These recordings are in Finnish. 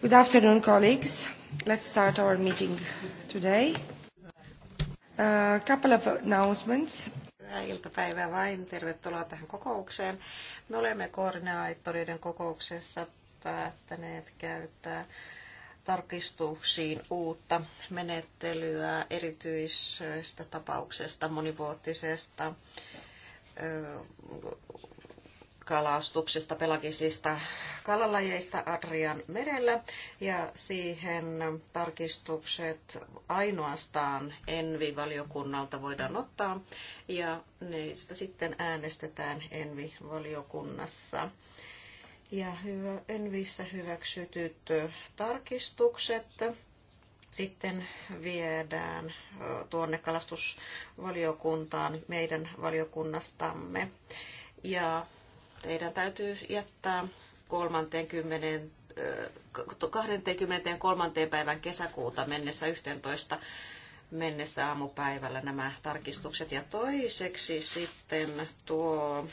Good afternoon, colleagues. Let's start our meeting today. A couple of announcements. Hyvää iltapäivää vain. Tervetuloa tähän kokoukseen. Me olemme koordinaattoreiden kokouksessa päättäneet käyttää tarkistuksiin uutta menettelyä erityisestä tapauksesta, monivuotisesta kalastuksesta, pelagisista kalalajeista Adrian merellä ja siihen tarkistukset ainoastaan Envi-valiokunnalta voidaan ottaa ja niistä sitten äänestetään Envi-valiokunnassa. Ja hyvä, Envissä hyväksytyt tarkistukset sitten viedään tuonne kalastusvaliokuntaan meidän valiokunnastamme. Ja teidän täytyy jättää 23. päivän kesäkuuta mennessä 11 mennessä aamupäivällä nämä tarkistukset. Ja toiseksi sitten tuo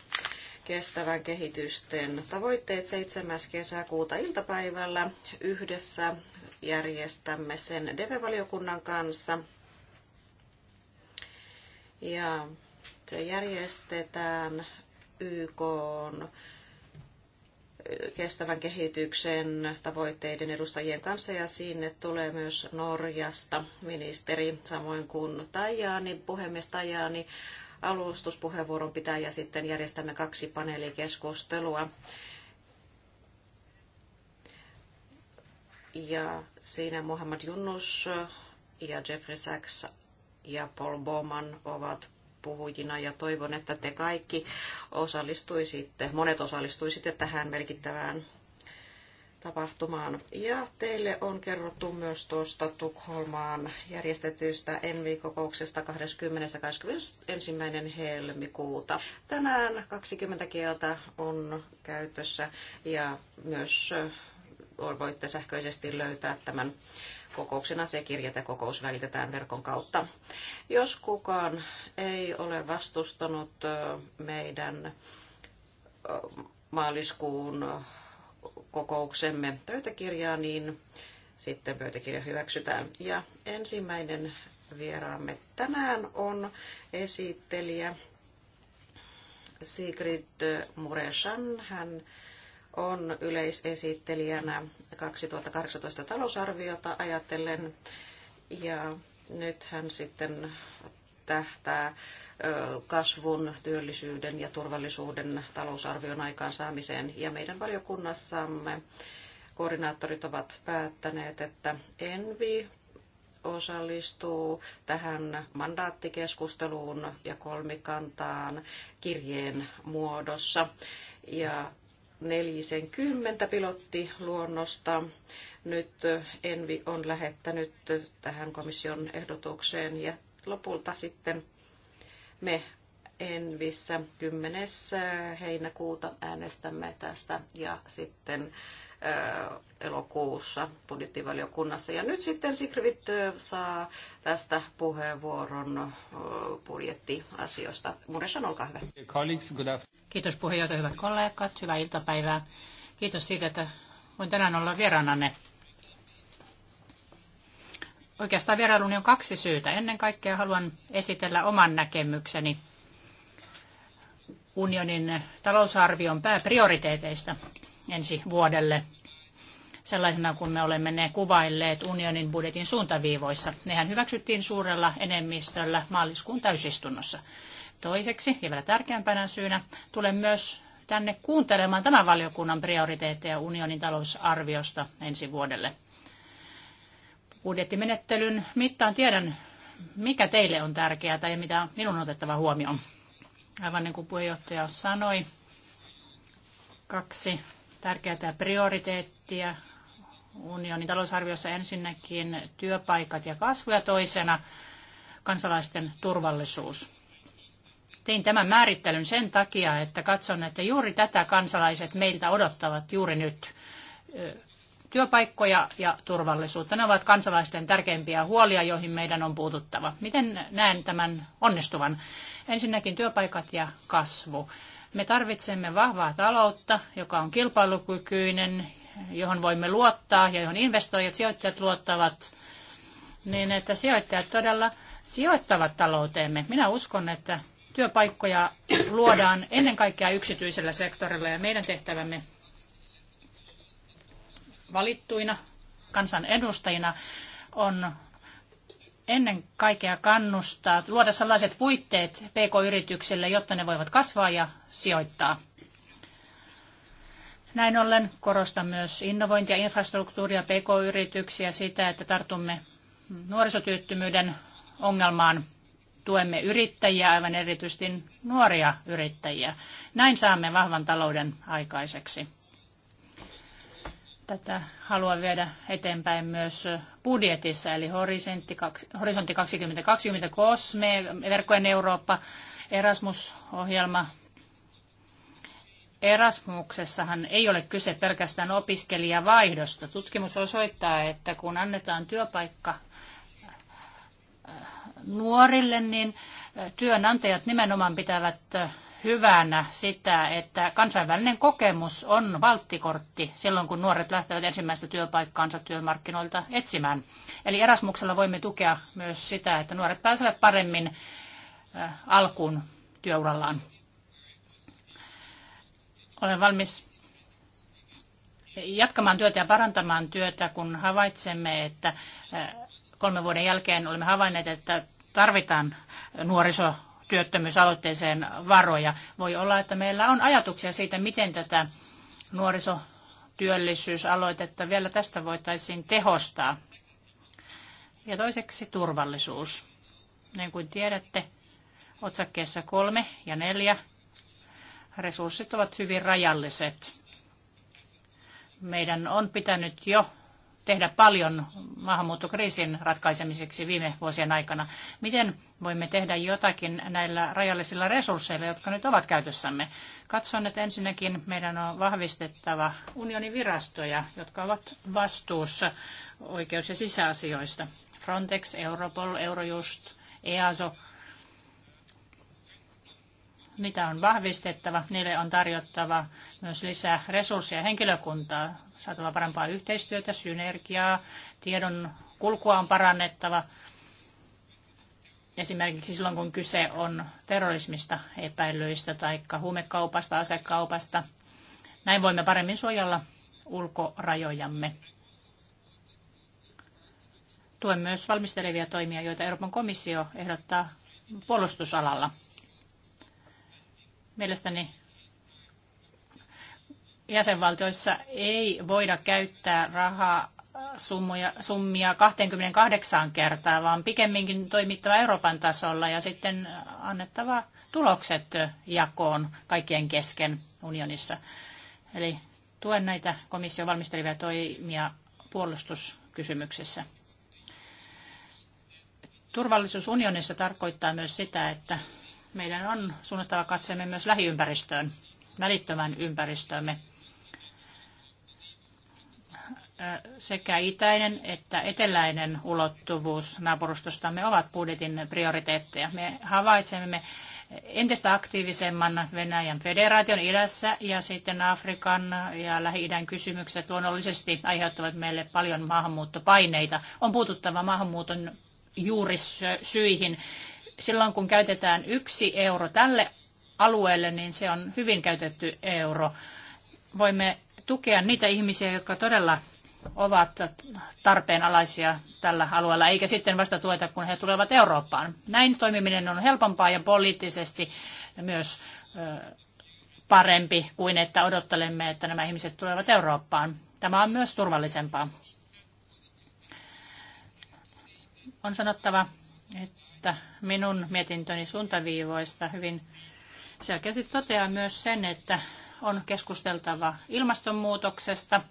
kestävän kehitysten tavoitteet 7. kesäkuuta iltapäivällä yhdessä järjestämme sen DEVE-valiokunnan kanssa. Ja se järjestetään YK on kestävän kehityksen tavoitteiden edustajien kanssa ja sinne tulee myös Norjasta ministeri, samoin kuin Tajani, puhemies Tajani alustuspuheenvuoron pitää ja sitten järjestämme kaksi paneelikeskustelua. Ja siinä Muhammad Junnus ja Jeffrey Sachs ja Paul Bowman ovat puhujina ja toivon, että te kaikki osallistuisitte, monet osallistuisitte tähän merkittävään tapahtumaan. Ja teille on kerrottu myös tuosta Tukholmaan järjestetystä ENVI-kokouksesta 20. 21. helmikuuta. Tänään 20 kieltä on käytössä ja myös voitte sähköisesti löytää tämän kokouksen asiakirjat ja kokous välitetään verkon kautta. Jos kukaan ei ole vastustanut meidän maaliskuun kokouksemme pöytäkirjaa, niin sitten pöytäkirja hyväksytään. Ja ensimmäinen vieraamme tänään on esittelijä Sigrid Mureshan. Hän on yleisesittelijänä 2018 talousarviota ajatellen. Ja nyt hän sitten tähtää kasvun, työllisyyden ja turvallisuuden talousarvion aikaansaamiseen. Ja meidän valiokunnassamme koordinaattorit ovat päättäneet, että Envi osallistuu tähän mandaattikeskusteluun ja kolmikantaan kirjeen muodossa. Ja 40 pilottiluonnosta. Nyt Envi on lähettänyt tähän komission ehdotukseen ja lopulta sitten me Envissä 10. heinäkuuta äänestämme tästä ja sitten elokuussa budjettivaliokunnassa. Ja nyt sitten Sigrid saa tästä puheenvuoron budjettiasioista. Mureshan, olkaa hyvä. Kiitos puheenjohtaja, hyvät kollegat, hyvää iltapäivää. Kiitos siitä, että voin tänään olla vieraananne. Oikeastaan vierailuni on kaksi syytä. Ennen kaikkea haluan esitellä oman näkemykseni unionin talousarvion pääprioriteeteista – ensi vuodelle sellaisena kuin me olemme ne kuvailleet unionin budjetin suuntaviivoissa. Nehän hyväksyttiin suurella enemmistöllä maaliskuun täysistunnossa. Toiseksi, ja vielä tärkeämpänä syynä, tulen myös tänne kuuntelemaan tämän valiokunnan prioriteetteja unionin talousarviosta ensi vuodelle. Budjettimenettelyn mittaan tiedän, mikä teille on tärkeää tai mitä minun on otettava huomioon. Aivan niin kuin puheenjohtaja sanoi, kaksi tärkeää prioriteettia unionin talousarviossa ensinnäkin työpaikat ja kasvu ja toisena kansalaisten turvallisuus. Tein tämän määrittelyn sen takia, että katson, että juuri tätä kansalaiset meiltä odottavat juuri nyt. Työpaikkoja ja turvallisuutta. Ne ovat kansalaisten tärkeimpiä huolia, joihin meidän on puututtava. Miten näen tämän onnistuvan? Ensinnäkin työpaikat ja kasvu. Me tarvitsemme vahvaa taloutta, joka on kilpailukykyinen, johon voimme luottaa ja johon investoijat, sijoittajat luottavat, niin että sijoittajat todella sijoittavat talouteemme. Minä uskon, että työpaikkoja luodaan ennen kaikkea yksityisellä sektorilla ja meidän tehtävämme valittuina kansanedustajina on ennen kaikkea kannustaa, luoda sellaiset puitteet PK-yrityksille, jotta ne voivat kasvaa ja sijoittaa. Näin ollen korostan myös innovointia, infrastruktuuria, PK-yrityksiä, sitä, että tartumme nuorisotyöttömyyden ongelmaan tuemme yrittäjiä, aivan erityisesti nuoria yrittäjiä. Näin saamme vahvan talouden aikaiseksi tätä haluan viedä eteenpäin myös budjetissa, eli Horisontti 2020, Kosme, Verkkojen Eurooppa, Erasmus-ohjelma. Erasmuksessahan ei ole kyse pelkästään opiskelijavaihdosta. Tutkimus osoittaa, että kun annetaan työpaikka äh, nuorille, niin äh, työnantajat nimenomaan pitävät äh, hyvänä sitä, että kansainvälinen kokemus on valttikortti silloin, kun nuoret lähtevät ensimmäistä työpaikkaansa työmarkkinoilta etsimään. Eli Erasmuksella voimme tukea myös sitä, että nuoret pääsevät paremmin alkuun työurallaan. Olen valmis jatkamaan työtä ja parantamaan työtä, kun havaitsemme, että kolmen vuoden jälkeen olemme havainneet, että tarvitaan nuoriso työttömyysaloitteeseen varoja. Voi olla, että meillä on ajatuksia siitä, miten tätä nuorisotyöllisyysaloitetta vielä tästä voitaisiin tehostaa. Ja toiseksi turvallisuus. Niin kuin tiedätte, otsakkeessa kolme ja neljä resurssit ovat hyvin rajalliset. Meidän on pitänyt jo tehdä paljon maahanmuuttokriisin ratkaisemiseksi viime vuosien aikana. Miten voimme tehdä jotakin näillä rajallisilla resursseilla, jotka nyt ovat käytössämme? Katson, että ensinnäkin meidän on vahvistettava unionin virastoja, jotka ovat vastuussa oikeus- ja sisäasioista. Frontex, Europol, Eurojust, EASO – mitä on vahvistettava, niille on tarjottava myös lisää resursseja henkilökuntaa, saatava parempaa yhteistyötä, synergiaa, tiedon kulkua on parannettava. Esimerkiksi silloin, kun kyse on terrorismista, epäilyistä tai huumekaupasta, asekaupasta. Näin voimme paremmin suojella ulkorajojamme. Tuen myös valmistelevia toimia, joita Euroopan komissio ehdottaa puolustusalalla. Mielestäni jäsenvaltioissa ei voida käyttää rahaa summia, summia 28 kertaa, vaan pikemminkin toimittava Euroopan tasolla ja sitten annettava tulokset jakoon kaikkien kesken unionissa. Eli tuen näitä komission valmistelevia toimia puolustuskysymyksessä. Turvallisuus unionissa tarkoittaa myös sitä, että meidän on suunnattava katseemme myös lähiympäristöön, välittömän ympäristöömme. Sekä itäinen että eteläinen ulottuvuus naapurustostamme ovat budjetin prioriteetteja. Me havaitsemme entistä aktiivisemman Venäjän federaation idässä ja sitten Afrikan ja Lähi-idän kysymykset luonnollisesti aiheuttavat meille paljon maahanmuuttopaineita. On puututtava maahanmuuton juurisyihin silloin kun käytetään yksi euro tälle alueelle, niin se on hyvin käytetty euro. Voimme tukea niitä ihmisiä, jotka todella ovat tarpeenalaisia tällä alueella, eikä sitten vasta tueta, kun he tulevat Eurooppaan. Näin toimiminen on helpompaa ja poliittisesti myös parempi kuin että odottelemme, että nämä ihmiset tulevat Eurooppaan. Tämä on myös turvallisempaa. On sanottava, että että minun mietintöni suuntaviivoista hyvin selkeästi toteaa myös sen, että on keskusteltava ilmastonmuutoksesta.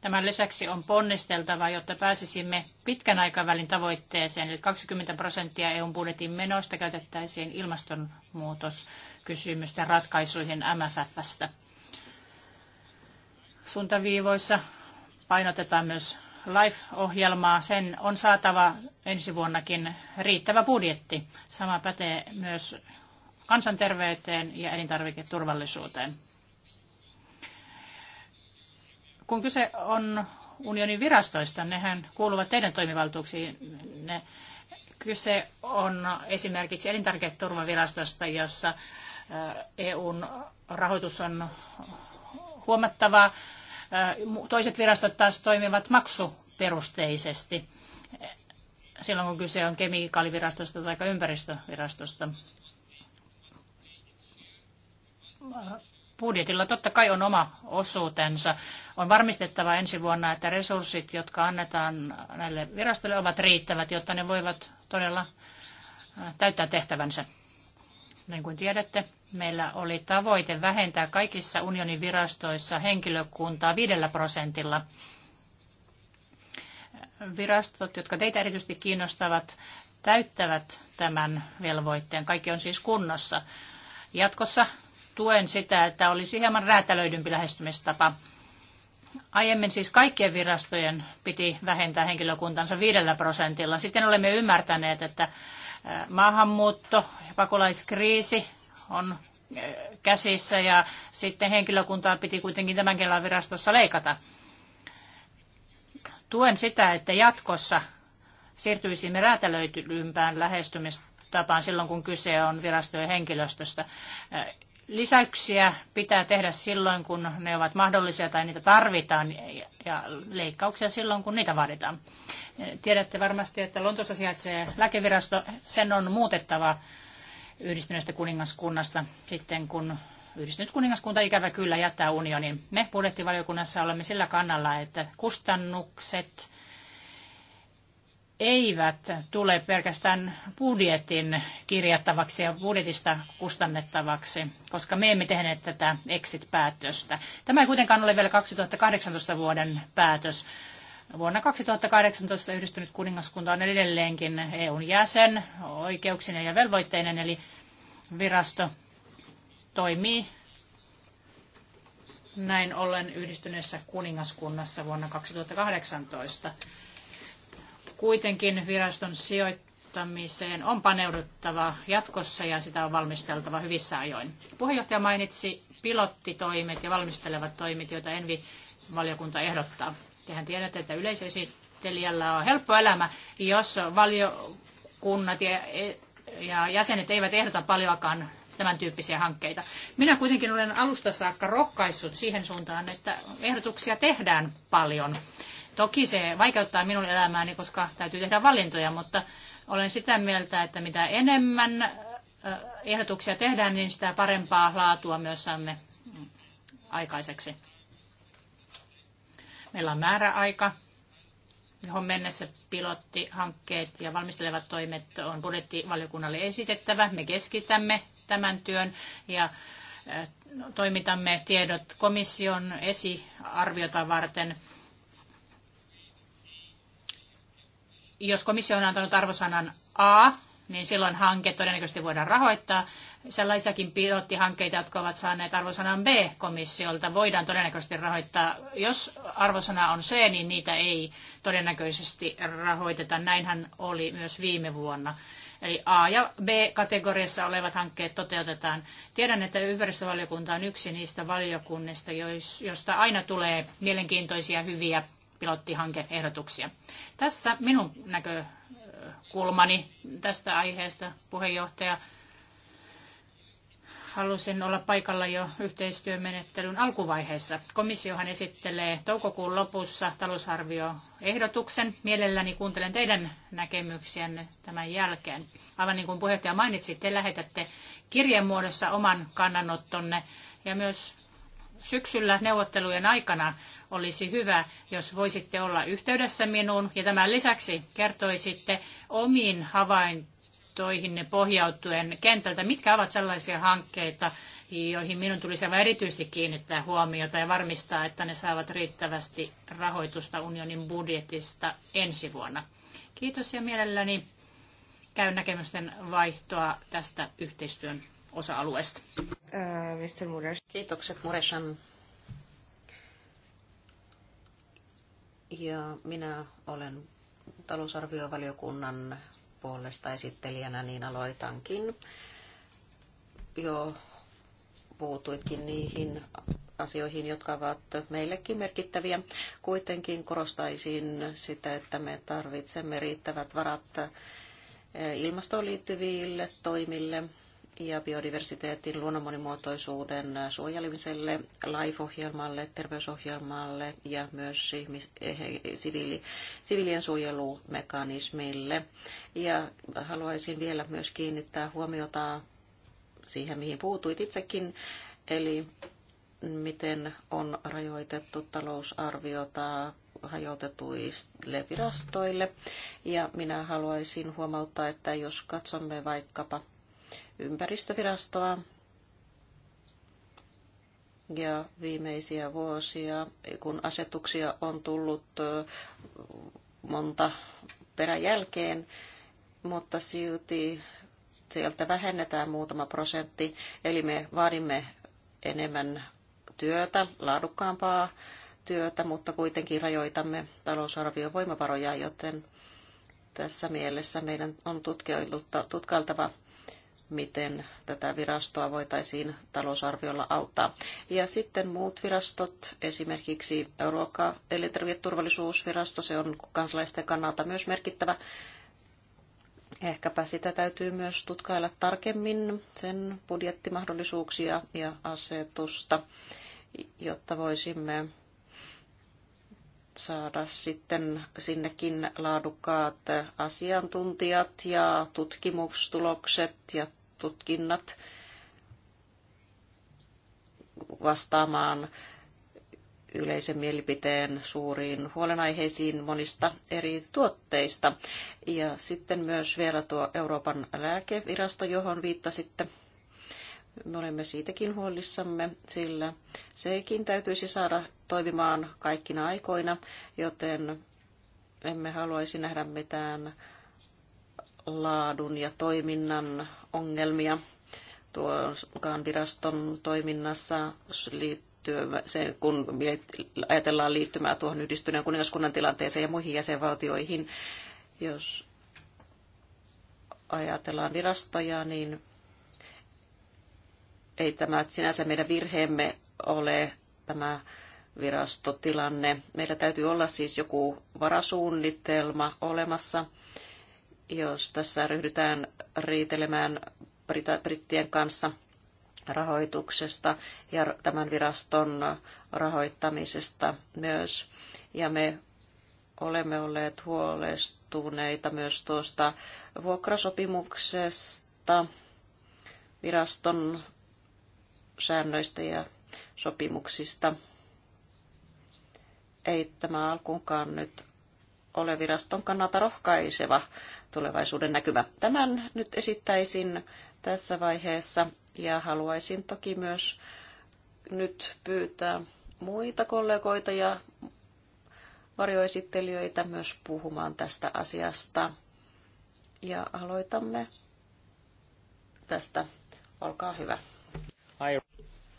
Tämän lisäksi on ponnisteltava, jotta pääsisimme pitkän aikavälin tavoitteeseen, eli 20 prosenttia EUn budjetin menoista käytettäisiin ilmastonmuutoskysymysten ratkaisuihin MFFstä. Suuntaviivoissa painotetaan myös Life-ohjelmaa, sen on saatava ensi vuonnakin riittävä budjetti. Sama pätee myös kansanterveyteen ja elintarviketurvallisuuteen. Kun kyse on unionin virastoista, nehän kuuluvat teidän toimivaltuuksiin. Ne, kyse on esimerkiksi elintarviketurvavirastosta, jossa EUn rahoitus on huomattavaa. Toiset virastot taas toimivat maksuperusteisesti silloin, kun kyse on kemikaalivirastosta tai ympäristövirastosta. Budjetilla totta kai on oma osuutensa. On varmistettava ensi vuonna, että resurssit, jotka annetaan näille virastoille, ovat riittävät, jotta ne voivat todella täyttää tehtävänsä. Niin kuin tiedätte, meillä oli tavoite vähentää kaikissa unionin virastoissa henkilökuntaa viidellä prosentilla. Virastot, jotka teitä erityisesti kiinnostavat, täyttävät tämän velvoitteen. Kaikki on siis kunnossa. Jatkossa tuen sitä, että olisi hieman räätälöidympi lähestymistapa. Aiemmin siis kaikkien virastojen piti vähentää henkilökuntansa viidellä prosentilla. Sitten olemme ymmärtäneet, että maahanmuutto ja pakolaiskriisi on eh, käsissä ja sitten henkilökuntaa piti kuitenkin tämän Kelan virastossa leikata. Tuen sitä, että jatkossa siirtyisimme räätälöitympään lähestymistapaan silloin, kun kyse on virastojen henkilöstöstä. Eh, lisäyksiä pitää tehdä silloin, kun ne ovat mahdollisia tai niitä tarvitaan, ja leikkauksia silloin, kun niitä vaaditaan. Eh, tiedätte varmasti, että Lontossa sijaitsee lääkevirasto, sen on muutettava yhdistyneestä kuningaskunnasta sitten, kun yhdistynyt kuningaskunta ikävä kyllä jättää unionin. Me budjettivaliokunnassa olemme sillä kannalla, että kustannukset eivät tule pelkästään budjetin kirjattavaksi ja budjetista kustannettavaksi, koska me emme tehneet tätä exit-päätöstä. Tämä ei kuitenkaan ole vielä 2018 vuoden päätös. Vuonna 2018 yhdistynyt kuningaskunta on edelleenkin EUn jäsen oikeuksinen ja velvoitteinen, eli virasto toimii näin ollen yhdistyneessä kuningaskunnassa vuonna 2018. Kuitenkin viraston sijoittamiseen on paneuduttava jatkossa ja sitä on valmisteltava hyvissä ajoin. Puheenjohtaja mainitsi pilottitoimet ja valmistelevat toimet, joita Envi-valiokunta ehdottaa. Tehän tiedätte, että yleisesittelijällä on helppo elämä, jos valiokunnat ja, ja jäsenet eivät ehdota paljoakaan tämän tyyppisiä hankkeita. Minä kuitenkin olen alusta saakka rohkaissut siihen suuntaan, että ehdotuksia tehdään paljon. Toki se vaikeuttaa minun elämääni, koska täytyy tehdä valintoja, mutta olen sitä mieltä, että mitä enemmän ehdotuksia tehdään, niin sitä parempaa laatua myös saamme aikaiseksi. Meillä on määräaika, johon mennessä pilottihankkeet ja valmistelevat toimet on budjettivaliokunnalle esitettävä. Me keskitämme tämän työn ja toimitamme tiedot komission esiarviota varten. Jos komissio on antanut arvosanan A niin silloin hanke todennäköisesti voidaan rahoittaa. Sellaisiakin pilottihankkeita, jotka ovat saaneet arvosanan B-komissiolta, voidaan todennäköisesti rahoittaa. Jos arvosana on C, niin niitä ei todennäköisesti rahoiteta. Näinhän oli myös viime vuonna. Eli A- ja B-kategoriassa olevat hankkeet toteutetaan. Tiedän, että ympäristövaliokunta on yksi niistä valiokunnista, josta aina tulee mielenkiintoisia hyviä pilottihankeehdotuksia. Tässä minun näkö näkökulmani tästä aiheesta, puheenjohtaja. Halusin olla paikalla jo yhteistyömenettelyn alkuvaiheessa. Komissiohan esittelee toukokuun lopussa talousarvioehdotuksen. Mielelläni kuuntelen teidän näkemyksiänne tämän jälkeen. Aivan niin kuin puheenjohtaja mainitsi, te lähetätte kirjeen muodossa oman kannanottonne ja myös syksyllä neuvottelujen aikana olisi hyvä, jos voisitte olla yhteydessä minuun ja tämän lisäksi kertoisitte omiin havaintoihinne pohjautuen kentältä, mitkä ovat sellaisia hankkeita, joihin minun tulisi aivan erityisesti kiinnittää huomiota ja varmistaa, että ne saavat riittävästi rahoitusta unionin budjetista ensi vuonna. Kiitos ja mielelläni käyn näkemysten vaihtoa tästä yhteistyön osa-alueesta. Äh, Mr. Kiitokset Mureshan Ja minä olen talousarviovaliokunnan puolesta esittelijänä, niin aloitankin. Jo puutuitkin niihin asioihin, jotka ovat meillekin merkittäviä. Kuitenkin korostaisin sitä, että me tarvitsemme riittävät varat ilmastoon liittyville toimille ja biodiversiteetin luonnon monimuotoisuuden suojelemiselle, LIFE-ohjelmalle, terveysohjelmalle ja myös ihmis- eh, siviili- siviilien suojelumekanismille. Ja haluaisin vielä myös kiinnittää huomiota siihen, mihin puutuit itsekin, eli miten on rajoitettu talousarviota hajautetuille virastoille. Ja minä haluaisin huomauttaa, että jos katsomme vaikkapa ympäristövirastoa ja viimeisiä vuosia, kun asetuksia on tullut monta peräjälkeen, mutta silti sieltä vähennetään muutama prosentti, eli me vaadimme enemmän työtä, laadukkaampaa työtä, mutta kuitenkin rajoitamme talousarvion voimavaroja, joten tässä mielessä meidän on tutkailtava miten tätä virastoa voitaisiin talousarviolla auttaa. Ja sitten muut virastot, esimerkiksi ruoka- elintarviketurvallisuusvirasto, se on kansalaisten kannalta myös merkittävä. Ehkäpä sitä täytyy myös tutkailla tarkemmin, sen budjettimahdollisuuksia ja asetusta, jotta voisimme saada sitten sinnekin laadukkaat asiantuntijat ja tutkimustulokset ja tutkinnat vastaamaan yleisen mielipiteen suuriin huolenaiheisiin monista eri tuotteista. Ja sitten myös vielä tuo Euroopan lääkevirasto, johon viittasitte. Me olemme siitäkin huolissamme, sillä sekin täytyisi saada toimimaan kaikkina aikoina, joten emme haluaisi nähdä mitään laadun ja toiminnan ongelmia tuonkaan viraston toiminnassa sen, kun ajatellaan liittymää tuohon yhdistyneen kuningaskunnan tilanteeseen ja muihin jäsenvaltioihin. Jos ajatellaan virastoja, niin ei tämä sinänsä meidän virheemme ole tämä virastotilanne. Meillä täytyy olla siis joku varasuunnitelma olemassa jos tässä ryhdytään riitelemään brittien kanssa rahoituksesta ja tämän viraston rahoittamisesta myös. Ja me olemme olleet huolestuneita myös tuosta vuokrasopimuksesta, viraston säännöistä ja sopimuksista. Ei tämä alkuunkaan nyt ole viraston kannalta rohkaiseva tulevaisuuden näkymä. Tämän nyt esittäisin tässä vaiheessa ja haluaisin toki myös nyt pyytää muita kollegoita ja varjoesittelijöitä myös puhumaan tästä asiasta. Ja aloitamme tästä. Olkaa hyvä.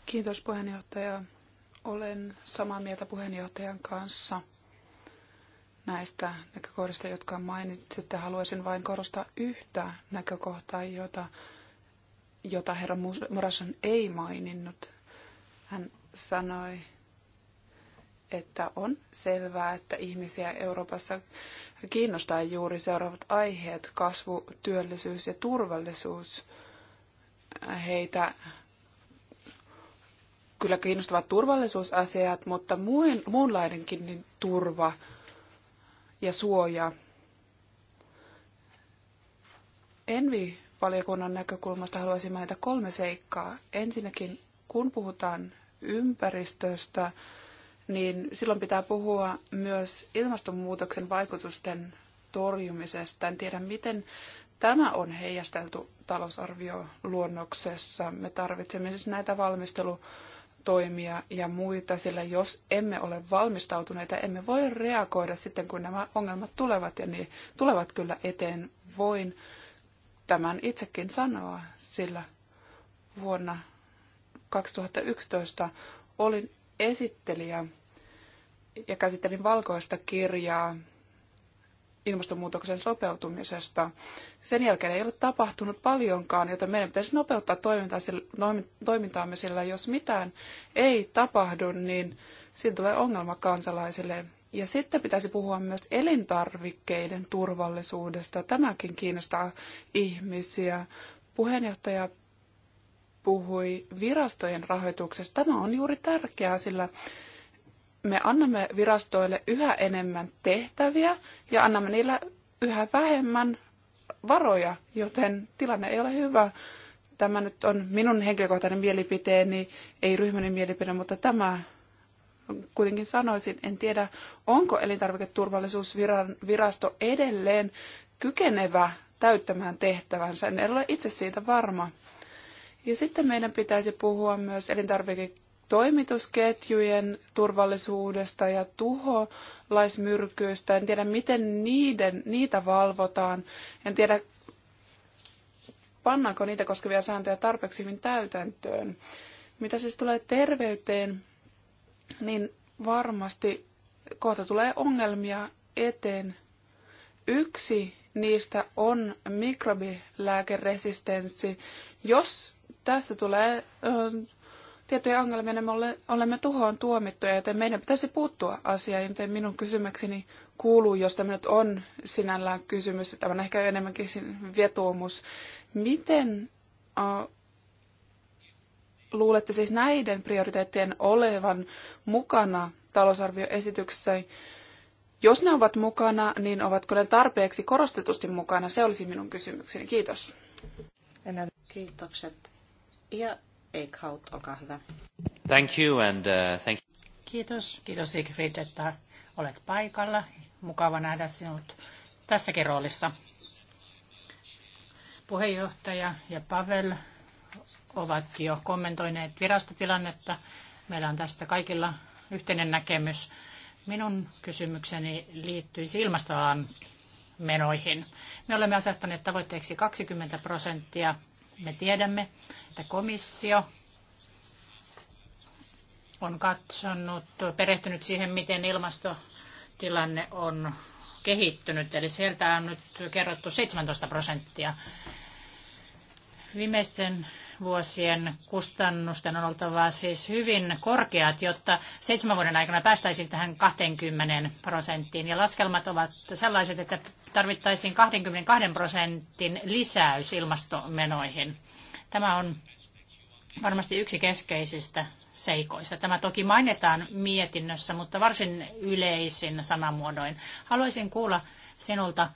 Kiitos puheenjohtaja. Olen samaa mieltä puheenjohtajan kanssa – näistä näkökohdista, jotka mainitsitte. Haluaisin vain korostaa yhtä näkökohtaa, jota, jota herra Murason ei maininnut. Hän sanoi, että on selvää, että ihmisiä Euroopassa kiinnostaa juuri seuraavat aiheet, kasvu, työllisyys ja turvallisuus. Heitä kyllä kiinnostavat turvallisuusasiat, mutta muun, muunlaidenkin niin turva ja suojaa. Envi-valiokunnan näkökulmasta haluaisin mainita kolme seikkaa. Ensinnäkin, kun puhutaan ympäristöstä, niin silloin pitää puhua myös ilmastonmuutoksen vaikutusten torjumisesta. En tiedä, miten tämä on heijasteltu talousarvioluonnoksessa. Me tarvitsemme siis näitä valmistelu toimia ja muita, sillä jos emme ole valmistautuneita, emme voi reagoida sitten, kun nämä ongelmat tulevat, ja niin tulevat kyllä eteen. Voin tämän itsekin sanoa, sillä vuonna 2011 olin esittelijä ja käsittelin valkoista kirjaa ilmastonmuutoksen sopeutumisesta. Sen jälkeen ei ole tapahtunut paljonkaan, joten meidän pitäisi nopeuttaa toimintaamme, sillä jos mitään ei tapahdu, niin siitä tulee ongelma kansalaisille. Ja sitten pitäisi puhua myös elintarvikkeiden turvallisuudesta. Tämäkin kiinnostaa ihmisiä. Puheenjohtaja puhui virastojen rahoituksesta. Tämä on juuri tärkeää, sillä me annamme virastoille yhä enemmän tehtäviä ja annamme niillä yhä vähemmän varoja, joten tilanne ei ole hyvä. Tämä nyt on minun henkilökohtainen mielipiteeni, ei ryhmäni mielipide, mutta tämä kuitenkin sanoisin, en tiedä, onko elintarviketurvallisuusvirasto edelleen kykenevä täyttämään tehtävänsä. En ole itse siitä varma. Ja sitten meidän pitäisi puhua myös elintarvike toimitusketjujen turvallisuudesta ja tuholaismyrkyistä. En tiedä, miten niiden, niitä valvotaan. En tiedä, pannaanko niitä koskevia sääntöjä tarpeeksi hyvin täytäntöön. Mitä siis tulee terveyteen, niin varmasti kohta tulee ongelmia eteen. Yksi niistä on mikrobilääkeresistenssi. Jos tästä tulee tiettyjä ongelmia, niin me ole, olemme tuhoon tuomittuja, joten meidän pitäisi puuttua asiaan. Joten minun kysymykseni kuuluu, jos tämä nyt on sinällään kysymys, tämä on ehkä enemmänkin vetoomus. Miten äh, luulette siis näiden prioriteettien olevan mukana talousarvioesityksessä? Jos ne ovat mukana, niin ovatko ne tarpeeksi korostetusti mukana? Se olisi minun kysymykseni. Kiitos. Kiitokset. Ja olkaa hyvä. Thank you and uh, thank you. Kiitos, kiitos Siegfried, että olet paikalla. Mukava nähdä sinut tässäkin roolissa. Puheenjohtaja ja Pavel ovat jo kommentoineet virastotilannetta. Meillä on tästä kaikilla yhteinen näkemys. Minun kysymykseni liittyisi ilmastoalan menoihin. Me olemme asettaneet tavoitteeksi 20 prosenttia. Me tiedämme, että komissio on katsonut, perehtynyt siihen, miten ilmastotilanne on kehittynyt. Eli sieltä on nyt kerrottu 17 prosenttia. Viimeisten vuosien kustannusten on oltava siis hyvin korkeat, jotta seitsemän vuoden aikana päästäisiin tähän 20 prosenttiin. Ja laskelmat ovat sellaiset, että tarvittaisiin 22 prosentin lisäys ilmastomenoihin. Tämä on varmasti yksi keskeisistä seikoista. Tämä toki mainitaan mietinnössä, mutta varsin yleisin sanamuodoin. Haluaisin kuulla sinulta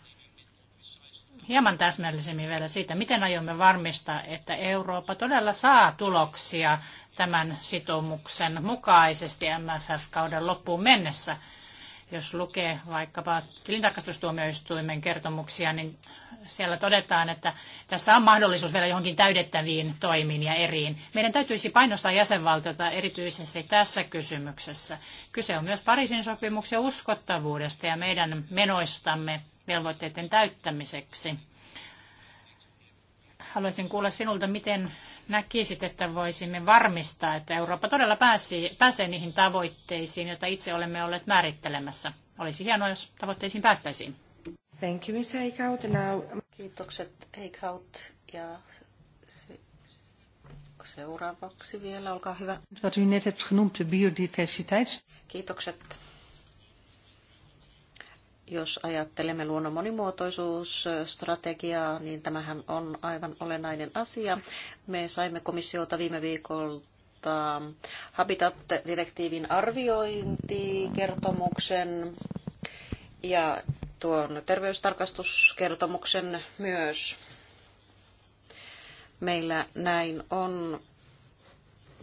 hieman täsmällisemmin vielä siitä, miten aiomme varmistaa, että Eurooppa todella saa tuloksia tämän sitoumuksen mukaisesti MFF-kauden loppuun mennessä – jos lukee vaikkapa tilintarkastustuomioistuimen kertomuksia, niin siellä todetaan, että tässä on mahdollisuus vielä johonkin täydettäviin toimiin ja eriin. Meidän täytyisi painostaa jäsenvaltiota erityisesti tässä kysymyksessä. Kyse on myös Pariisin sopimuksen uskottavuudesta ja meidän menoistamme velvoitteiden täyttämiseksi. Haluaisin kuulla sinulta, miten näkisit, että voisimme varmistaa, että Eurooppa todella pääsi pääsee niihin tavoitteisiin, joita itse olemme olleet määrittelemässä? Olisi hienoa, jos tavoitteisiin päästäisiin. Thank you, Miss Eichhout. Now... Kiitokset Eichhout ja se, seuraavaksi vielä, olkaa hyvä. Wat u net hebt genoemd, de biodiversiteit. Kiitokset jos ajattelemme luonnon monimuotoisuusstrategiaa, niin tämähän on aivan olennainen asia. Me saimme komissiota viime viikolta Habitat-direktiivin arviointikertomuksen ja tuon terveystarkastuskertomuksen myös. Meillä näin on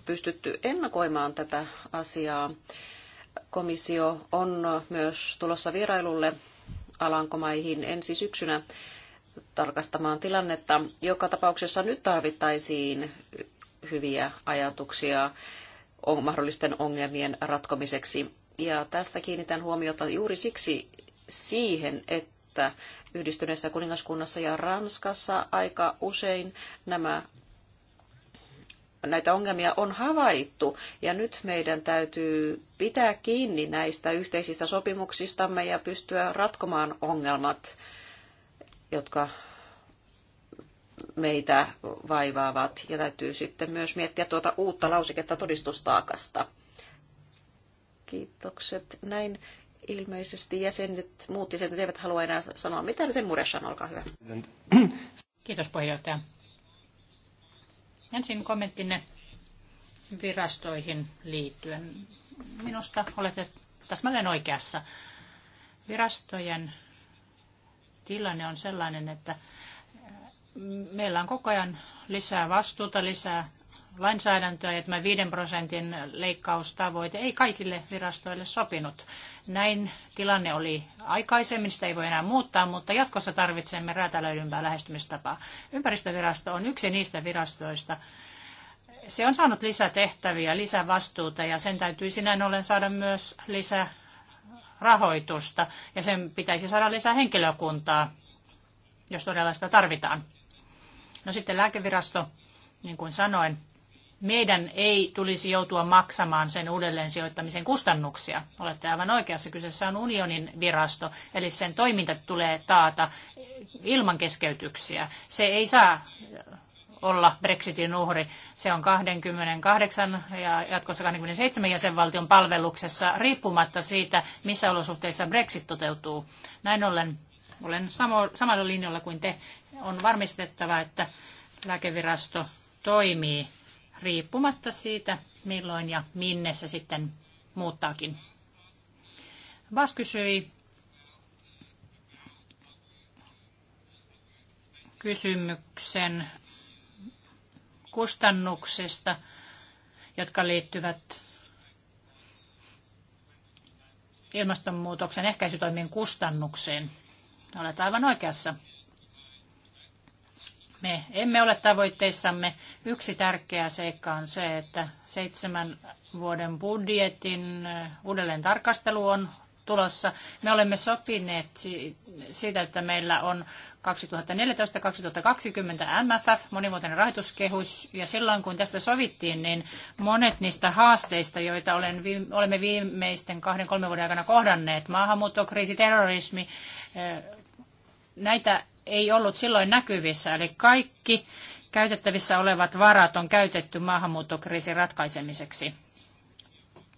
pystytty ennakoimaan tätä asiaa komissio on myös tulossa vierailulle Alankomaihin ensi syksynä tarkastamaan tilannetta. Joka tapauksessa nyt tarvittaisiin hyviä ajatuksia mahdollisten ongelmien ratkomiseksi. Ja tässä kiinnitän huomiota juuri siksi siihen, että yhdistyneessä kuningaskunnassa ja Ranskassa aika usein nämä näitä ongelmia on havaittu ja nyt meidän täytyy pitää kiinni näistä yhteisistä sopimuksistamme ja pystyä ratkomaan ongelmat, jotka meitä vaivaavat ja täytyy sitten myös miettiä tuota uutta lauseketta todistustaakasta. Kiitokset. Näin ilmeisesti jäsenet, muut jäsenet eivät halua enää sanoa mitään, joten Mureshan, olkaa hyvä. Kiitos puheenjohtaja. Ensin kommenttinne virastoihin liittyen. Minusta olette täsmälleen oikeassa. Virastojen tilanne on sellainen, että meillä on koko ajan lisää vastuuta, lisää lainsäädäntöä ja tämä 5 prosentin leikkaustavoite ei kaikille virastoille sopinut. Näin tilanne oli aikaisemmin, sitä ei voi enää muuttaa, mutta jatkossa tarvitsemme räätälöidympää lähestymistapaa. Ympäristövirasto on yksi niistä virastoista, se on saanut lisätehtäviä, lisävastuuta ja sen täytyy sinä ollen saada myös lisää rahoitusta ja sen pitäisi saada lisää henkilökuntaa, jos todella sitä tarvitaan. No sitten lääkevirasto, niin kuin sanoin, meidän ei tulisi joutua maksamaan sen uudelleen sijoittamisen kustannuksia. Olette aivan oikeassa, kyseessä on unionin virasto, eli sen toiminta tulee taata ilman keskeytyksiä. Se ei saa olla Brexitin uhri. Se on 28 ja jatkossa 27 jäsenvaltion palveluksessa riippumatta siitä, missä olosuhteissa Brexit toteutuu. Näin ollen olen samo, samalla linjalla kuin te. On varmistettava, että lääkevirasto toimii riippumatta siitä, milloin ja minne se sitten muuttaakin. Vas kysyi kysymyksen kustannuksista, jotka liittyvät ilmastonmuutoksen ehkäisytoimien kustannukseen. Olet aivan oikeassa. Me emme ole tavoitteissamme. Yksi tärkeä seikka on se, että seitsemän vuoden budjetin äh, uudelleen tarkastelu on tulossa. Me olemme sopineet siitä, että meillä on 2014-2020 MFF, monivuotinen rahoituskehus, ja silloin kun tästä sovittiin, niin monet niistä haasteista, joita olen, olemme viimeisten kahden, kolmen vuoden aikana kohdanneet, maahanmuuttokriisi, terrorismi, äh, näitä ei ollut silloin näkyvissä, eli kaikki käytettävissä olevat varat on käytetty maahanmuuttokriisin ratkaisemiseksi.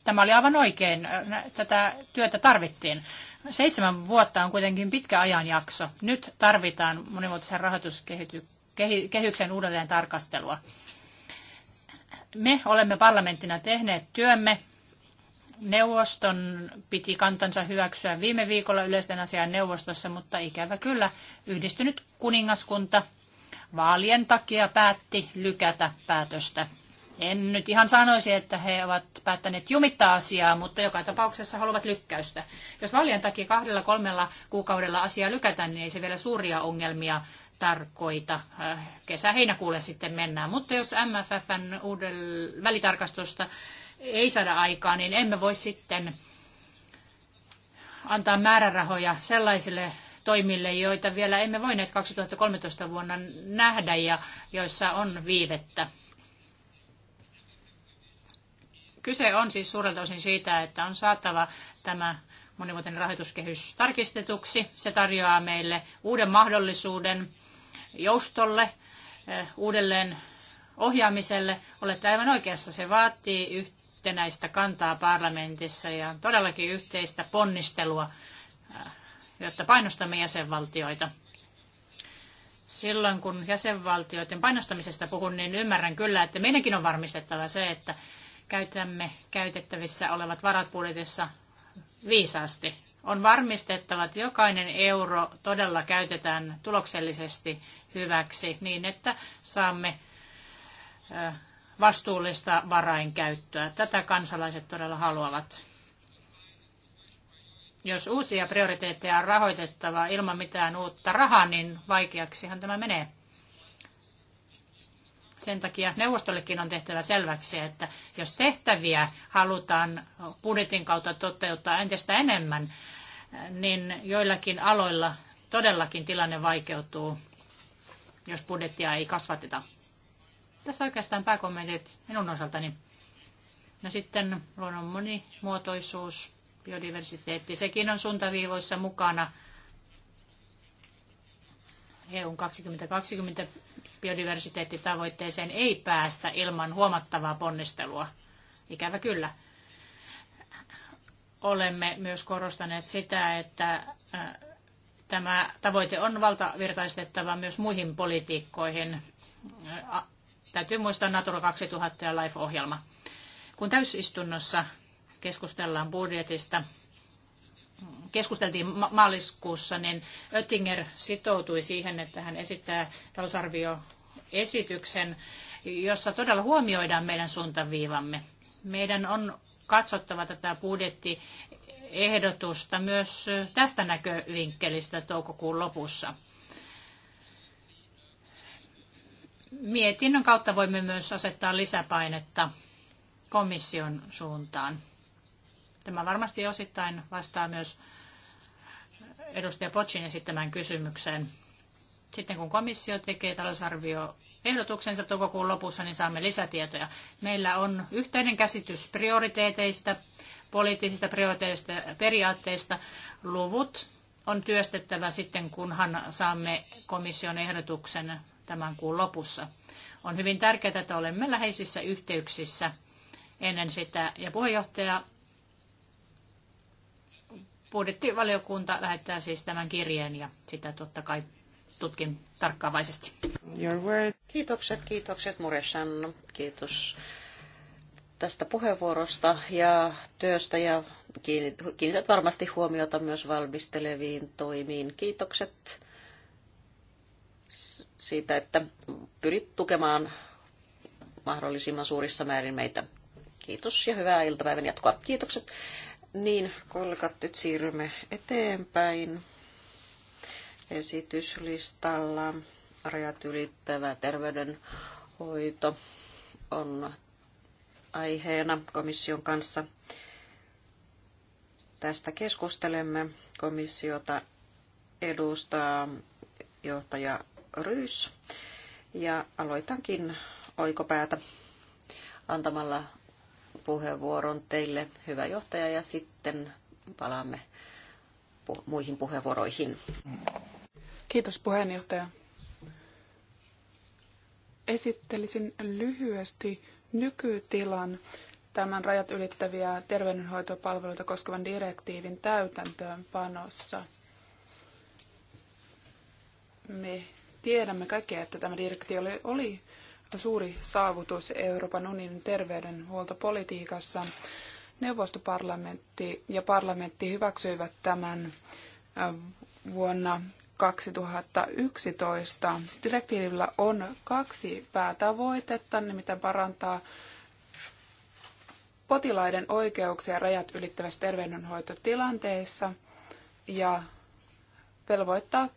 Tämä oli aivan oikein. Tätä työtä tarvittiin. Seitsemän vuotta on kuitenkin pitkä ajanjakso. Nyt tarvitaan monimuotoisen rahoituskehyksen uudelleen tarkastelua. Me olemme parlamenttina tehneet työmme Neuvoston piti kantansa hyväksyä viime viikolla yleisten asian neuvostossa, mutta ikävä kyllä yhdistynyt kuningaskunta vaalien takia päätti lykätä päätöstä. En nyt ihan sanoisi, että he ovat päättäneet jumittaa asiaa, mutta joka tapauksessa haluavat lykkäystä. Jos vaalien takia kahdella kolmella kuukaudella asiaa lykätään, niin ei se vielä suuria ongelmia tarkoita. Äh, Kesä-heinäkuulle sitten mennään. Mutta jos MFFn uudel välitarkastusta ei saada aikaa, niin emme voi sitten antaa määrärahoja sellaisille toimille, joita vielä emme voineet 2013 vuonna nähdä ja joissa on viivettä. Kyse on siis suurelta osin siitä, että on saatava tämä monivuotinen rahoituskehys tarkistetuksi. Se tarjoaa meille uuden mahdollisuuden joustolle, eh, uudelleen ohjaamiselle. Olette aivan oikeassa, se vaatii yhtenäistä kantaa parlamentissa ja todellakin yhteistä ponnistelua, äh, jotta painostamme jäsenvaltioita. Silloin kun jäsenvaltioiden painostamisesta puhun, niin ymmärrän kyllä, että meidänkin on varmistettava se, että käytämme käytettävissä olevat varat budjetissa viisaasti. On varmistettava, että jokainen euro todella käytetään tuloksellisesti hyväksi niin, että saamme äh, vastuullista varainkäyttöä. Tätä kansalaiset todella haluavat. Jos uusia prioriteetteja on rahoitettava ilman mitään uutta rahaa, niin vaikeaksihan tämä menee. Sen takia neuvostollekin on tehtävä selväksi, että jos tehtäviä halutaan budjetin kautta toteuttaa entistä enemmän, niin joillakin aloilla todellakin tilanne vaikeutuu, jos budjettia ei kasvateta. Tässä oikeastaan pääkommentit minun osaltani. No sitten luonnon monimuotoisuus, biodiversiteetti, sekin on suuntaviivoissa mukana. EU 2020 biodiversiteettitavoitteeseen ei päästä ilman huomattavaa ponnistelua. Ikävä kyllä. Olemme myös korostaneet sitä, että tämä tavoite on valtavirtaistettava myös muihin politiikkoihin Täytyy muistaa Natura 2000 ja LIFE-ohjelma. Kun täysistunnossa keskustellaan budjetista, keskusteltiin ma- maaliskuussa, niin Oettinger sitoutui siihen, että hän esittää talousarvioesityksen, jossa todella huomioidaan meidän suuntaviivamme. Meidän on katsottava tätä budjettiehdotusta myös tästä näkövinkkelistä toukokuun lopussa. mietinnön kautta voimme myös asettaa lisäpainetta komission suuntaan. Tämä varmasti osittain vastaa myös edustaja Potsin esittämään kysymykseen. Sitten kun komissio tekee talousarvio ehdotuksensa toukokuun lopussa, niin saamme lisätietoja. Meillä on yhteinen käsitys prioriteeteista, poliittisista prioriteeteista ja periaatteista. Luvut on työstettävä sitten, kunhan saamme komission ehdotuksen tämän kuun lopussa. On hyvin tärkeää, että olemme läheisissä yhteyksissä ennen sitä. Ja puheenjohtaja budjettivaliokunta lähettää siis tämän kirjeen ja sitä totta kai tutkin tarkkaavaisesti. Your word. Kiitokset, kiitokset Mureshan. Kiitos tästä puheenvuorosta ja työstä ja kiinnität varmasti huomiota myös valmisteleviin toimiin. Kiitokset siitä, että pyrit tukemaan mahdollisimman suurissa määrin meitä. Kiitos ja hyvää iltapäivän jatkoa. Kiitokset. Niin, kollegat, nyt siirrymme eteenpäin esityslistalla. Rajat ylittävä terveydenhoito on aiheena komission kanssa. Tästä keskustelemme. Komissiota edustaa johtaja Ryys. Ja aloitankin oikopäätä antamalla puheenvuoron teille, hyvä johtaja, ja sitten palaamme pu- muihin puheenvuoroihin. Kiitos puheenjohtaja. Esittelisin lyhyesti nykytilan tämän rajat ylittäviä terveydenhoitopalveluita koskevan direktiivin täytäntöönpanossa. Me Tiedämme kaikki, että tämä direktiivi oli, oli suuri saavutus Euroopan unionin terveydenhuoltopolitiikassa. Neuvostoparlamentti ja parlamentti hyväksyivät tämän äh, vuonna 2011. Direktiivillä on kaksi päätavoitetta, nimittäin parantaa potilaiden oikeuksia rajat ylittävässä terveydenhoitotilanteessa ja velvoittaa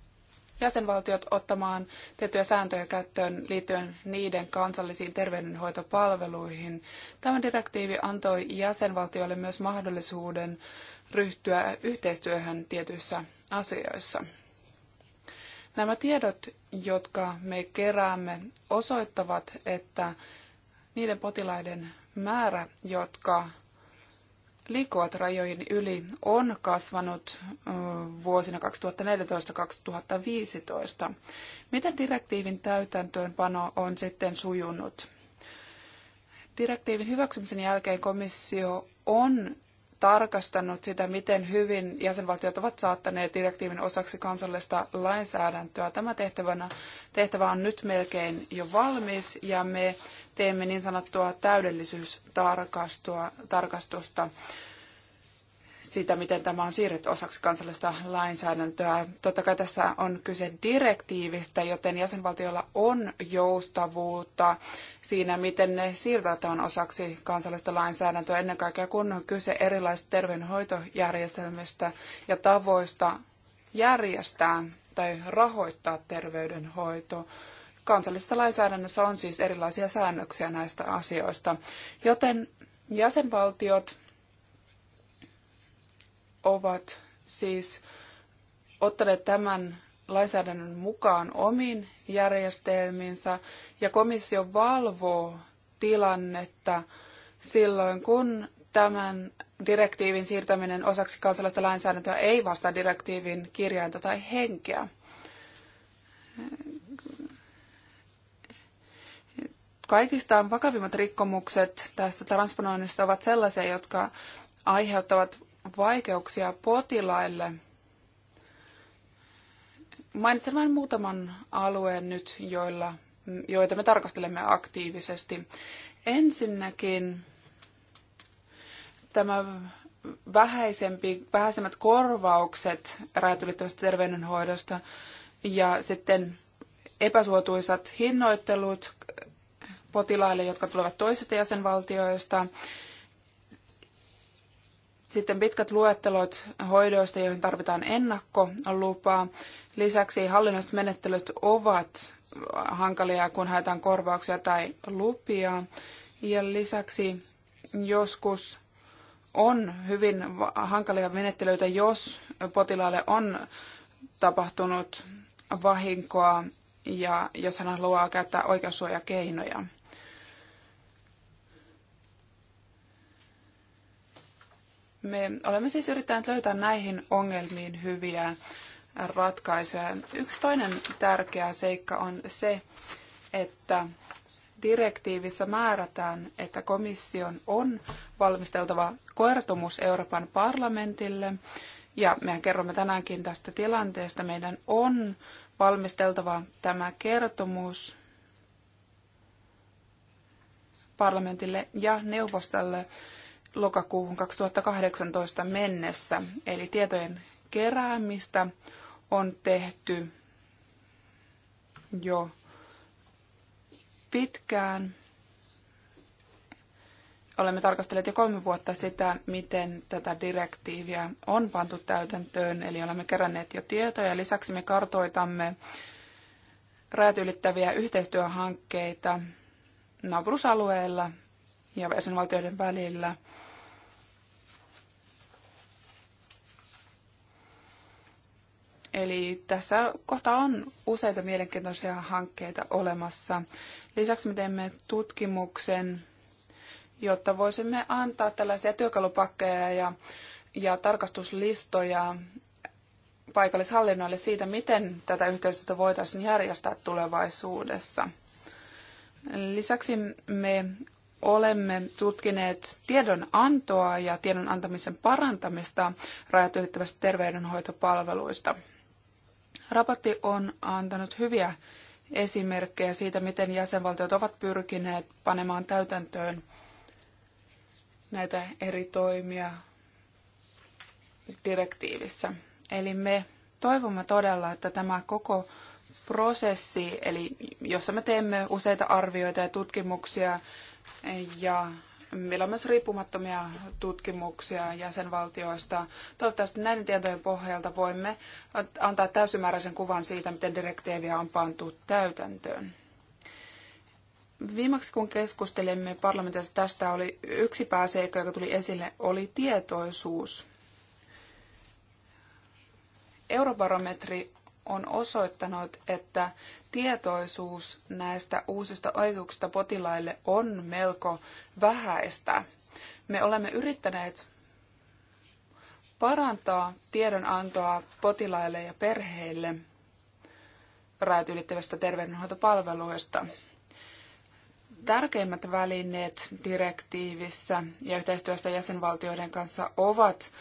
jäsenvaltiot ottamaan tiettyjä sääntöjä käyttöön liittyen niiden kansallisiin terveydenhoitopalveluihin. Tämä direktiivi antoi jäsenvaltioille myös mahdollisuuden ryhtyä yhteistyöhön tietyissä asioissa. Nämä tiedot, jotka me keräämme, osoittavat, että niiden potilaiden määrä, jotka liikkuvat rajojen yli on kasvanut vuosina 2014-2015. Miten direktiivin täytäntöönpano on sitten sujunut? Direktiivin hyväksymisen jälkeen komissio on tarkastanut sitä, miten hyvin jäsenvaltiot ovat saattaneet direktiivin osaksi kansallista lainsäädäntöä. Tämä tehtävänä, tehtävä on nyt melkein jo valmis ja me teemme niin sanottua täydellisyystarkastusta sitä, miten tämä on siirretty osaksi kansallista lainsäädäntöä. Totta kai tässä on kyse direktiivistä, joten jäsenvaltioilla on joustavuutta siinä, miten ne siirtävät osaksi kansallista lainsäädäntöä. Ennen kaikkea kun on kyse erilaisista terveydenhoitojärjestelmistä ja tavoista järjestää tai rahoittaa terveydenhoito. Kansallisessa lainsäädännössä on siis erilaisia säännöksiä näistä asioista, joten jäsenvaltiot ovat siis ottaneet tämän lainsäädännön mukaan omiin järjestelmiinsä ja komissio valvoo tilannetta silloin, kun tämän direktiivin siirtäminen osaksi kansallista lainsäädäntöä ei vastaa direktiivin kirjainta tai henkeä. Kaikista vakavimmat rikkomukset tässä transponoinnissa ovat sellaisia, jotka aiheuttavat vaikeuksia potilaille. Mainitsen vain muutaman alueen nyt, joilla, joita me tarkastelemme aktiivisesti. Ensinnäkin tämä vähäisempi, vähäisemmät korvaukset rajat ylittävästä terveydenhoidosta ja sitten epäsuotuisat hinnoittelut potilaille, jotka tulevat toisista jäsenvaltioista, sitten pitkät luettelot hoidoista, joihin tarvitaan ennakkolupaa. Lisäksi hallinnolliset menettelyt ovat hankalia, kun haetaan korvauksia tai lupia. Ja lisäksi joskus on hyvin hankalia menettelyitä, jos potilaalle on tapahtunut vahinkoa ja jos hän haluaa käyttää oikeussuojakeinoja. Me olemme siis yrittäneet löytää näihin ongelmiin hyviä ratkaisuja. Yksi toinen tärkeä seikka on se, että direktiivissä määrätään, että komission on valmisteltava kertomus Euroopan parlamentille. Ja mehän kerromme tänäänkin tästä tilanteesta. Meidän on valmisteltava tämä kertomus parlamentille ja neuvostolle lokakuuhun 2018 mennessä. Eli tietojen keräämistä on tehty jo pitkään. Olemme tarkastelleet jo kolme vuotta sitä, miten tätä direktiiviä on pantu täytäntöön, eli olemme keränneet jo tietoja. Lisäksi me kartoitamme rajat ylittäviä yhteistyöhankkeita naapurusalueilla ja jäsenvaltioiden välillä – Eli tässä kohtaa on useita mielenkiintoisia hankkeita olemassa. Lisäksi me teemme tutkimuksen, jotta voisimme antaa tällaisia työkalupakkeja ja, ja tarkastuslistoja paikallishallinnoille siitä, miten tätä yhteistyötä voitaisiin järjestää tulevaisuudessa. Lisäksi me olemme tutkineet tiedonantoa ja tiedon antamisen parantamista rajat ylittävästä terveydenhoitopalveluista – Raportti on antanut hyviä esimerkkejä siitä, miten jäsenvaltiot ovat pyrkineet panemaan täytäntöön näitä eri toimia direktiivissä. Eli me toivomme todella, että tämä koko prosessi, eli jossa me teemme useita arvioita ja tutkimuksia ja Meillä on myös riippumattomia tutkimuksia jäsenvaltioista. Toivottavasti näiden tietojen pohjalta voimme antaa täysimääräisen kuvan siitä, miten direktiiviä on pantu täytäntöön. Viimeksi kun keskustelimme parlamentissa tästä, oli yksi pääseikka, joka tuli esille, oli tietoisuus. Eurobarometri on osoittanut, että tietoisuus näistä uusista oikeuksista potilaille on melko vähäistä. Me olemme yrittäneet parantaa tiedonantoa potilaille ja perheille rajat ylittävästä terveydenhoitopalveluista. Tärkeimmät välineet direktiivissä ja yhteistyössä jäsenvaltioiden kanssa ovat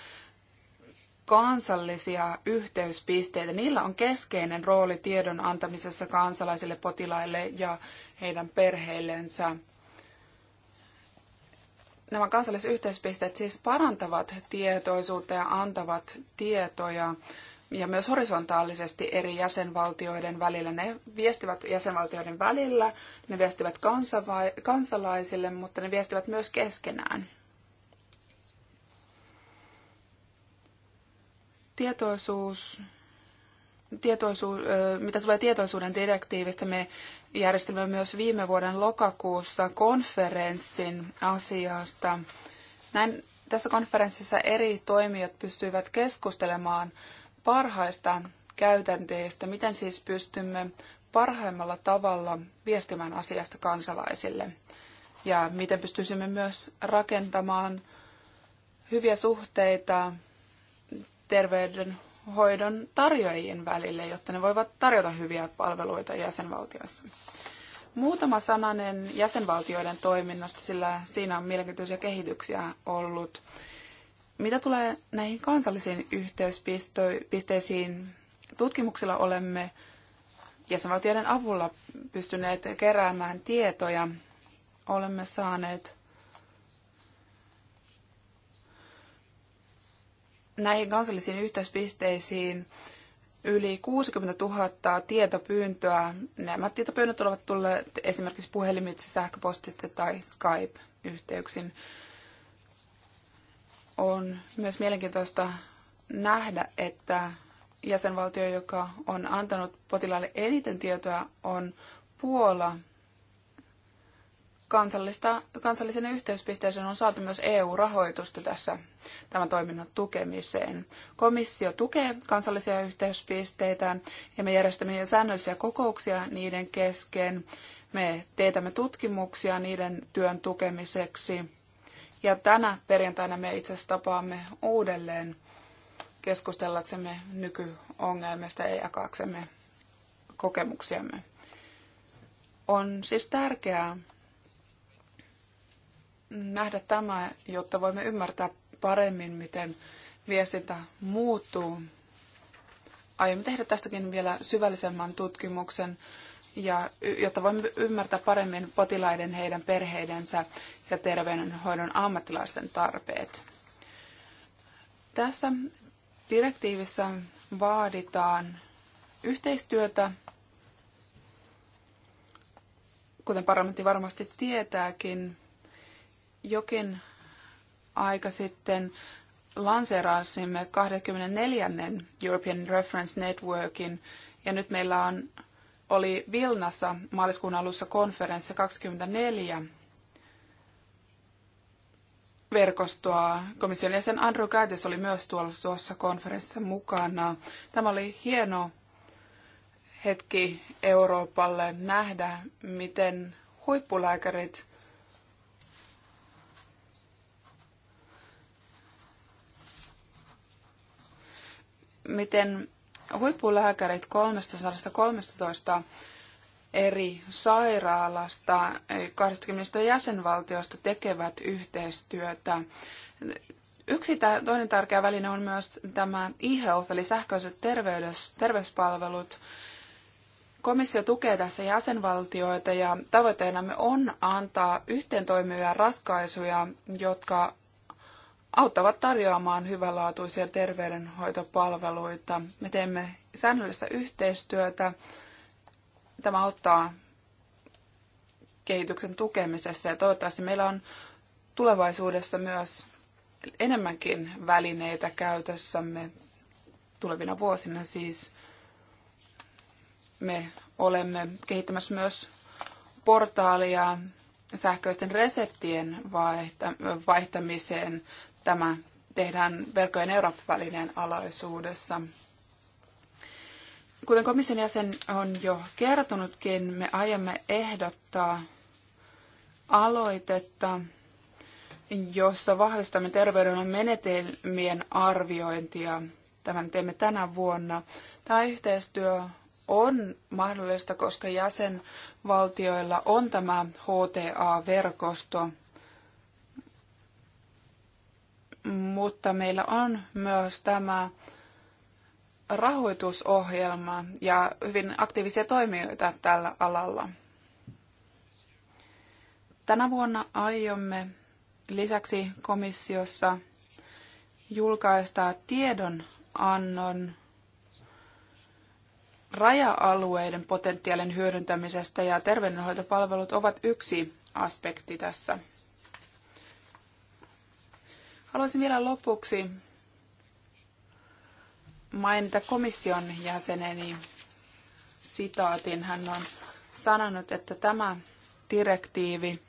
kansallisia yhteyspisteitä. Niillä on keskeinen rooli tiedon antamisessa kansalaisille potilaille ja heidän perheillensä. Nämä kansalliset yhteyspisteet siis parantavat tietoisuutta ja antavat tietoja ja myös horisontaalisesti eri jäsenvaltioiden välillä. Ne viestivät jäsenvaltioiden välillä, ne viestivät kansalaisille, mutta ne viestivät myös keskenään. Tietoisuus, tietoisuus, mitä tulee tietoisuuden direktiivistä, me järjestimme myös viime vuoden lokakuussa konferenssin asiasta. Näin tässä konferenssissa eri toimijat pystyivät keskustelemaan parhaista käytänteistä, miten siis pystymme parhaimmalla tavalla viestimään asiasta kansalaisille ja miten pystyisimme myös rakentamaan hyviä suhteita terveydenhoidon tarjoajien välille, jotta ne voivat tarjota hyviä palveluita jäsenvaltioissa. Muutama sananen jäsenvaltioiden toiminnasta, sillä siinä on mielenkiintoisia kehityksiä ollut. Mitä tulee näihin kansallisiin yhteyspisteisiin, tutkimuksilla olemme jäsenvaltioiden avulla pystyneet keräämään tietoja. Olemme saaneet näihin kansallisiin yhteyspisteisiin yli 60 000 tietopyyntöä. Nämä tietopyynnöt ovat tulleet esimerkiksi puhelimitse, sähköpostitse tai Skype-yhteyksin. On myös mielenkiintoista nähdä, että jäsenvaltio, joka on antanut potilaalle eniten tietoa, on Puola – kansallista, kansallisen yhteyspisteeseen on saatu myös EU-rahoitusta tässä tämän toiminnan tukemiseen. Komissio tukee kansallisia yhteyspisteitä ja me järjestämme säännöllisiä kokouksia niiden kesken. Me teetämme tutkimuksia niiden työn tukemiseksi. Ja tänä perjantaina me itse asiassa tapaamme uudelleen keskustellaksemme nykyongelmista ja jakaaksemme kokemuksiamme. On siis tärkeää, nähdä tämä, jotta voimme ymmärtää paremmin, miten viestintä muuttuu. Aiomme tehdä tästäkin vielä syvällisemmän tutkimuksen, ja, jotta voimme ymmärtää paremmin potilaiden, heidän perheidensä ja terveydenhoidon ammattilaisten tarpeet. Tässä direktiivissä vaaditaan yhteistyötä, kuten parlamentti varmasti tietääkin, jokin aika sitten lanseerasimme 24. European Reference Networkin, ja nyt meillä on, oli Vilnassa maaliskuun alussa konferenssi 24 verkostoa. Komission jäsen Andrew Gaitis oli myös tuolla tuossa konferenssissa mukana. Tämä oli hieno hetki Euroopalle nähdä, miten huippulääkärit miten huippulääkärit 313 eri sairaalasta, 20 eh, jäsenvaltiosta tekevät yhteistyötä. Yksi toinen tärkeä väline on myös tämä e-health, eli sähköiset terveyspalvelut. Komissio tukee tässä jäsenvaltioita ja tavoitteenamme on antaa toimivia ratkaisuja, jotka auttavat tarjoamaan hyvälaatuisia terveydenhoitopalveluita. Me teemme säännöllistä yhteistyötä. Tämä auttaa kehityksen tukemisessa ja toivottavasti meillä on tulevaisuudessa myös enemmänkin välineitä käytössämme tulevina vuosina siis. Me olemme kehittämässä myös portaalia sähköisten reseptien vaihtamiseen tämä tehdään verkkojen Eurooppa-välineen alaisuudessa. Kuten komission jäsen on jo kertonutkin, me aiomme ehdottaa aloitetta, jossa vahvistamme terveydenhuollon menetelmien arviointia. Tämän teemme tänä vuonna. Tämä yhteistyö on mahdollista, koska jäsenvaltioilla on tämä HTA-verkosto mutta meillä on myös tämä rahoitusohjelma ja hyvin aktiivisia toimijoita tällä alalla. Tänä vuonna aiomme lisäksi komissiossa julkaista tiedonannon raja-alueiden potentiaalin hyödyntämisestä ja terveydenhoitopalvelut ovat yksi aspekti tässä. Haluaisin vielä lopuksi mainita komission jäseneni sitaatin. Hän on sanonut, että tämä direktiivi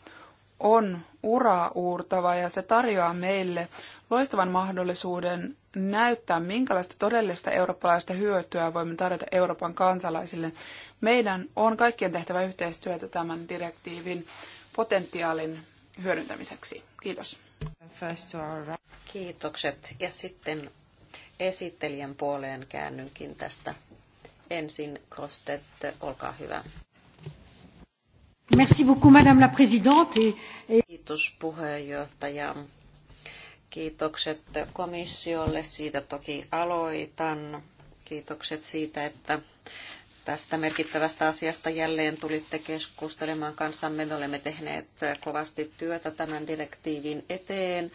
on uraa uurtava ja se tarjoaa meille loistavan mahdollisuuden näyttää, minkälaista todellista eurooppalaista hyötyä voimme tarjota Euroopan kansalaisille. Meidän on kaikkien tehtävä yhteistyötä tämän direktiivin potentiaalin hyödyntämiseksi. Kiitos. Kiitokset. Ja sitten esittelijän puoleen käännynkin tästä. Ensin Krostet, olkaa hyvä. Merci beaucoup, Madame la Présidente. Kiitos puheenjohtaja. Kiitokset komissiolle. Siitä toki aloitan. Kiitokset siitä, että tästä merkittävästä asiasta jälleen tulitte keskustelemaan kanssamme. Me olemme tehneet kovasti työtä tämän direktiivin eteen.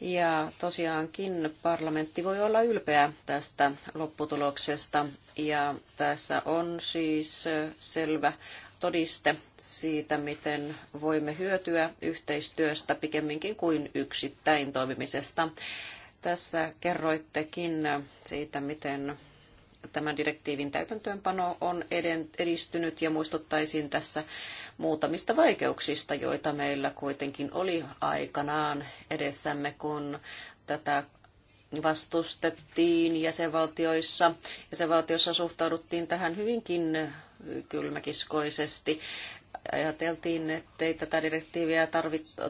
Ja tosiaankin parlamentti voi olla ylpeä tästä lopputuloksesta. Ja tässä on siis selvä todiste siitä, miten voimme hyötyä yhteistyöstä pikemminkin kuin yksittäin toimimisesta. Tässä kerroittekin siitä, miten tämän direktiivin täytäntöönpano on edistynyt ja muistuttaisin tässä muutamista vaikeuksista, joita meillä kuitenkin oli aikanaan edessämme, kun tätä vastustettiin jäsenvaltioissa. Jäsenvaltioissa suhtauduttiin tähän hyvinkin kylmäkiskoisesti. Ajateltiin, ettei tätä direktiiviä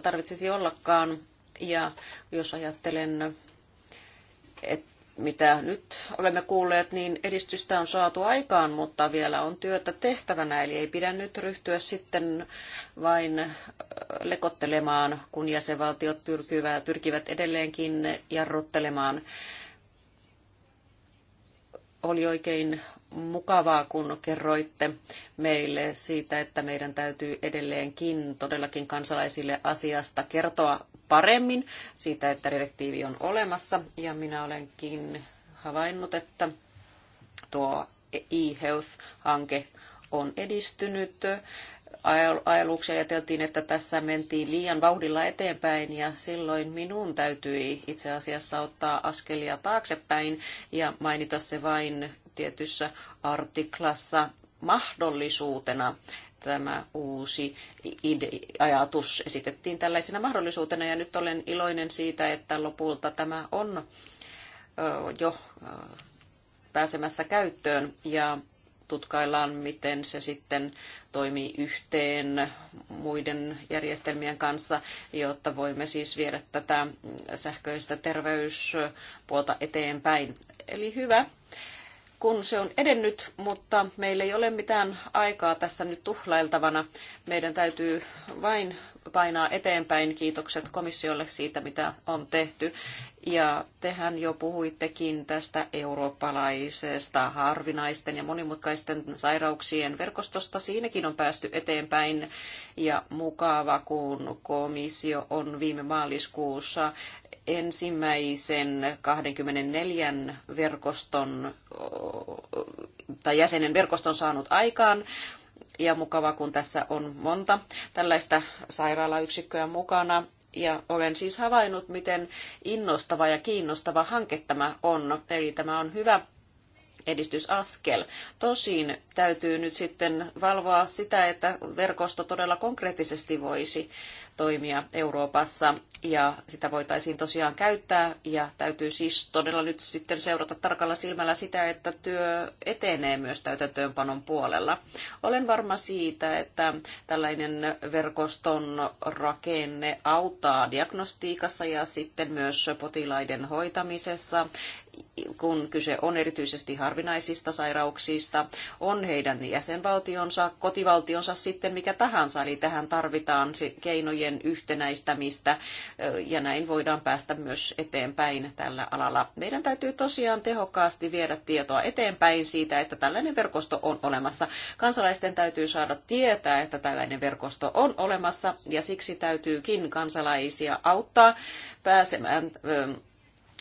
tarvitsisi ollakaan. Ja jos ajattelen, että mitä nyt olemme kuulleet, niin edistystä on saatu aikaan, mutta vielä on työtä tehtävänä, eli ei pidä nyt ryhtyä sitten vain lekottelemaan, kun jäsenvaltiot pyrkivät, edelleenkin jarruttelemaan. Oli oikein mukavaa, kun kerroitte meille siitä, että meidän täytyy edelleenkin todellakin kansalaisille asiasta kertoa paremmin siitä, että direktiivi on olemassa. Ja minä olenkin havainnut, että tuo e-health-hanke on edistynyt aluksi ajateltiin, että tässä mentiin liian vauhdilla eteenpäin ja silloin minun täytyi itse asiassa ottaa askelia taaksepäin ja mainita se vain tietyssä artiklassa mahdollisuutena tämä uusi ajatus esitettiin tällaisena mahdollisuutena ja nyt olen iloinen siitä, että lopulta tämä on jo pääsemässä käyttöön ja tutkaillaan, miten se sitten toimii yhteen muiden järjestelmien kanssa, jotta voimme siis viedä tätä sähköistä terveyspuolta eteenpäin. Eli hyvä kun se on edennyt, mutta meillä ei ole mitään aikaa tässä nyt tuhlailtavana. Meidän täytyy vain painaa eteenpäin. Kiitokset komissiolle siitä, mitä on tehty. Ja tehän jo puhuittekin tästä eurooppalaisesta harvinaisten ja monimutkaisten sairauksien verkostosta. Siinäkin on päästy eteenpäin ja mukava, kun komissio on viime maaliskuussa ensimmäisen 24 verkoston tai jäsenen verkoston saanut aikaan ja mukava, kun tässä on monta tällaista sairaalayksikköä mukana. Ja olen siis havainnut, miten innostava ja kiinnostava hanke tämä on. Eli tämä on hyvä edistysaskel. Tosin täytyy nyt sitten valvoa sitä, että verkosto todella konkreettisesti voisi toimia Euroopassa ja sitä voitaisiin tosiaan käyttää ja täytyy siis todella nyt sitten seurata tarkalla silmällä sitä, että työ etenee myös täytäntöönpanon puolella. Olen varma siitä, että tällainen verkoston rakenne auttaa diagnostiikassa ja sitten myös potilaiden hoitamisessa kun kyse on erityisesti harvinaisista sairauksista, on heidän jäsenvaltionsa, kotivaltionsa sitten mikä tahansa, eli tähän tarvitaan keinojen yhtenäistämistä ja näin voidaan päästä myös eteenpäin tällä alalla. Meidän täytyy tosiaan tehokkaasti viedä tietoa eteenpäin siitä, että tällainen verkosto on olemassa. Kansalaisten täytyy saada tietää, että tällainen verkosto on olemassa ja siksi täytyykin kansalaisia auttaa pääsemään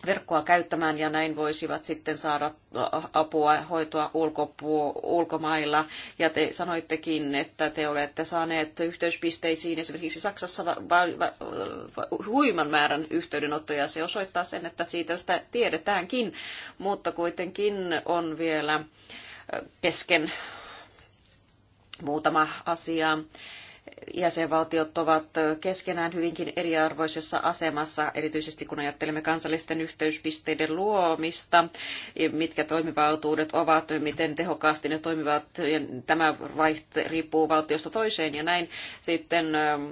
verkkoa käyttämään ja näin voisivat sitten saada äh, apua, hoitoa ulkopuo, ulkomailla. Ja te sanoittekin, että te olette saaneet yhteyspisteisiin esimerkiksi Saksassa va, va, va, huiman määrän yhteydenottoja. Se osoittaa sen, että siitä sitä tiedetäänkin, mutta kuitenkin on vielä äh, kesken muutama asia jäsenvaltiot ovat keskenään hyvinkin eriarvoisessa asemassa, erityisesti kun ajattelemme kansallisten yhteyspisteiden luomista, mitkä toimivaltuudet ovat, miten tehokkaasti ne toimivat, ja tämä vaiht- riippuu valtiosta toiseen, ja näin sitten ähm,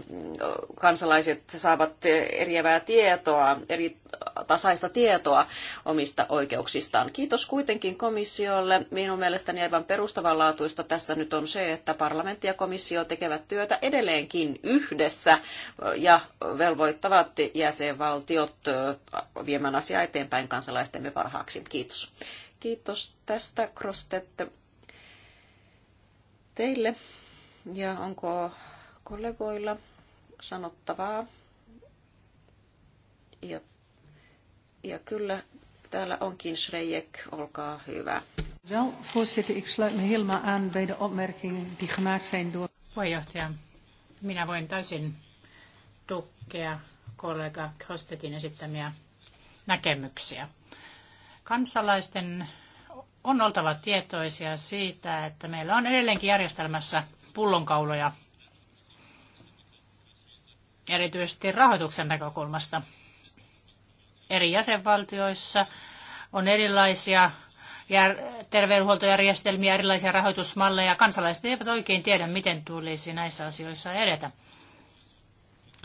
kansalaiset saavat eriävää tietoa, eri tasaista tietoa omista oikeuksistaan. Kiitos kuitenkin komissiolle. Minun mielestäni aivan perustavanlaatuista tässä nyt on se, että parlamentti ja komissio tekevät työtä edelleenkin yhdessä ja velvoittavat jäsenvaltiot viemään asiaa eteenpäin kansalaistemme parhaaksi. Kiitos. Kiitos tästä, Krostette, teille. Ja onko kollegoilla sanottavaa? Ja, ja kyllä, täällä onkin Shrejek, olkaa hyvä. Wel, voorzitter, ik sluit me helemaal aan bij de opmerkingen die gemaakt zijn door... Voorzitter, minä voin täysin tukea kollega Krostetin esittämiä näkemyksiä. Kansalaisten on oltava tietoisia siitä, että meillä on edelleenkin järjestelmässä pullonkauloja erityisesti rahoituksen näkökulmasta. Eri jäsenvaltioissa on erilaisia terveydenhuoltojärjestelmiä, erilaisia rahoitusmalleja. Kansalaiset eivät oikein tiedä, miten tulisi näissä asioissa edetä.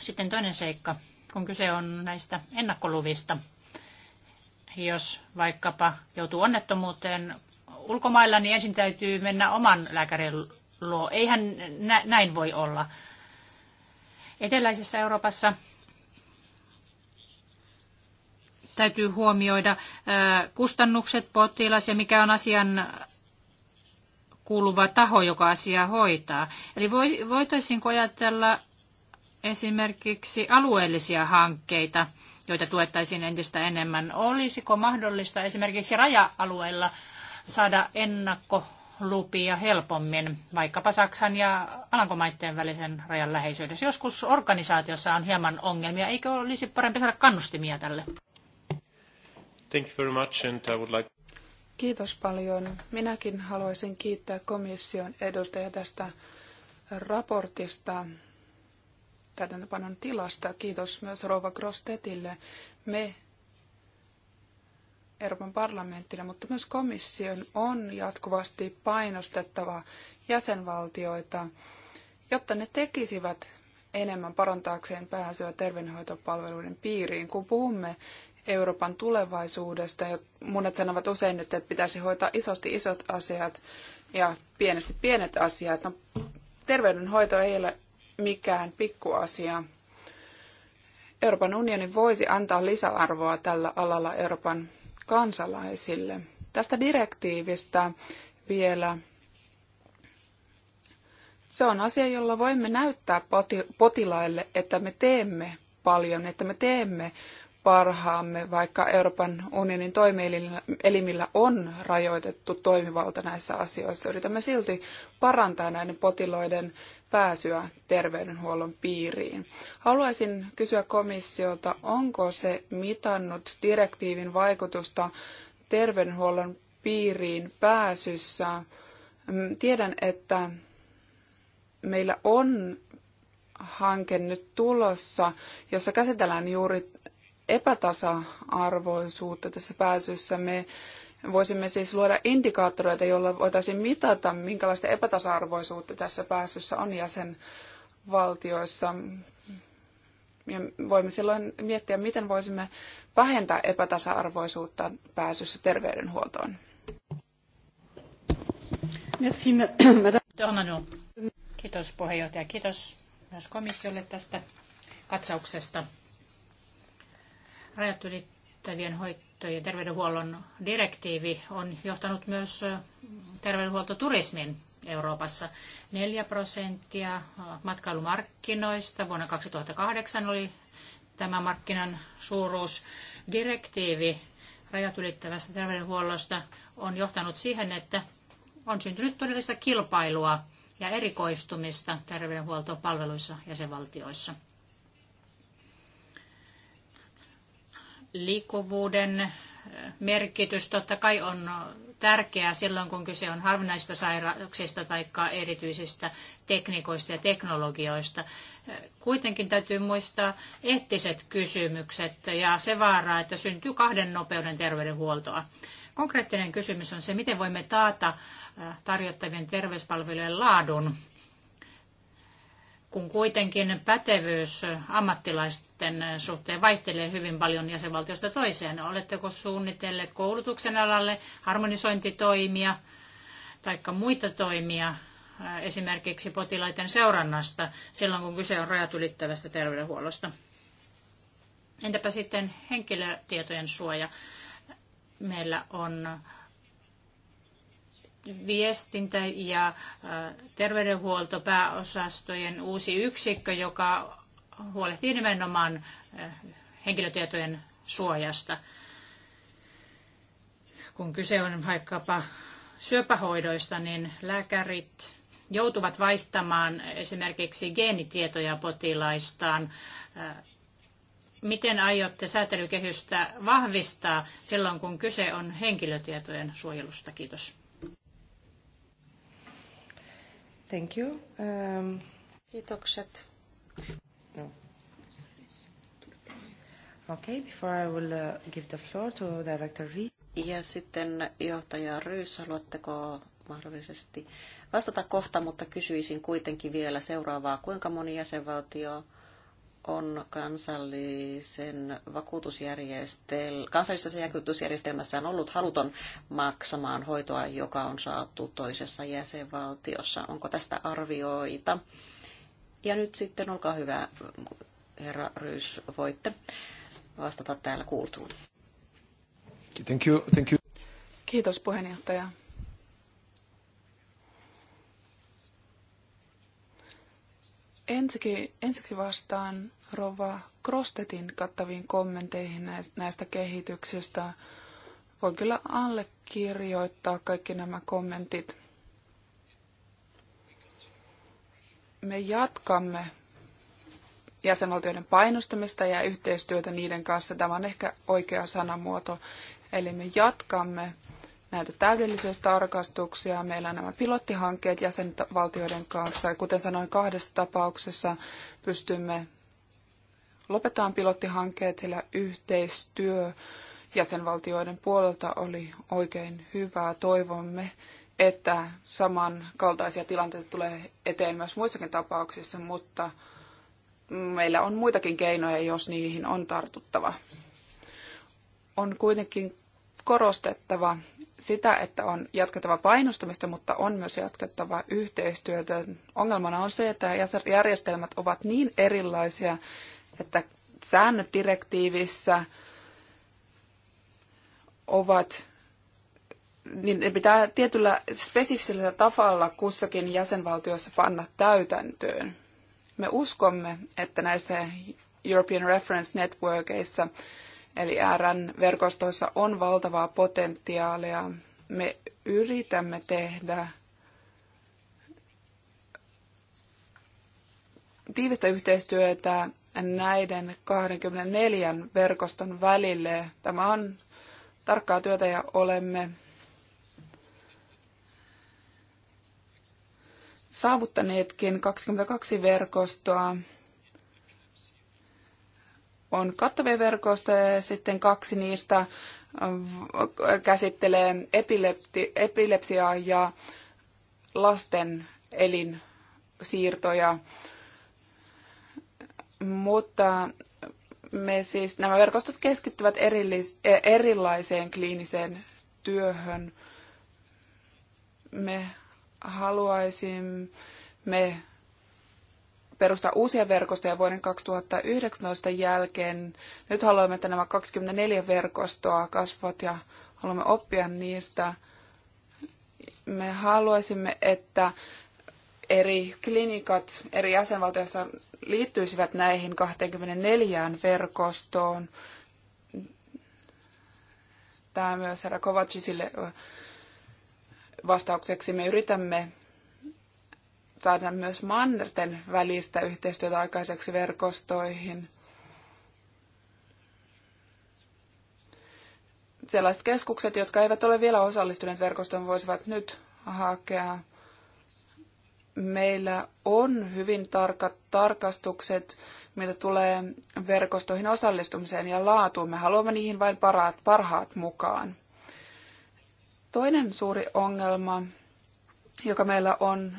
Sitten toinen seikka, kun kyse on näistä ennakkoluvista. Jos vaikkapa joutuu onnettomuuteen ulkomailla, niin ensin täytyy mennä oman lääkärin luo. Eihän näin voi olla. Eteläisessä Euroopassa Täytyy huomioida kustannukset, potilas ja mikä on asian kuuluva taho, joka asiaa hoitaa. Eli voitaisiinko ajatella esimerkiksi alueellisia hankkeita, joita tuettaisiin entistä enemmän. Olisiko mahdollista esimerkiksi raja-alueilla saada ennakkolupia helpommin, vaikkapa Saksan ja Alankomaitteen välisen rajan läheisyydessä? Joskus organisaatiossa on hieman ongelmia. Eikö olisi parempi saada kannustimia tälle? Thank you very much and I would like... Kiitos paljon. Minäkin haluaisin kiittää komission edustajia tästä raportista täytäntöpanon tilasta. Kiitos myös Rova Grostetille. Me Euroopan parlamenttina, mutta myös komission on jatkuvasti painostettava jäsenvaltioita, jotta ne tekisivät enemmän parantaakseen pääsyä terveydenhoitopalveluiden piiriin. Kun puhumme Euroopan tulevaisuudesta. Ja monet sanovat usein nyt, että pitäisi hoitaa isosti isot asiat ja pienesti pienet asiat. No, terveydenhoito ei ole mikään pikkuasia. Euroopan unioni voisi antaa lisäarvoa tällä alalla Euroopan kansalaisille. Tästä direktiivistä vielä. Se on asia, jolla voimme näyttää potilaille, että me teemme paljon, että me teemme parhaamme, vaikka Euroopan unionin toimielimillä on rajoitettu toimivalta näissä asioissa. Yritämme silti parantaa näiden potilaiden pääsyä terveydenhuollon piiriin. Haluaisin kysyä komissiolta, onko se mitannut direktiivin vaikutusta terveydenhuollon piiriin pääsyssä. Mm, tiedän, että meillä on hanke nyt tulossa, jossa käsitellään juuri epätasa-arvoisuutta tässä pääsyssä. Me voisimme siis luoda indikaattoreita, joilla voitaisiin mitata, minkälaista epätasa-arvoisuutta tässä pääsyssä on jäsenvaltioissa. Ja voimme silloin miettiä, miten voisimme vähentää epätasa-arvoisuutta pääsyssä terveydenhuoltoon. Merci, madame. Kiitos puheenjohtaja, kiitos myös komissiolle tästä katsauksesta rajat ylittävien hoitojen terveydenhuollon direktiivi on johtanut myös terveydenhuoltoturismin Euroopassa. 4 prosenttia matkailumarkkinoista vuonna 2008 oli tämä markkinan suuruus. Direktiivi rajat ylittävästä terveydenhuollosta on johtanut siihen, että on syntynyt todellista kilpailua ja erikoistumista terveydenhuoltopalveluissa jäsenvaltioissa. liikkuvuuden eh, merkitys totta kai on tärkeää silloin, kun kyse on harvinaisista sairauksista tai erityisistä tekniikoista ja teknologioista. Eh, kuitenkin täytyy muistaa eettiset kysymykset ja se vaara, että syntyy kahden nopeuden terveydenhuoltoa. Konkreettinen kysymys on se, miten voimme taata eh, tarjottavien terveyspalvelujen laadun kun kuitenkin pätevyys ammattilaisten suhteen vaihtelee hyvin paljon jäsenvaltiosta toiseen. Oletteko suunnitelleet koulutuksen alalle harmonisointitoimia tai muita toimia äh, esimerkiksi potilaiden seurannasta silloin, kun kyse on rajat ylittävästä terveydenhuollosta? Entäpä sitten henkilötietojen suoja? Meillä on viestintä ja terveydenhuoltopääosastojen uusi yksikkö, joka huolehtii nimenomaan henkilötietojen suojasta. Kun kyse on vaikkapa syöpähoidoista, niin lääkärit joutuvat vaihtamaan esimerkiksi geenitietoja potilaistaan. Miten aiotte säätelykehystä vahvistaa silloin, kun kyse on henkilötietojen suojelusta? Kiitos. Thank you. Um... Kiitokset. No. Okay, before I will uh, give the floor to Director Reed. Ja sitten johtaja Ryys, haluatteko mahdollisesti vastata kohta, mutta kysyisin kuitenkin vielä seuraavaa. Kuinka moni jäsenvaltio on kansallisen vakuutusjärjestel... kansallisessa vakuutusjärjestelmässä on ollut haluton maksamaan hoitoa, joka on saatu toisessa jäsenvaltiossa. Onko tästä arvioita? Ja nyt sitten olkaa hyvä, herra Ryys, voitte vastata täällä kuultuun. Thank you, thank you. Kiitos puheenjohtaja. Ensiksi, ensiksi vastaan Rova Krostetin kattaviin kommenteihin näistä kehityksistä. Voin kyllä allekirjoittaa kaikki nämä kommentit. Me jatkamme jäsenvaltioiden painostamista ja yhteistyötä niiden kanssa. Tämä on ehkä oikea sanamuoto. Eli me jatkamme näitä täydellisyystarkastuksia. Meillä on nämä pilottihankkeet jäsenvaltioiden kanssa. Ja kuten sanoin, kahdessa tapauksessa pystymme lopettamaan pilottihankkeet, sillä yhteistyö jäsenvaltioiden puolelta oli oikein hyvää. Toivomme, että samankaltaisia tilanteita tulee eteen myös muissakin tapauksissa, mutta meillä on muitakin keinoja, jos niihin on tartuttava. On kuitenkin korostettava sitä, että on jatkettava painostamista, mutta on myös jatkettava yhteistyötä. Ongelmana on se, että järjestelmät ovat niin erilaisia, että säännöt direktiivissä ovat, niin ne pitää tietyllä spesifisellä tavalla kussakin jäsenvaltiossa panna täytäntöön. Me uskomme, että näissä European Reference Networkissa Eli RN-verkostoissa on valtavaa potentiaalia. Me yritämme tehdä tiivistä yhteistyötä näiden 24 verkoston välille. Tämä on tarkkaa työtä ja olemme saavuttaneetkin 22 verkostoa on kattavia verkostoja ja sitten kaksi niistä käsittelee epilepti, epilepsiaa ja lasten elinsiirtoja. Mutta me siis, nämä verkostot keskittyvät erillis, e- erilaiseen kliiniseen työhön. Me haluaisimme perustaa uusia verkostoja vuoden 2019 jälkeen. Nyt haluamme, että nämä 24 verkostoa kasvavat ja haluamme oppia niistä. Me haluaisimme, että eri klinikat eri jäsenvaltioissa liittyisivät näihin 24 verkostoon. Tämä myös herra Kovacisille vastaukseksi. Me yritämme saada myös mannerten välistä yhteistyötä aikaiseksi verkostoihin. Sellaiset keskukset, jotka eivät ole vielä osallistuneet verkostoon, voisivat nyt hakea. Meillä on hyvin tarkat tarkastukset, mitä tulee verkostoihin osallistumiseen ja laatuun. Me haluamme niihin vain parhaat, parhaat mukaan. Toinen suuri ongelma, joka meillä on,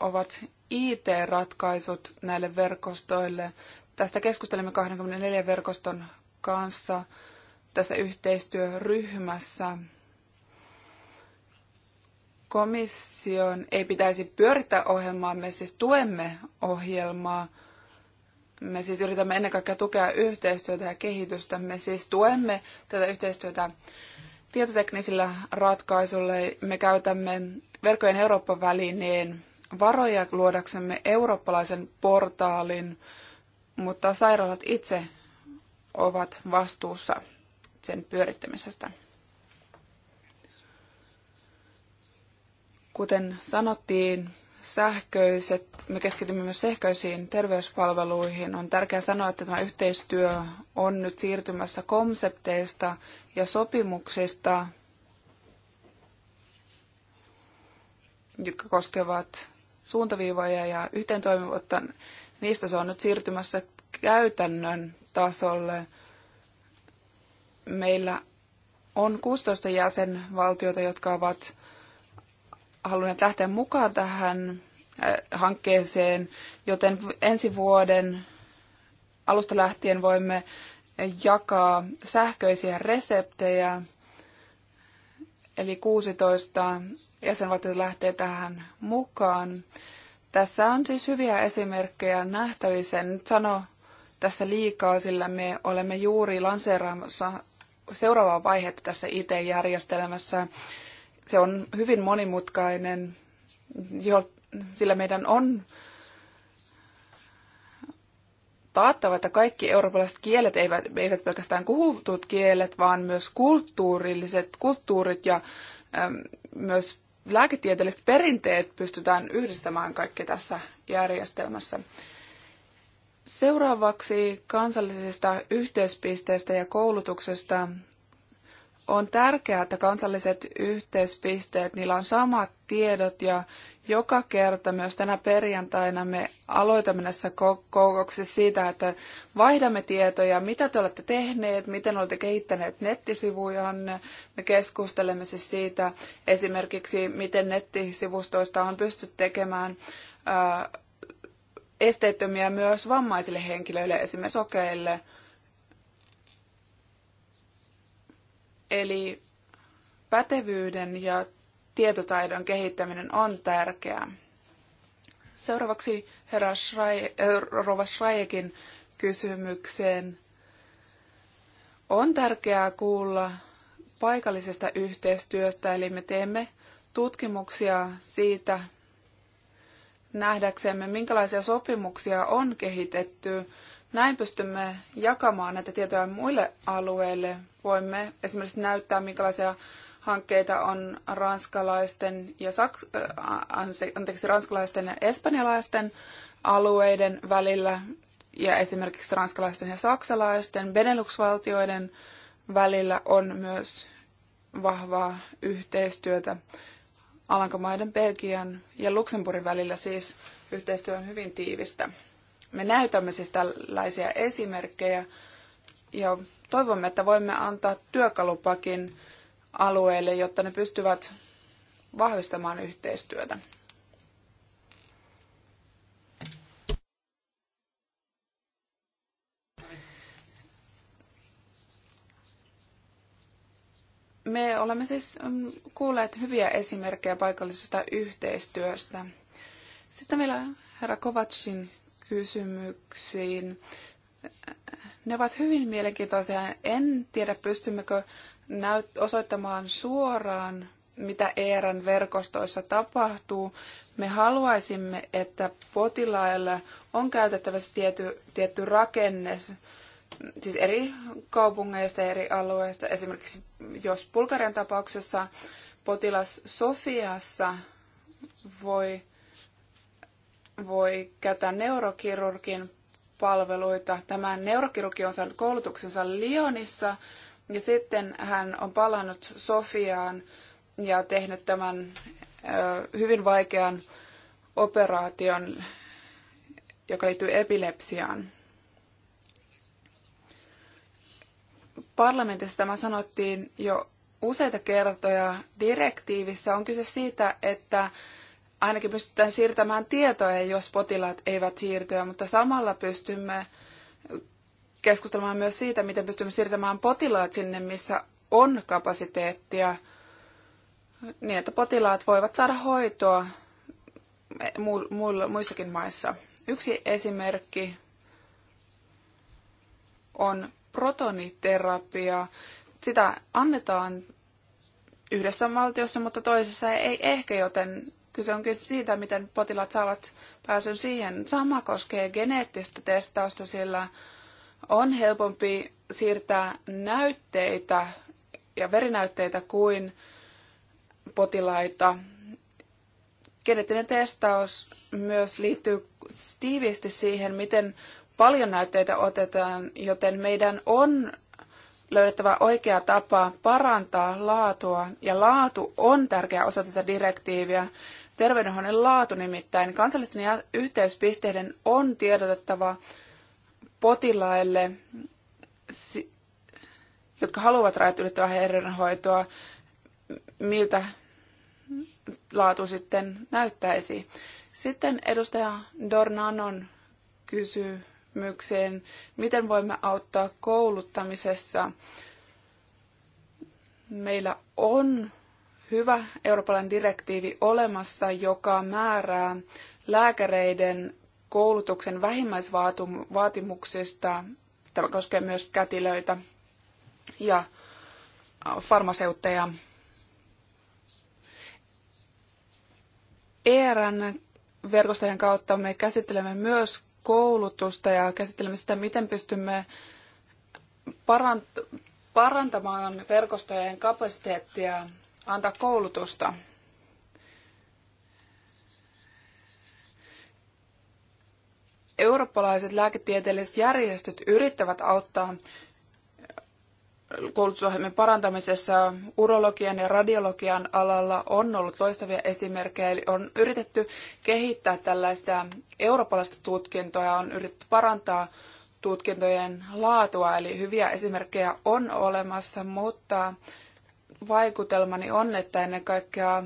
ovat IT-ratkaisut näille verkostoille. Tästä keskustelemme 24 verkoston kanssa tässä yhteistyöryhmässä. Komission ei pitäisi pyörittää ohjelmaa, me siis tuemme ohjelmaa. Me siis yritämme ennen kaikkea tukea yhteistyötä ja kehitystä. Me siis tuemme tätä yhteistyötä tietoteknisillä ratkaisuilla. Me käytämme verkkojen Euroopan välineen varoja luodaksemme eurooppalaisen portaalin, mutta sairaalat itse ovat vastuussa sen pyörittämisestä. Kuten sanottiin, sähköiset, me keskitymme myös sähköisiin terveyspalveluihin. On tärkeää sanoa, että tämä yhteistyö on nyt siirtymässä konsepteista ja sopimuksista, jotka koskevat suuntaviivoja ja yhteentoimivuutta, niistä se on nyt siirtymässä käytännön tasolle. Meillä on 16 jäsenvaltiota, jotka ovat halunneet lähteä mukaan tähän äh, hankkeeseen, joten ensi vuoden alusta lähtien voimme jakaa sähköisiä reseptejä, eli 16 jäsenvaltiot lähtee tähän mukaan. Tässä on siis hyviä esimerkkejä nähtävissä. En nyt sano tässä liikaa, sillä me olemme juuri lanseeraamassa seuraavaa vaihetta tässä IT-järjestelmässä. Se on hyvin monimutkainen, jo, sillä meidän on taattava, että kaikki eurooppalaiset kielet eivät, eivät pelkästään kuhutut kielet, vaan myös kulttuurilliset kulttuurit ja äm, myös lääketieteelliset perinteet pystytään yhdistämään kaikki tässä järjestelmässä. Seuraavaksi kansallisista yhteispisteistä ja koulutuksesta on tärkeää, että kansalliset yhteispisteet, niillä on samat tiedot ja joka kerta myös tänä perjantaina me aloitamme näissä kokouksissa siitä, että vaihdamme tietoja, mitä te olette tehneet, miten olette kehittäneet nettisivujanne. Me keskustelemme siis siitä esimerkiksi, miten nettisivustoista on pystytty tekemään esteettömiä myös vammaisille henkilöille, esimerkiksi sokeille. Eli pätevyyden ja tietotaidon kehittäminen on tärkeää. Seuraavaksi herra Schreie, äh, Rova Schreiekin kysymykseen. On tärkeää kuulla paikallisesta yhteistyöstä, eli me teemme tutkimuksia siitä nähdäksemme, minkälaisia sopimuksia on kehitetty näin pystymme jakamaan näitä tietoja muille alueille. Voimme esimerkiksi näyttää, minkälaisia hankkeita on ranskalaisten ja saks, äh, anteeksi, ranskalaisten ja espanjalaisten alueiden välillä ja esimerkiksi ranskalaisten ja saksalaisten Benelux-valtioiden välillä on myös vahvaa yhteistyötä Alankomaiden, Belgian ja Luxemburgin välillä siis yhteistyö on hyvin tiivistä. Me näytämme siis tällaisia esimerkkejä ja toivomme, että voimme antaa työkalupakin alueille, jotta ne pystyvät vahvistamaan yhteistyötä. me olemme siis mm, kuulleet hyviä esimerkkejä paikallisesta yhteistyöstä. Sitten meillä herra Kovacsin kysymyksiin. Ne ovat hyvin mielenkiintoisia. En tiedä, pystymmekö näyt- osoittamaan suoraan, mitä ERN verkostoissa tapahtuu. Me haluaisimme, että potilailla on käytettävissä tietty, tietty rakenne, siis eri kaupungeista ja eri alueista. Esimerkiksi jos Bulgarian tapauksessa potilas Sofiassa voi voi käyttää neurokirurgin palveluita. Tämä neurokirurgi on saanut koulutuksensa Lionissa ja sitten hän on palannut Sofiaan ja tehnyt tämän hyvin vaikean operaation, joka liittyy epilepsiaan. Parlamentissa tämä sanottiin jo useita kertoja. Direktiivissä on kyse siitä, että ainakin pystytään siirtämään tietoja, jos potilaat eivät siirtyä, mutta samalla pystymme keskustelemaan myös siitä, miten pystymme siirtämään potilaat sinne, missä on kapasiteettia, niin että potilaat voivat saada hoitoa muissakin maissa. Yksi esimerkki on protoniterapia. Sitä annetaan yhdessä valtiossa, mutta toisessa ei ehkä, joten Kyse kyse siitä, miten potilaat saavat pääsyn siihen. Sama koskee geneettistä testausta, sillä on helpompi siirtää näytteitä ja verinäytteitä kuin potilaita. Geneettinen testaus myös liittyy tiiviisti siihen, miten paljon näytteitä otetaan, joten meidän on löydettävä oikea tapa parantaa laatua, ja laatu on tärkeä osa tätä direktiiviä terveydenhuollon laatu nimittäin. Kansallisten yhteyspisteiden on tiedotettava potilaille, jotka haluavat rajat ylittävää terveydenhoitoa, miltä laatu sitten näyttäisi. Sitten edustaja Dornanon kysymykseen, miten voimme auttaa kouluttamisessa. Meillä on hyvä eurooppalainen direktiivi olemassa, joka määrää lääkäreiden koulutuksen vähimmäisvaatimuksista. Tämä koskee myös kätilöitä ja farmaseutteja. ERN verkostojen kautta me käsittelemme myös koulutusta ja käsittelemme sitä, miten pystymme parantamaan verkostojen kapasiteettia antaa koulutusta. Eurooppalaiset lääketieteelliset järjestöt yrittävät auttaa koulutusohjelmien parantamisessa urologian ja radiologian alalla on ollut loistavia esimerkkejä, eli on yritetty kehittää tällaista eurooppalaista tutkintoa ja on yritetty parantaa tutkintojen laatua, eli hyviä esimerkkejä on olemassa, mutta vaikutelmani on, että ennen kaikkea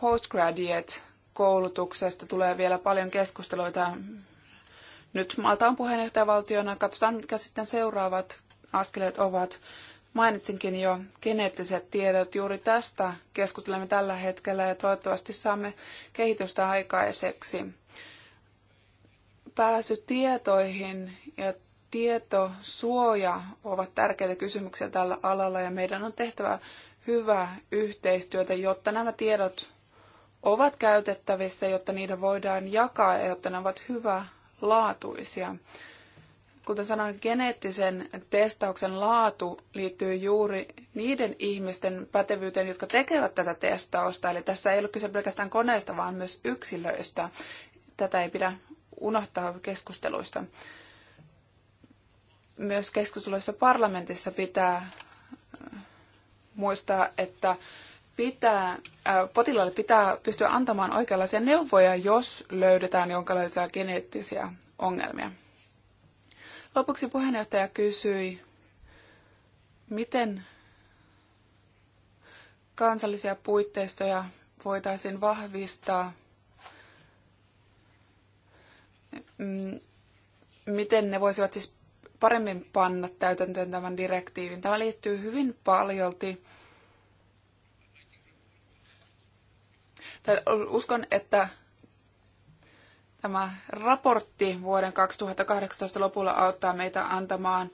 postgraduate-koulutuksesta tulee vielä paljon keskusteluita. Nyt Malta on puheenjohtajavaltiona. Katsotaan, mitkä sitten seuraavat askeleet ovat. Mainitsinkin jo geneettiset tiedot. Juuri tästä keskustelemme tällä hetkellä ja toivottavasti saamme kehitystä aikaiseksi. Pääsy tietoihin ja tietosuoja ovat tärkeitä kysymyksiä tällä alalla ja meidän on tehtävä hyvää yhteistyötä, jotta nämä tiedot ovat käytettävissä, jotta niitä voidaan jakaa ja jotta ne ovat hyvälaatuisia. Kuten sanoin, geneettisen testauksen laatu liittyy juuri niiden ihmisten pätevyyteen, jotka tekevät tätä testausta. Eli tässä ei ole kyse pelkästään koneista, vaan myös yksilöistä. Tätä ei pidä unohtaa keskusteluista myös keskusteluissa parlamentissa pitää äh, muistaa, että pitää, äh, potilaalle pitää pystyä antamaan oikeanlaisia neuvoja, jos löydetään jonkinlaisia geneettisiä ongelmia. Lopuksi puheenjohtaja kysyi, miten kansallisia puitteistoja voitaisiin vahvistaa, mm, miten ne voisivat siis paremmin panna täytäntöön tämän direktiivin. Tämä liittyy hyvin paljolti. Uskon, että tämä raportti vuoden 2018 lopulla auttaa meitä antamaan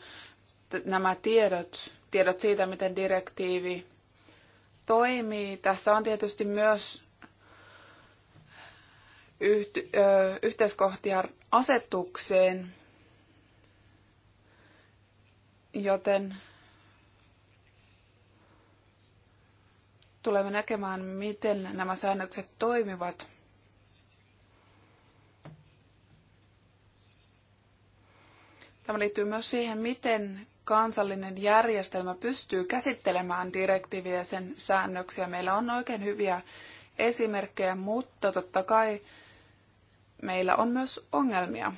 nämä tiedot, tiedot siitä, miten direktiivi toimii. Tässä on tietysti myös yhteiskohtia asetukseen. Joten tulemme näkemään, miten nämä säännökset toimivat. Tämä liittyy myös siihen, miten kansallinen järjestelmä pystyy käsittelemään direktiiviä ja sen säännöksiä. Meillä on oikein hyviä esimerkkejä, mutta totta kai meillä on myös ongelmia.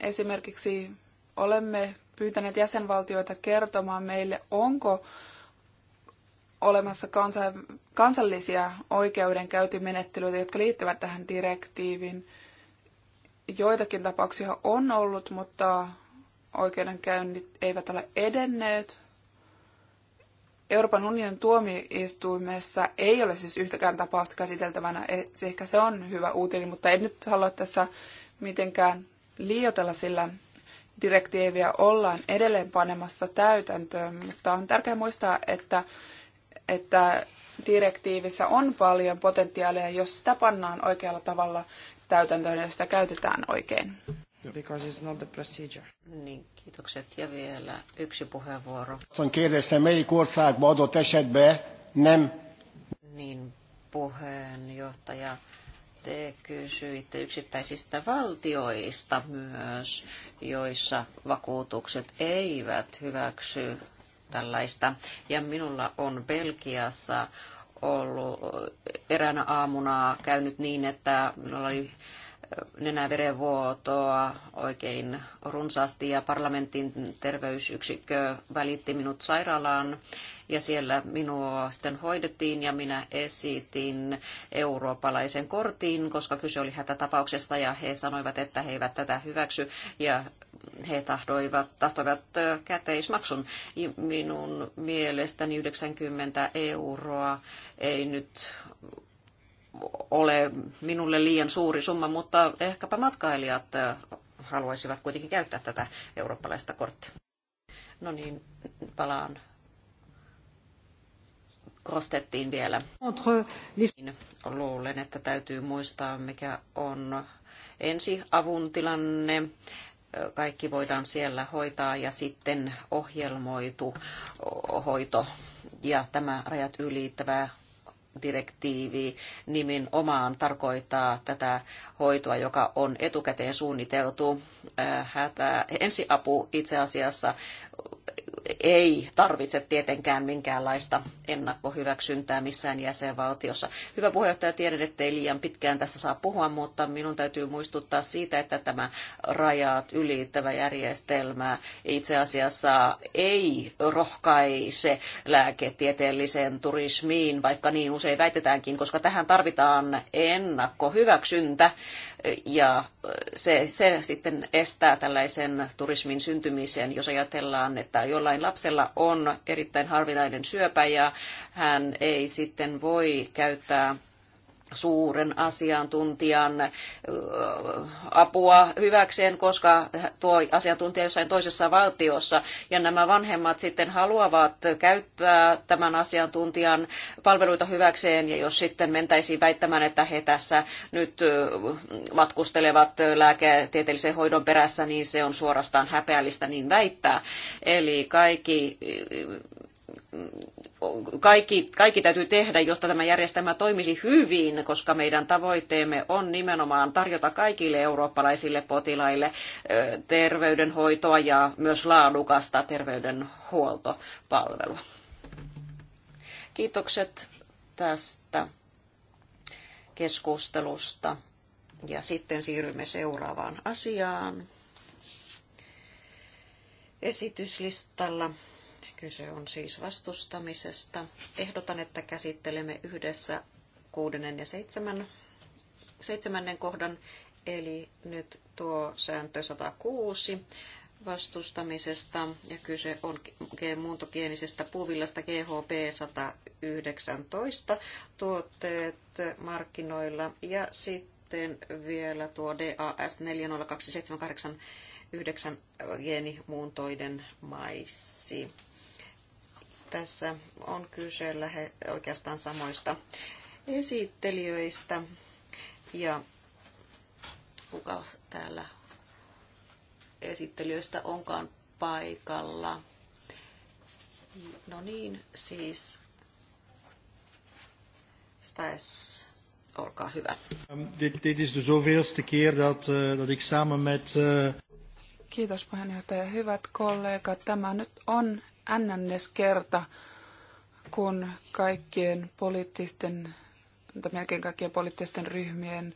Esimerkiksi olemme pyytäneet jäsenvaltioita kertomaan meille, onko olemassa kansallisia oikeudenkäyntimenettelyitä, jotka liittyvät tähän direktiiviin. Joitakin tapauksia on ollut, mutta oikeudenkäynnit eivät ole edenneet. Euroopan unionin tuomioistuimessa ei ole siis yhtäkään tapausta käsiteltävänä. E, ehkä se on hyvä uutinen, mutta en nyt halua tässä mitenkään liioitella, sillä direktiiviä ollaan edelleen panemassa täytäntöön, mutta on tärkeää muistaa, että, että direktiivissä on paljon potentiaalia, jos sitä pannaan oikealla tavalla täytäntöön ja sitä käytetään oikein. Because it's not the procedure. Niin, kiitokset. Ja vielä yksi puheenvuoro. On kérdezte, melyik országba adott esetben nem... Niin, puheenjohtaja te kysyitte siis yksittäisistä valtioista myös, joissa vakuutukset eivät hyväksy tällaista. Ja minulla on Belgiassa ollut eräänä aamuna käynyt niin, että minulla oli nenäverenvuotoa oikein runsaasti ja parlamentin terveysyksikkö välitti minut sairaalaan ja siellä minua sitten hoidettiin ja minä esitin eurooppalaisen kortin, koska kyse oli hätätapauksesta ja he sanoivat, että he eivät tätä hyväksy ja he tahdoivat, tahtoivat käteismaksun. Minun mielestäni 90 euroa ei nyt ole minulle liian suuri summa, mutta ehkäpä matkailijat haluaisivat kuitenkin käyttää tätä eurooppalaista korttia. No niin, palaan korostettiin vielä. Niin, luulen, että täytyy muistaa, mikä on ensiavun tilanne. Kaikki voidaan siellä hoitaa ja sitten ohjelmoitu hoito ja tämä rajat ylittävä direktiivi omaan tarkoittaa tätä hoitoa, joka on etukäteen suunniteltu. Hätä, ensiapu itse asiassa ei tarvitse tietenkään minkäänlaista ennakkohyväksyntää missään jäsenvaltiossa. Hyvä puheenjohtaja, tiedän, ettei liian pitkään tässä saa puhua, mutta minun täytyy muistuttaa siitä, että tämä rajat ylittävä järjestelmä itse asiassa ei rohkaise lääketieteelliseen turismiin, vaikka niin usein väitetäänkin, koska tähän tarvitaan ennakkohyväksyntä ja se, se sitten estää tällaisen turismin syntymisen, jos ajatellaan, että jollain lapsella on erittäin harvinainen syöpä ja hän ei sitten voi käyttää suuren asiantuntijan apua hyväkseen, koska tuo asiantuntija jossain toisessa valtiossa. Ja nämä vanhemmat sitten haluavat käyttää tämän asiantuntijan palveluita hyväkseen, ja jos sitten mentäisiin väittämään, että he tässä nyt matkustelevat lääketieteellisen hoidon perässä, niin se on suorastaan häpeällistä niin väittää. Eli kaikki kaikki, kaikki täytyy tehdä, jotta tämä järjestelmä toimisi hyvin, koska meidän tavoitteemme on nimenomaan tarjota kaikille eurooppalaisille potilaille terveydenhoitoa ja myös laadukasta terveydenhuoltopalvelua. Kiitokset tästä keskustelusta ja sitten siirrymme seuraavaan asiaan esityslistalla. Kyse on siis vastustamisesta. Ehdotan, että käsittelemme yhdessä kuudennen ja seitsemän, seitsemännen kohdan, eli nyt tuo sääntö 106 vastustamisesta ja kyse on muuntokienisestä puuvillasta GHP 119 tuotteet markkinoilla ja sitten vielä tuo DAS 402789 geenimuuntoiden maissi. Tässä on kyse lähe, oikeastaan samoista esittelijöistä. Ja kuka täällä esittelijöistä onkaan paikalla. No niin, siis Stais, olkaa hyvä. Ehm, dit, dit is de zoveelste keer dat, eh, dat ik samen met... Eh, Kiitos puheenjohtaja. Hyvät kollegat, tämä nyt on ennännes kerta, kun kaikkien poliittisten, tai melkein kaikkien poliittisten ryhmien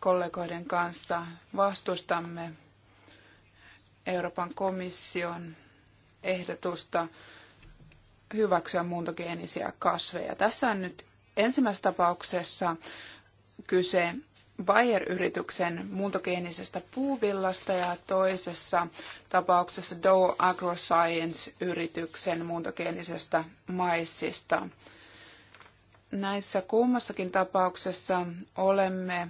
kollegoiden kanssa vastustamme Euroopan komission ehdotusta hyväksyä muuntogeenisiä kasveja. Tässä on nyt ensimmäisessä tapauksessa kyse Bayer-yrityksen muuntogeenisestä puuvillasta ja toisessa tapauksessa Dow Agroscience-yrityksen muuntogeenisestä maissista. Näissä kummassakin tapauksessa olemme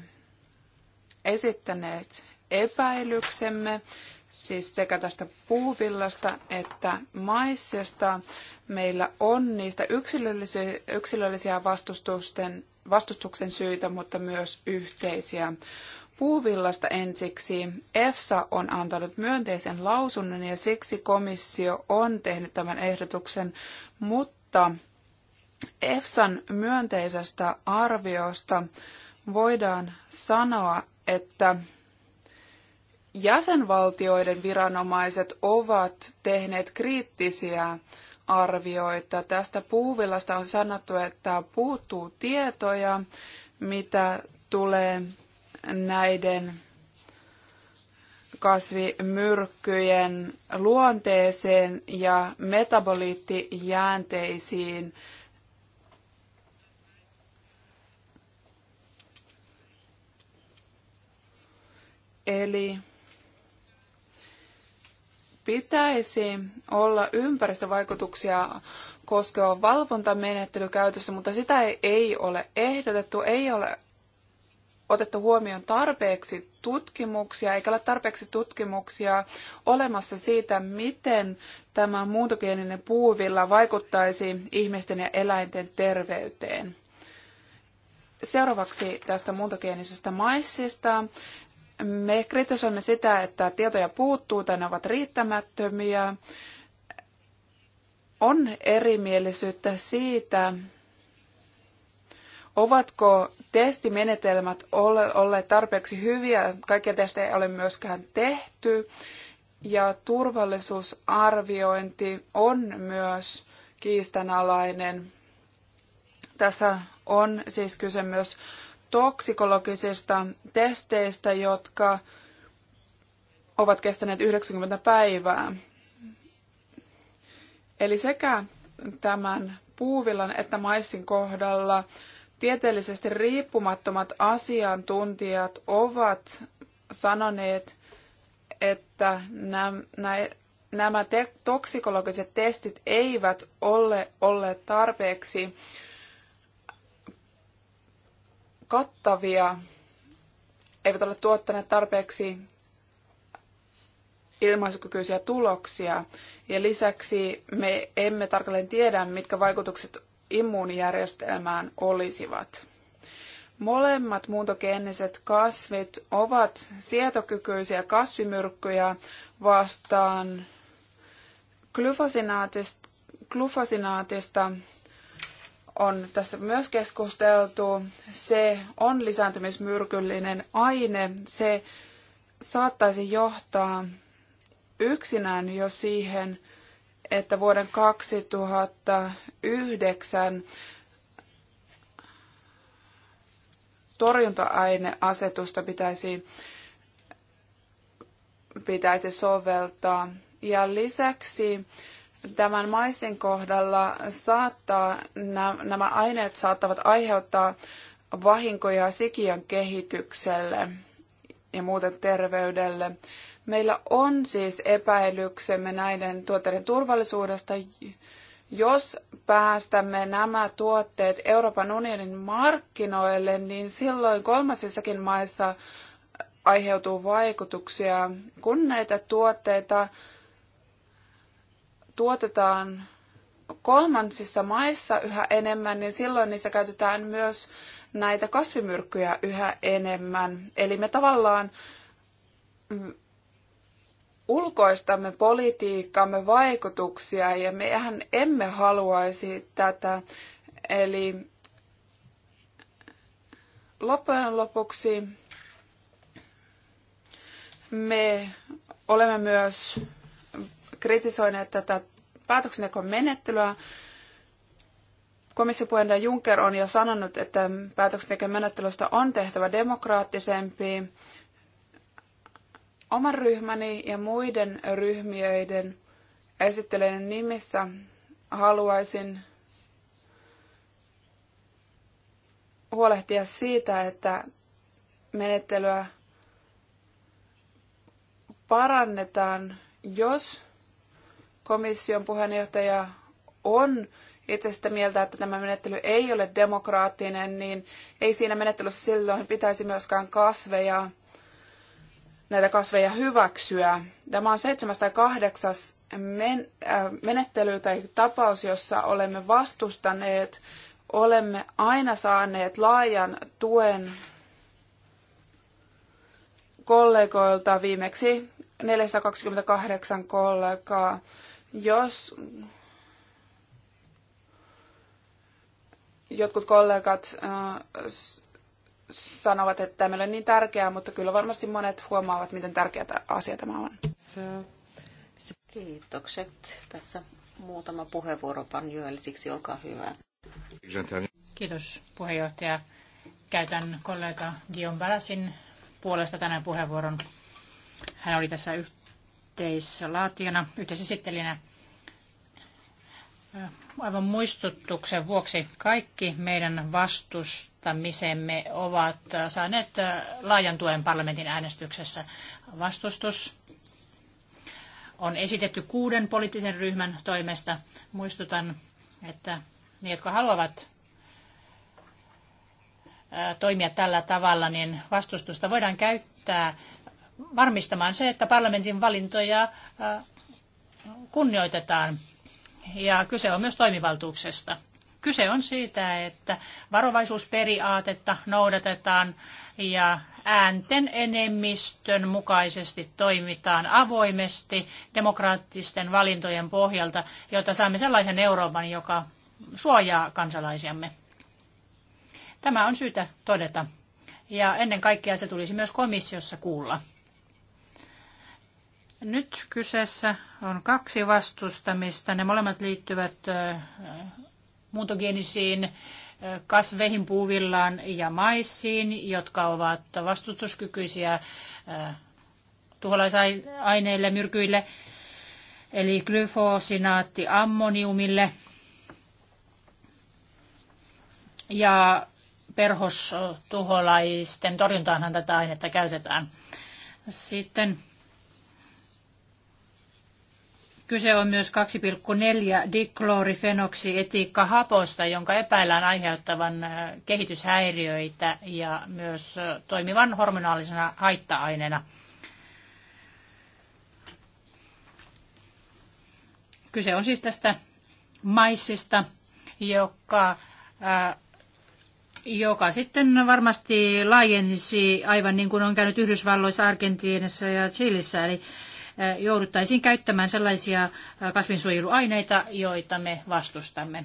esittäneet epäilyksemme siis sekä tästä puuvillasta että maissista. Meillä on niistä yksilöllisiä, yksilöllisiä vastustusten vastustuksen syitä, mutta myös yhteisiä. Puuvillasta ensiksi. EFSA on antanut myönteisen lausunnon ja siksi komissio on tehnyt tämän ehdotuksen, mutta EFSAn myönteisestä arviosta voidaan sanoa, että jäsenvaltioiden viranomaiset ovat tehneet kriittisiä arvioi, että tästä puuvillasta on sanottu, että puuttuu tietoja, mitä tulee näiden kasvimyrkkyjen luonteeseen ja metaboliittijäänteisiin. Eli pitäisi olla ympäristövaikutuksia koskeva valvontamenettely käytössä, mutta sitä ei ole ehdotettu, ei ole otettu huomioon tarpeeksi tutkimuksia, eikä ole tarpeeksi tutkimuksia olemassa siitä, miten tämä muuntogeeninen puuvilla vaikuttaisi ihmisten ja eläinten terveyteen. Seuraavaksi tästä muuntogeenisestä maissista. Me kritisoimme sitä, että tietoja puuttuu tai ne ovat riittämättömiä. On erimielisyyttä siitä, ovatko testimenetelmät olleet tarpeeksi hyviä. Kaikkia testejä ei ole myöskään tehty. Ja turvallisuusarviointi on myös kiistanalainen. Tässä on siis kyse myös toksikologisista testeistä, jotka ovat kestäneet 90 päivää. Eli sekä tämän puuvillan että maissin kohdalla tieteellisesti riippumattomat asiantuntijat ovat sanoneet, että nämä, toksikologiset testit eivät ole olleet tarpeeksi kattavia, eivät ole tuottaneet tarpeeksi ilmaisukykyisiä tuloksia. Ja lisäksi me emme tarkalleen tiedä, mitkä vaikutukset immuunijärjestelmään olisivat. Molemmat muuntogeeniset kasvit ovat sietokykyisiä kasvimyrkkyjä vastaan glyfosinaatista, on tässä myös keskusteltu. Se on lisääntymismyrkyllinen aine. Se saattaisi johtaa yksinään jo siihen, että vuoden 2009 torjunta-aineasetusta pitäisi, pitäisi soveltaa. Ja lisäksi tämän maisin kohdalla saattaa, nämä aineet saattavat aiheuttaa vahinkoja sikiön kehitykselle ja muuten terveydelle. Meillä on siis epäilyksemme näiden tuotteiden turvallisuudesta, jos päästämme nämä tuotteet Euroopan unionin markkinoille, niin silloin kolmasissakin maissa aiheutuu vaikutuksia, kun näitä tuotteita tuotetaan kolmansissa maissa yhä enemmän, niin silloin niissä käytetään myös näitä kasvimyrkkyjä yhä enemmän. Eli me tavallaan mm, ulkoistamme politiikkaamme vaikutuksia ja mehän emme haluaisi tätä. Eli loppujen lopuksi me olemme myös kritisoineet tätä päätöksentekomenettelyä. Komissiopuheenjohtaja Juncker on jo sanonut, että päätöksentekomenettelystä on tehtävä demokraattisempi. Oman ryhmäni ja muiden ryhmiöiden esittelyiden nimissä haluaisin huolehtia siitä, että menettelyä parannetaan, jos komission puheenjohtaja on itse sitä mieltä, että tämä menettely ei ole demokraattinen, niin ei siinä menettelyssä silloin pitäisi myöskään kasveja, näitä kasveja hyväksyä. Tämä on seitsemäs tai kahdeksas men, äh, menettely tai tapaus, jossa olemme vastustaneet, olemme aina saaneet laajan tuen kollegoilta viimeksi 428 kollegaa jos jotkut kollegat äh, sanovat, että tämä ei ole niin tärkeää, mutta kyllä varmasti monet huomaavat, miten tärkeä asia tämä on. Kiitokset. Tässä muutama puheenvuoro panjoelisiksi, olkaa hyvä. Kiitos puheenjohtaja. Käytän kollega Dion Balasin puolesta tänään puheenvuoron. Hän oli tässä yhteislaationa, yhteisesittelijänä. Aivan muistutuksen vuoksi kaikki meidän vastustamisemme ovat saaneet laajan tuen parlamentin äänestyksessä. Vastustus on esitetty kuuden poliittisen ryhmän toimesta. Muistutan, että ne, jotka haluavat toimia tällä tavalla, niin vastustusta voidaan käyttää varmistamaan se, että parlamentin valintoja kunnioitetaan. Ja kyse on myös toimivaltuuksesta. Kyse on siitä, että varovaisuusperiaatetta noudatetaan ja äänten enemmistön mukaisesti toimitaan avoimesti demokraattisten valintojen pohjalta, jotta saamme sellaisen Euroopan, joka suojaa kansalaisiamme. Tämä on syytä todeta. Ja ennen kaikkea se tulisi myös komissiossa kuulla. Nyt kyseessä on kaksi vastustamista. Ne molemmat liittyvät muutogeenisiin kasveihin, puuvillaan ja maissiin, jotka ovat vastustuskykyisiä tuholaisaineille, myrkyille, eli glyfosinaatti ammoniumille ja perhostuholaisten torjuntaanhan tätä ainetta käytetään. Sitten Kyse on myös 2,4 diklorifenoksietiikkahaposta, jonka epäillään aiheuttavan äh, kehityshäiriöitä ja myös äh, toimivan hormonaalisena haitta-aineena. Kyse on siis tästä maissista, joka, äh, joka sitten varmasti laajensi aivan niin kuin on käynyt Yhdysvalloissa, Argentiinassa ja Chilissä. Eli jouduttaisiin käyttämään sellaisia kasvinsuojeluaineita, joita me vastustamme.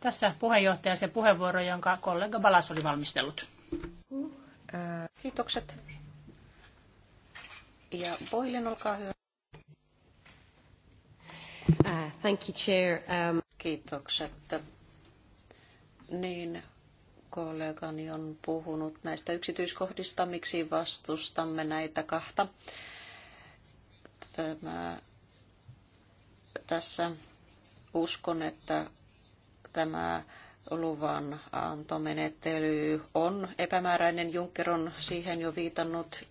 Tässä puheenjohtaja se puheenvuoro, jonka kollega Balas oli valmistellut. Kiitokset. Ja Boilen, olkaa hyvä. Uh, thank you, Chair. Um... Kiitokset. Niin, kollegani on puhunut näistä yksityiskohdista, miksi vastustamme näitä kahta tämä, tässä uskon, että tämä luvan antomenettely on epämääräinen. Juncker on siihen jo viitannut,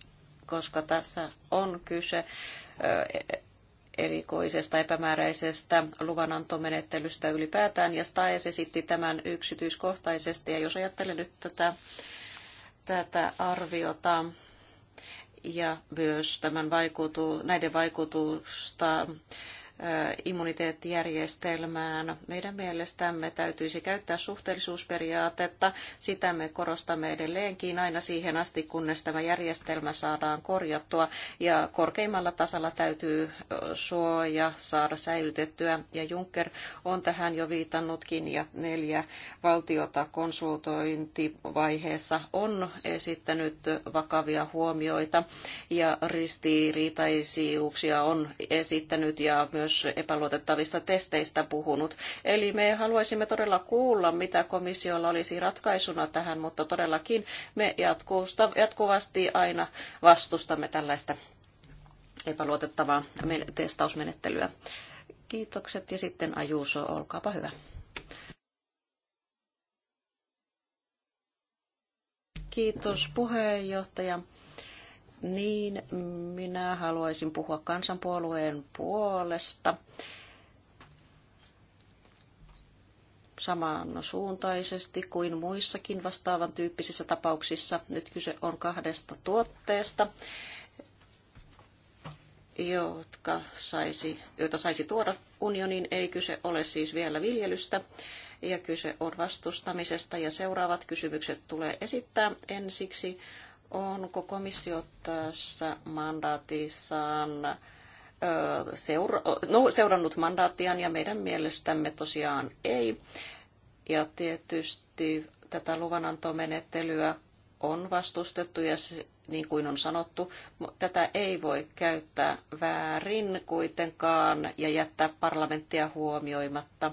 koska tässä on kyse erikoisesta epämääräisestä luvanantomenettelystä ylipäätään, ja Staes esitti tämän yksityiskohtaisesti, ja jos ajattelen nyt tätä, tätä arviota ja myös tämän vaikutu, näiden vaikutusta immuniteettijärjestelmään. Meidän mielestämme täytyisi käyttää suhteellisuusperiaatetta. Sitä me korostamme edelleenkin aina siihen asti, kunnes tämä järjestelmä saadaan korjattua. Ja korkeimmalla tasalla täytyy suoja saada säilytettyä. Ja Juncker on tähän jo viitannutkin ja neljä valtiota konsultointivaiheessa on esittänyt vakavia huomioita ja ristiriitaisuuksia on esittänyt ja myös myös epäluotettavista testeistä puhunut. Eli me haluaisimme todella kuulla, mitä komissiolla olisi ratkaisuna tähän, mutta todellakin me jatkuvasti aina vastustamme tällaista epäluotettavaa testausmenettelyä. Kiitokset ja sitten Ajuuso, olkaapa hyvä. Kiitos puheenjohtaja niin minä haluaisin puhua kansanpuolueen puolesta samansuuntaisesti kuin muissakin vastaavan tyyppisissä tapauksissa. Nyt kyse on kahdesta tuotteesta, jotka saisi, joita saisi tuoda unionin. Ei kyse ole siis vielä viljelystä ja kyse on vastustamisesta ja seuraavat kysymykset tulee esittää ensiksi onko komissio tässä mandaatissaan seura- no, seurannut mandaattiaan ja meidän mielestämme tosiaan ei. Ja tietysti tätä luvanantomenettelyä on vastustettu ja niin kuin on sanottu, tätä ei voi käyttää väärin kuitenkaan ja jättää parlamenttia huomioimatta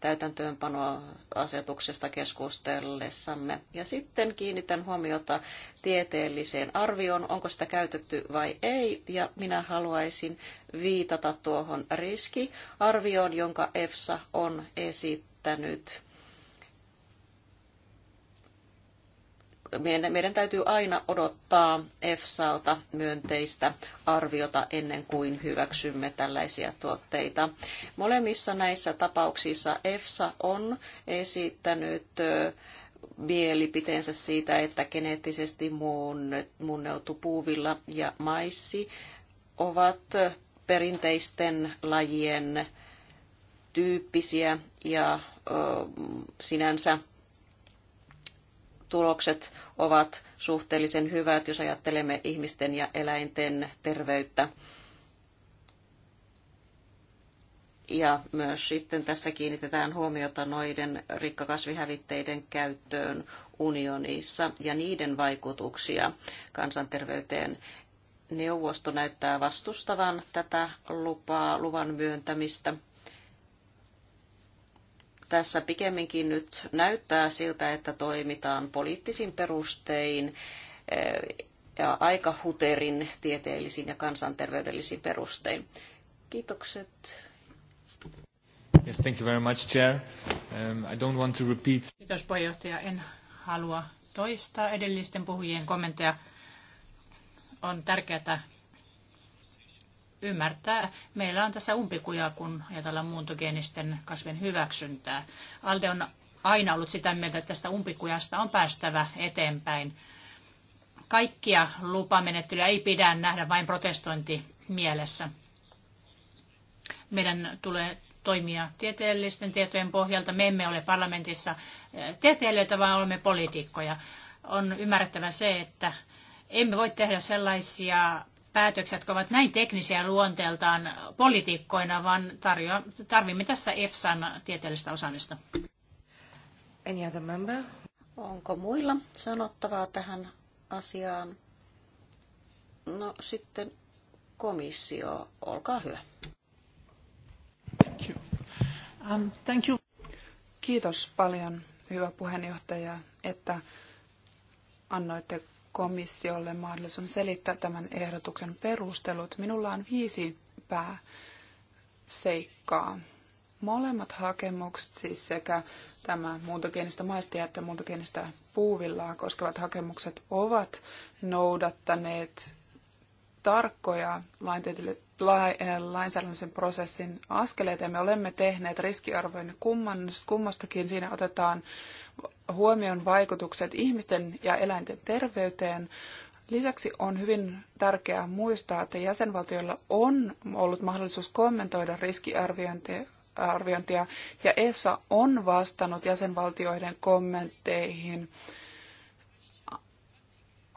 täytäntöönpanoasetuksesta keskustellessamme. Ja sitten kiinnitän huomiota tieteelliseen arvioon, onko sitä käytetty vai ei, ja minä haluaisin viitata tuohon riskiarvioon, jonka EFSA on esittänyt meidän, meidän täytyy aina odottaa EFSAlta myönteistä arviota ennen kuin hyväksymme tällaisia tuotteita. Molemmissa näissä tapauksissa EFSA on esittänyt mielipiteensä siitä, että geneettisesti muunneltu puuvilla ja maissi ovat perinteisten lajien tyyppisiä ja sinänsä tulokset ovat suhteellisen hyvät, jos ajattelemme ihmisten ja eläinten terveyttä. Ja myös sitten tässä kiinnitetään huomiota noiden rikkakasvihävitteiden käyttöön unionissa ja niiden vaikutuksia kansanterveyteen. Neuvosto näyttää vastustavan tätä lupaa, luvan myöntämistä tässä pikemminkin nyt näyttää siltä, että toimitaan poliittisin perustein eh, ja aika huterin tieteellisin ja kansanterveydellisin perustein. Kiitokset. Yes, thank you very much, Chair. Um, I don't want to repeat. Kiitos puheenjohtaja. En halua toistaa edellisten puhujien kommentteja. On tärkeää ymmärtää. Meillä on tässä umpikuja, kun ajatellaan muuntogeenisten kasvien hyväksyntää. Alde on aina ollut sitä mieltä, että tästä umpikujasta on päästävä eteenpäin. Kaikkia lupamenettelyä ei pidä nähdä vain protestointi mielessä. Meidän tulee toimia tieteellisten tietojen pohjalta. Me emme ole parlamentissa eh, tieteilijöitä, vaan olemme poliitikkoja. On ymmärrettävä se, että emme voi tehdä sellaisia päätökset, jotka ovat näin teknisiä luonteeltaan poliitikkoina, vaan tarjoa, tarvimme tässä EFSAn tieteellistä osaamista. Any other member? Onko muilla sanottavaa tähän asiaan? No sitten komissio, olkaa hyvä. Thank you. Um, thank you. Kiitos paljon, hyvä puheenjohtaja, että annoitte komissiolle mahdollisuuden selittää tämän ehdotuksen perustelut. Minulla on viisi pääseikkaa. Molemmat hakemukset, siis sekä tämä muuntogeenistä maistia että muuntogeenistä puuvillaa koskevat hakemukset, ovat noudattaneet tarkkoja Eh, lainsäädännöllisen prosessin askeleita ja me olemme tehneet riskiarvojen kummastakin. Siinä otetaan huomioon vaikutukset ihmisten ja eläinten terveyteen. Lisäksi on hyvin tärkeää muistaa, että jäsenvaltioilla on ollut mahdollisuus kommentoida riskiarviointia ja EFSA on vastannut jäsenvaltioiden kommentteihin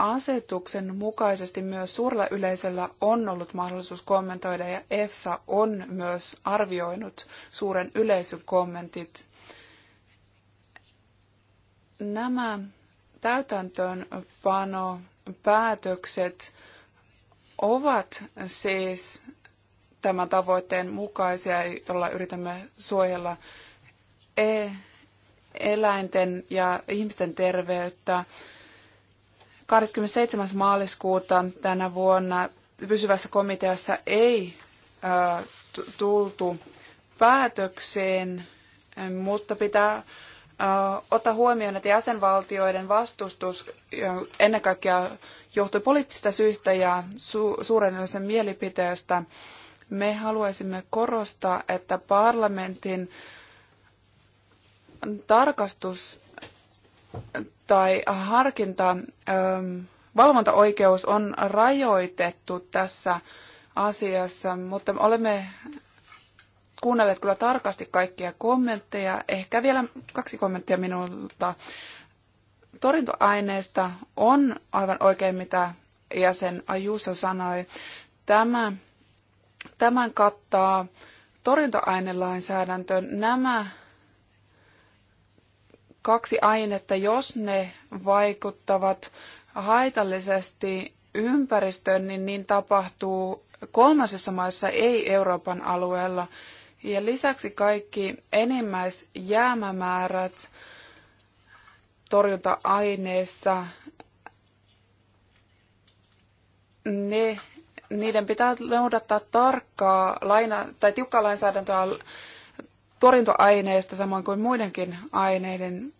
asetuksen mukaisesti myös suurella yleisöllä on ollut mahdollisuus kommentoida ja EFSA on myös arvioinut suuren yleisön kommentit. Nämä täytäntöönpanopäätökset ovat siis tämän tavoitteen mukaisia, jolla yritämme suojella e- eläinten ja ihmisten terveyttä 27. maaliskuuta tänä vuonna pysyvässä komiteassa ei tultu päätökseen, mutta pitää ottaa huomioon, että jäsenvaltioiden vastustus ennen kaikkea johtui poliittisista syistä ja suurennollisen mielipiteestä. Me haluaisimme korostaa, että parlamentin tarkastus tai harkinta, ähm, valvontaoikeus on rajoitettu tässä asiassa, mutta olemme kuunnelleet kyllä tarkasti kaikkia kommentteja. Ehkä vielä kaksi kommenttia minulta. Torjuntoaineesta on aivan oikein, mitä jäsen Ajuso sanoi. Tämä, tämän kattaa torjuntoainelainsäädäntö. Nämä kaksi ainetta, jos ne vaikuttavat haitallisesti ympäristöön, niin, niin tapahtuu kolmansissa maissa, ei Euroopan alueella. Ja lisäksi kaikki enimmäisjäämämäärät torjunta-aineissa, ne, niiden pitää noudattaa tarkkaa laina, tai tiukkaa lainsäädäntöä torjuntoaineista samoin kuin muidenkin aineiden.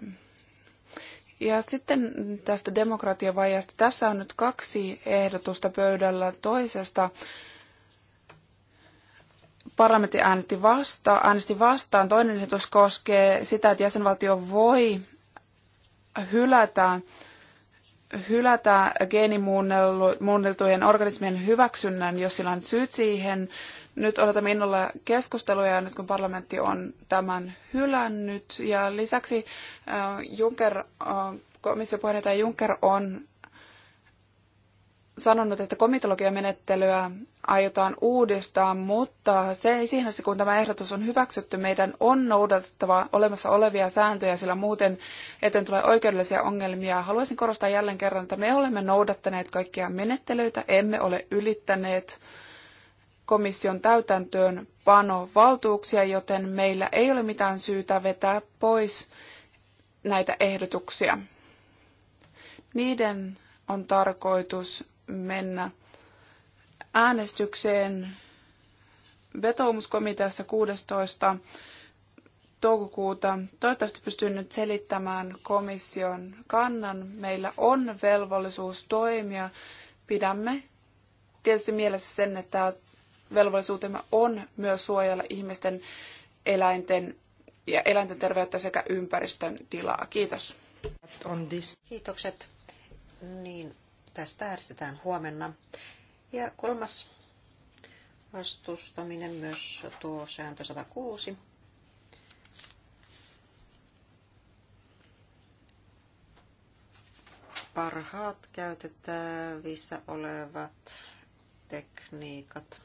Ja sitten tästä demokratiavajasta. Tässä on nyt kaksi ehdotusta pöydällä toisesta. Parlamentti äänesti, vasta, äänesti vastaan. Toinen ehdotus koskee sitä, että jäsenvaltio voi hylätä hylätä geenimuunneltujen organismien hyväksynnän, jos sillä on syyt siihen. Nyt odotamme innolla keskusteluja, nyt kun parlamentti on tämän hylännyt. Ja lisäksi äh, Juncker, äh, puheenjohtaja Juncker on sanonut, että komitologiamenettelyä aiotaan uudistaa, mutta se ei siihen asti, kun tämä ehdotus on hyväksytty, meidän on noudatettava olemassa olevia sääntöjä, sillä muuten eten tulee oikeudellisia ongelmia. Haluaisin korostaa jälleen kerran, että me olemme noudattaneet kaikkia menettelyitä, emme ole ylittäneet komission täytäntöön valtuuksia, joten meillä ei ole mitään syytä vetää pois näitä ehdotuksia. Niiden on tarkoitus mennä äänestykseen vetoomuskomiteassa 16. toukokuuta. Toivottavasti pystyn nyt selittämään komission kannan. Meillä on velvollisuus toimia. Pidämme tietysti mielessä sen, että velvollisuutemme on myös suojella ihmisten eläinten ja eläinten terveyttä sekä ympäristön tilaa. Kiitos. Kiitokset. Niin, tästä äänestetään huomenna. Ja kolmas vastustaminen myös tuo sääntö 106. Parhaat käytettävissä olevat tekniikat.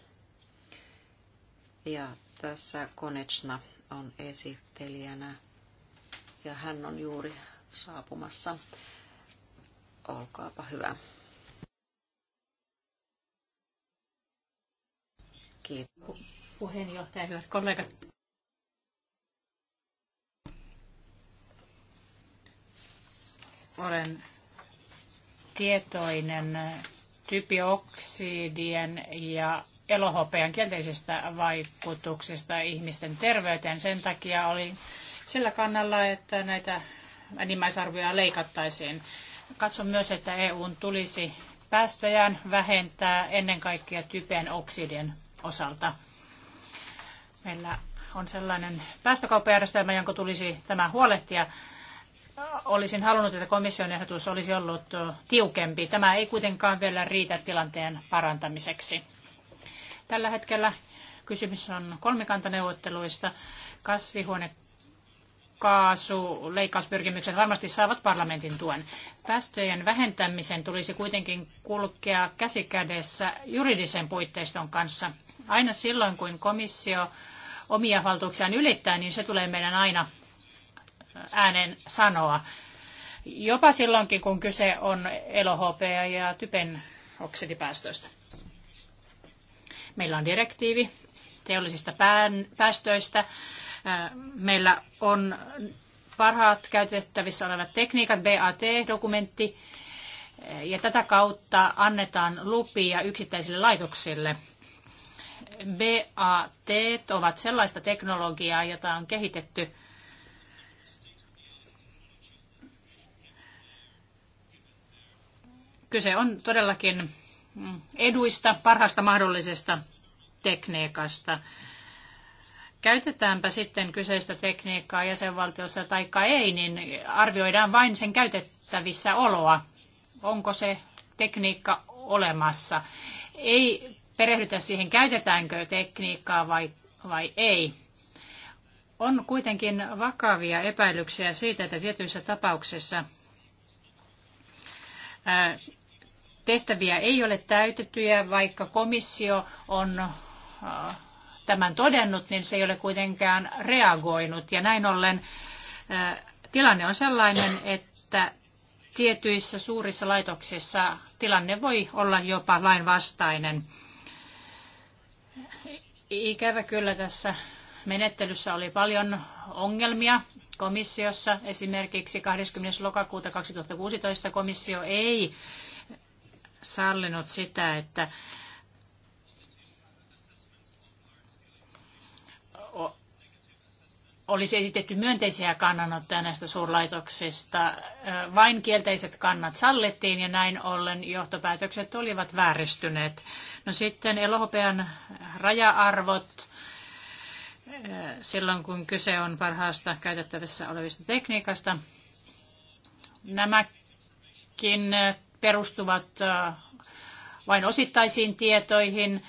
Ja tässä Konechna on esittelijänä ja hän on juuri saapumassa. Olkaapa hyvä. Kiitos. Puheenjohtaja, hyvät kollegat. Olen tietoinen typioksidien ja elohopean kielteisestä vaikutuksesta ihmisten terveyteen. Sen takia oli sillä kannalla, että näitä enimmäisarvoja leikattaisiin. Katson myös, että EUn tulisi päästöjään vähentää ennen kaikkea typen oksidien osalta. Meillä on sellainen päästökauppajärjestelmä, jonka tulisi tämä huolehtia. Olisin halunnut, että komission ehdotus olisi ollut tiukempi. Tämä ei kuitenkaan vielä riitä tilanteen parantamiseksi. Tällä hetkellä kysymys on kolmikantaneuvotteluista. Kasvihuonekaasu, leikkauspyrkimykset varmasti saavat parlamentin tuen. Päästöjen vähentämisen tulisi kuitenkin kulkea käsikädessä juridisen puitteiston kanssa. Aina silloin, kun komissio omia valtuuksiaan ylittää, niin se tulee meidän aina äänen sanoa. Jopa silloinkin, kun kyse on LHP ja typen oksidipäästöistä. Meillä on direktiivi teollisista päästöistä. Meillä on parhaat käytettävissä olevat tekniikat, BAT-dokumentti, ja tätä kautta annetaan lupia yksittäisille laitoksille. BAT ovat sellaista teknologiaa, jota on kehitetty Kyse on todellakin eduista, parhaasta mahdollisesta tekniikasta. Käytetäänpä sitten kyseistä tekniikkaa jäsenvaltiossa tai ei, niin arvioidaan vain sen käytettävissä oloa. Onko se tekniikka olemassa? Ei perehdytä siihen, käytetäänkö tekniikkaa vai, vai ei. On kuitenkin vakavia epäilyksiä siitä, että tietyissä tapauksissa tehtäviä ei ole täytettyjä, vaikka komissio on äh, tämän todennut, niin se ei ole kuitenkaan reagoinut. Ja näin ollen äh, tilanne on sellainen, että tietyissä suurissa laitoksissa tilanne voi olla jopa lainvastainen. Ikävä kyllä tässä menettelyssä oli paljon ongelmia komissiossa. Esimerkiksi 20. lokakuuta 2016 komissio ei sallinut sitä, että olisi esitetty myönteisiä kannanottoja näistä suurlaitoksista. Vain kielteiset kannat sallittiin ja näin ollen johtopäätökset olivat vääristyneet. No sitten elohopean raja-arvot silloin, kun kyse on parhaasta käytettävissä olevista tekniikasta. Nämäkin perustuvat vain osittaisiin tietoihin,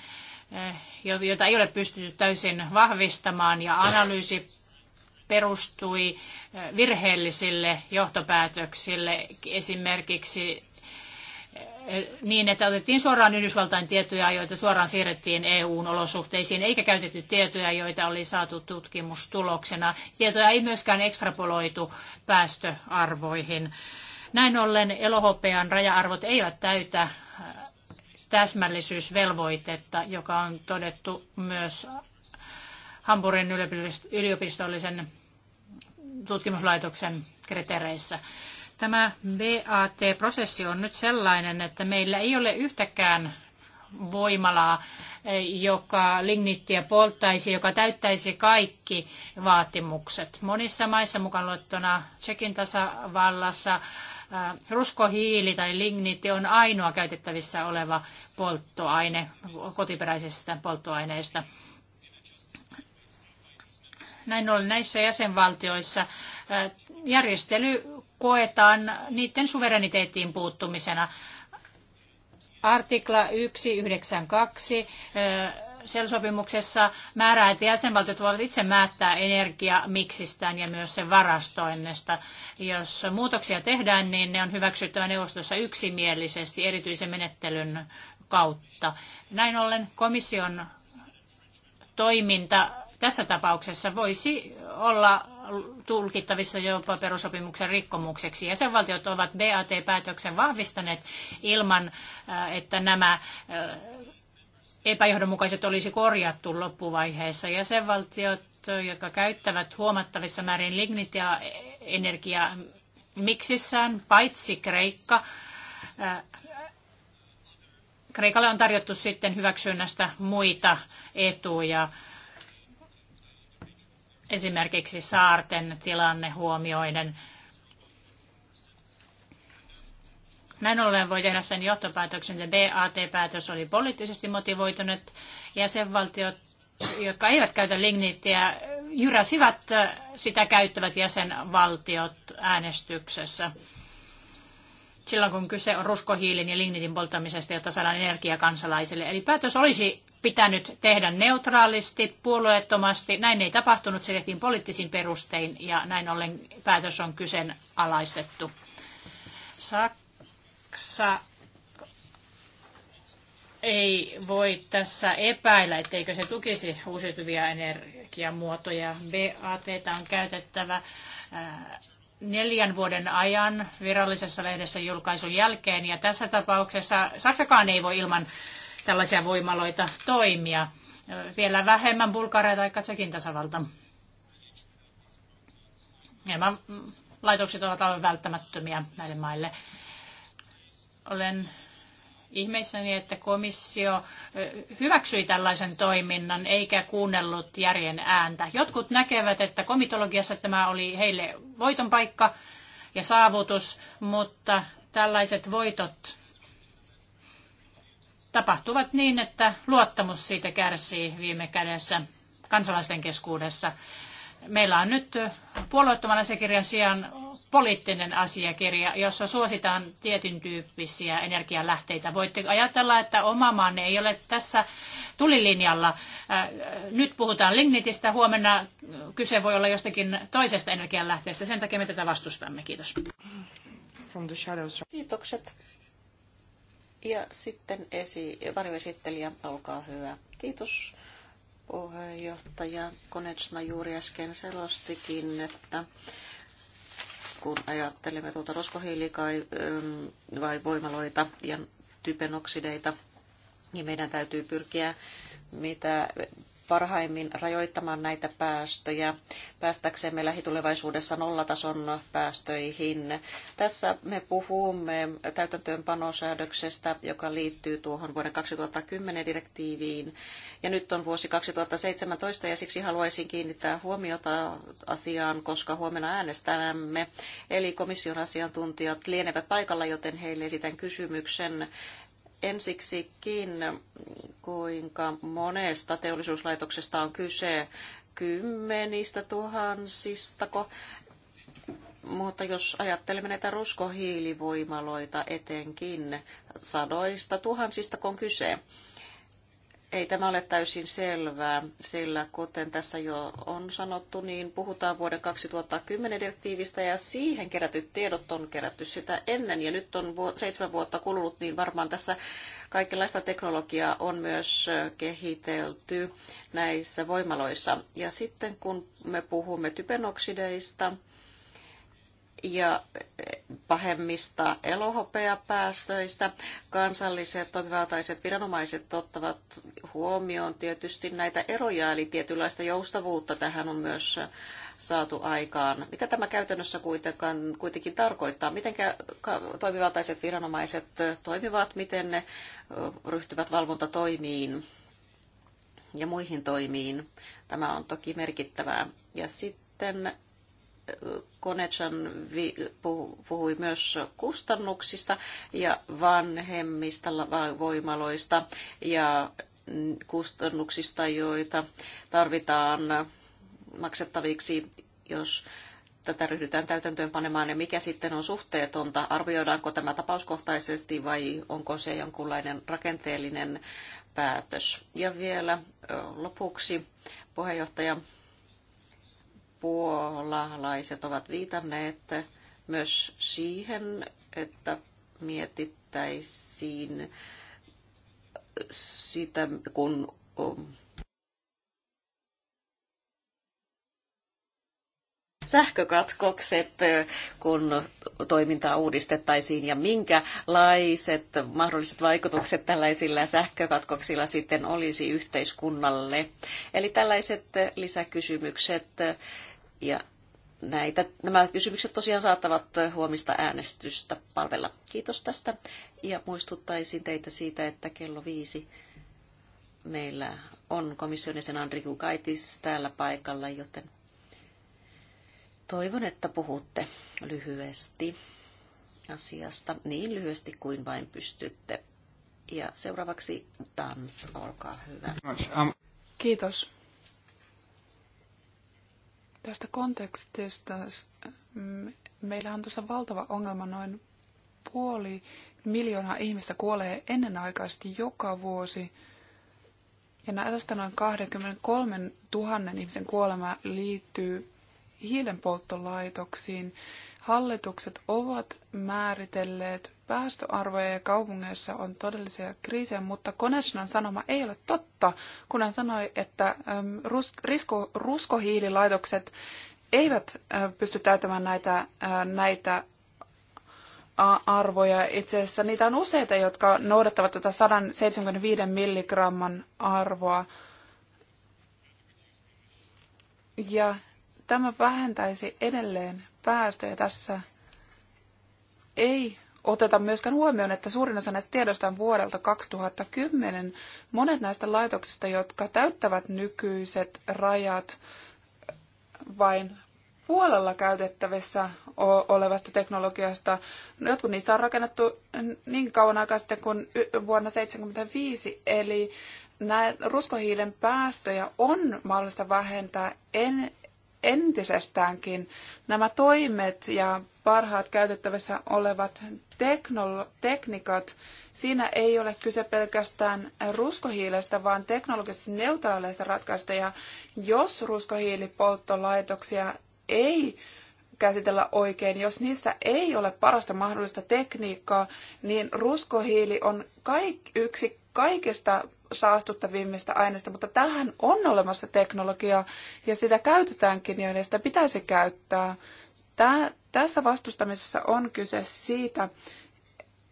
joita ei ole pystytty täysin vahvistamaan, ja analyysi perustui virheellisille johtopäätöksille esimerkiksi niin, että otettiin suoraan Yhdysvaltain tietoja, joita suoraan siirrettiin EUn olosuhteisiin, eikä käytetty tietoja, joita oli saatu tutkimustuloksena. Tietoja ei myöskään ekstrapoloitu päästöarvoihin. Näin ollen elohopean raja-arvot eivät täytä äh, täsmällisyysvelvoitetta, joka on todettu myös Hamburin yliopistollisen tutkimuslaitoksen kriteereissä. Tämä BAT-prosessi on nyt sellainen, että meillä ei ole yhtäkään voimalaa, eh, joka lignittiä polttaisi, joka täyttäisi kaikki vaatimukset. Monissa maissa mukaan luettuna Tsekin tasavallassa Äh, ruskohiili tai ligniitti on ainoa käytettävissä oleva polttoaine kotiperäisestä polttoaineesta. Näin ollen näissä jäsenvaltioissa äh, järjestely koetaan niiden suvereniteettiin puuttumisena. Artikla 192 SEL-sopimuksessa määrää, että jäsenvaltiot voivat itse määttää energiamiksistään ja myös sen varastoinnista. Jos muutoksia tehdään, niin ne on hyväksyttävä neuvostossa yksimielisesti erityisen menettelyn kautta. Näin ollen komission toiminta tässä tapauksessa voisi olla tulkittavissa jopa perusopimuksen rikkomukseksi. Jäsenvaltiot ovat BAT-päätöksen vahvistaneet ilman, äh, että nämä äh, epäjohdonmukaiset olisi korjattu loppuvaiheessa. Jäsenvaltiot, jotka käyttävät huomattavissa määrin lignitia energiaa miksissään, paitsi Kreikka, äh, Kreikalle on tarjottu sitten hyväksynnästä muita etuja, esimerkiksi saarten tilanne huomioiden – Näin ollen voi tehdä sen johtopäätöksen, että BAT-päätös oli poliittisesti motivoitunut. Jäsenvaltiot, jotka eivät käytä lignittiä, jyräsivät sitä käyttävät jäsenvaltiot äänestyksessä silloin, kun kyse on ruskohiilin ja lignitin polttamisesta, jotta saadaan energiaa kansalaisille. Eli päätös olisi pitänyt tehdä neutraalisti, puolueettomasti. Näin ei tapahtunut, se tehtiin poliittisin perustein ja näin ollen päätös on kyseenalaistettu. Saak Saksa ei voi tässä epäillä, etteikö se tukisi uusiutuvia energiamuotoja. BAT on käytettävä neljän vuoden ajan virallisessa lehdessä julkaisun jälkeen. Ja tässä tapauksessa Saksakaan ei voi ilman tällaisia voimaloita toimia. Vielä vähemmän Bulgaria tai Katsakin tasavalta. Nämä laitokset ovat aivan välttämättömiä näille maille. Olen ihmeissäni, että komissio hyväksyi tällaisen toiminnan eikä kuunnellut järjen ääntä. Jotkut näkevät, että komitologiassa tämä oli heille voiton paikka ja saavutus, mutta tällaiset voitot tapahtuvat niin, että luottamus siitä kärsii viime kädessä kansalaisten keskuudessa. Meillä on nyt puolueettoman asiakirjan sijaan poliittinen asiakirja, jossa suositaan tietyn tyyppisiä energialähteitä. Voitte ajatella, että oma maanne ei ole tässä tulilinjalla. Äh, nyt puhutaan lignitistä, huomenna kyse voi olla jostakin toisesta energianlähteestä. Sen takia me tätä vastustamme. Kiitos. From the shadows. Kiitokset. Ja sitten esi- varjoesittelijä, olkaa hyvä. Kiitos. Puheenjohtaja Konechna juuri äsken selostikin, että kun ajattelemme tuota voimaloita ja typenoksideita, niin meidän täytyy pyrkiä mitä parhaimmin rajoittamaan näitä päästöjä päästäksemme lähitulevaisuudessa nollatason päästöihin. Tässä me puhumme täytäntöönpanosäädöksestä, joka liittyy tuohon vuoden 2010 direktiiviin. Ja nyt on vuosi 2017 ja siksi haluaisin kiinnittää huomiota asiaan, koska huomenna äänestämme. Eli komission asiantuntijat lienevät paikalla, joten heille esitän kysymyksen ensiksikin, kuinka monesta teollisuuslaitoksesta on kyse, kymmenistä tuhansistako, mutta jos ajattelemme näitä ruskohiilivoimaloita etenkin, sadoista tuhansista on kyse ei tämä ole täysin selvää, sillä kuten tässä jo on sanottu, niin puhutaan vuoden 2010 direktiivistä ja siihen kerätyt tiedot on kerätty sitä ennen ja nyt on seitsemän vuotta kulunut, niin varmaan tässä kaikenlaista teknologiaa on myös kehitelty näissä voimaloissa. Ja sitten kun me puhumme typenoksideista, ja pahemmista elohopeapäästöistä. Kansalliset toimivaltaiset viranomaiset ottavat huomioon tietysti näitä eroja, eli tietynlaista joustavuutta tähän on myös saatu aikaan. Mitä tämä käytännössä kuitenkaan, kuitenkin tarkoittaa? Miten toimivaltaiset viranomaiset toimivat? Miten ne ryhtyvät valvontatoimiin ja muihin toimiin? Tämä on toki merkittävää. Ja sitten Konechan puhui myös kustannuksista ja vanhemmista voimaloista ja kustannuksista, joita tarvitaan maksettaviksi, jos tätä ryhdytään täytäntöön panemaan ja mikä sitten on suhteetonta? Arvioidaanko tämä tapauskohtaisesti vai onko se jonkunlainen rakenteellinen päätös? Ja vielä lopuksi puheenjohtaja puolalaiset ovat viitanneet myös siihen, että mietittäisiin sitä, kun sähkökatkokset, kun toimintaa uudistettaisiin ja minkälaiset mahdolliset vaikutukset tällaisilla sähkökatkoksilla sitten olisi yhteiskunnalle. Eli tällaiset lisäkysymykset ja näitä, nämä kysymykset tosiaan saattavat huomista äänestystä palvella. Kiitos tästä ja muistuttaisin teitä siitä, että kello viisi meillä on komission jäsen Andri Kukaitis täällä paikalla, joten toivon, että puhutte lyhyesti asiasta niin lyhyesti kuin vain pystytte. Ja seuraavaksi Dans, olkaa hyvä. Um, Kiitos. Tästä kontekstista meillä on tuossa valtava ongelma. Noin puoli miljoonaa ihmistä kuolee ennenaikaisesti joka vuosi. Ja näistä noin 23 000 ihmisen kuolema liittyy hiilenpolttolaitoksiin. Hallitukset ovat määritelleet päästöarvoja ja kaupungeissa on todellisia kriisejä, mutta Konechnan sanoma ei ole totta, kun hän sanoi, että rusko, ruskohiililaitokset eivät pysty täyttämään näitä, näitä arvoja. Itse asiassa niitä on useita, jotka noudattavat tätä 175 milligramman arvoa. Ja tämä vähentäisi edelleen päästöjä tässä ei oteta myöskään huomioon, että suurin osa näistä tiedoista on vuodelta 2010. Monet näistä laitoksista, jotka täyttävät nykyiset rajat, vain puolella käytettävissä olevasta teknologiasta. Jotkut niistä on rakennettu niin kauan aikaa sitten kuin vuonna 1975, eli nämä ruskohiilen päästöjä on mahdollista vähentää en, entisestäänkin. Nämä toimet ja parhaat käytettävissä olevat teknolo- tekniikat, siinä ei ole kyse pelkästään ruskohiilestä, vaan teknologisesti neutraaleista ratkaisuista. Ja jos ruskohiilipolttolaitoksia ei käsitellä oikein, jos niissä ei ole parasta mahdollista tekniikkaa, niin ruskohiili on kaik- yksi kaikista saastuttavimmista aineista, mutta tähän on olemassa teknologiaa ja sitä käytetäänkin jo ja sitä pitäisi käyttää. Tää, tässä vastustamisessa on kyse siitä,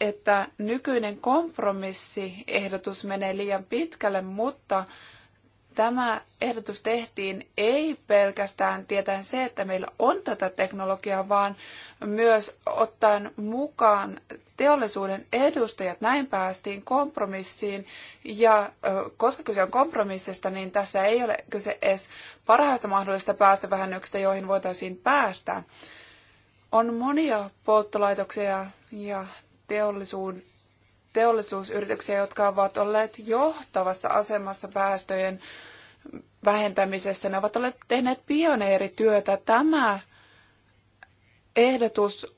että nykyinen kompromissiehdotus menee liian pitkälle, mutta Tämä ehdotus tehtiin ei pelkästään tietäen se, että meillä on tätä teknologiaa, vaan myös ottaen mukaan teollisuuden edustajat. Näin päästiin kompromissiin. Ja koska kyse on kompromissista, niin tässä ei ole kyse edes parhaasta mahdollisesta päästövähennyksestä, joihin voitaisiin päästä. On monia polttolaitoksia ja teollisuuden teollisuusyrityksiä, jotka ovat olleet johtavassa asemassa päästöjen vähentämisessä. Ne ovat olleet tehneet pioneerityötä. Tämä ehdotus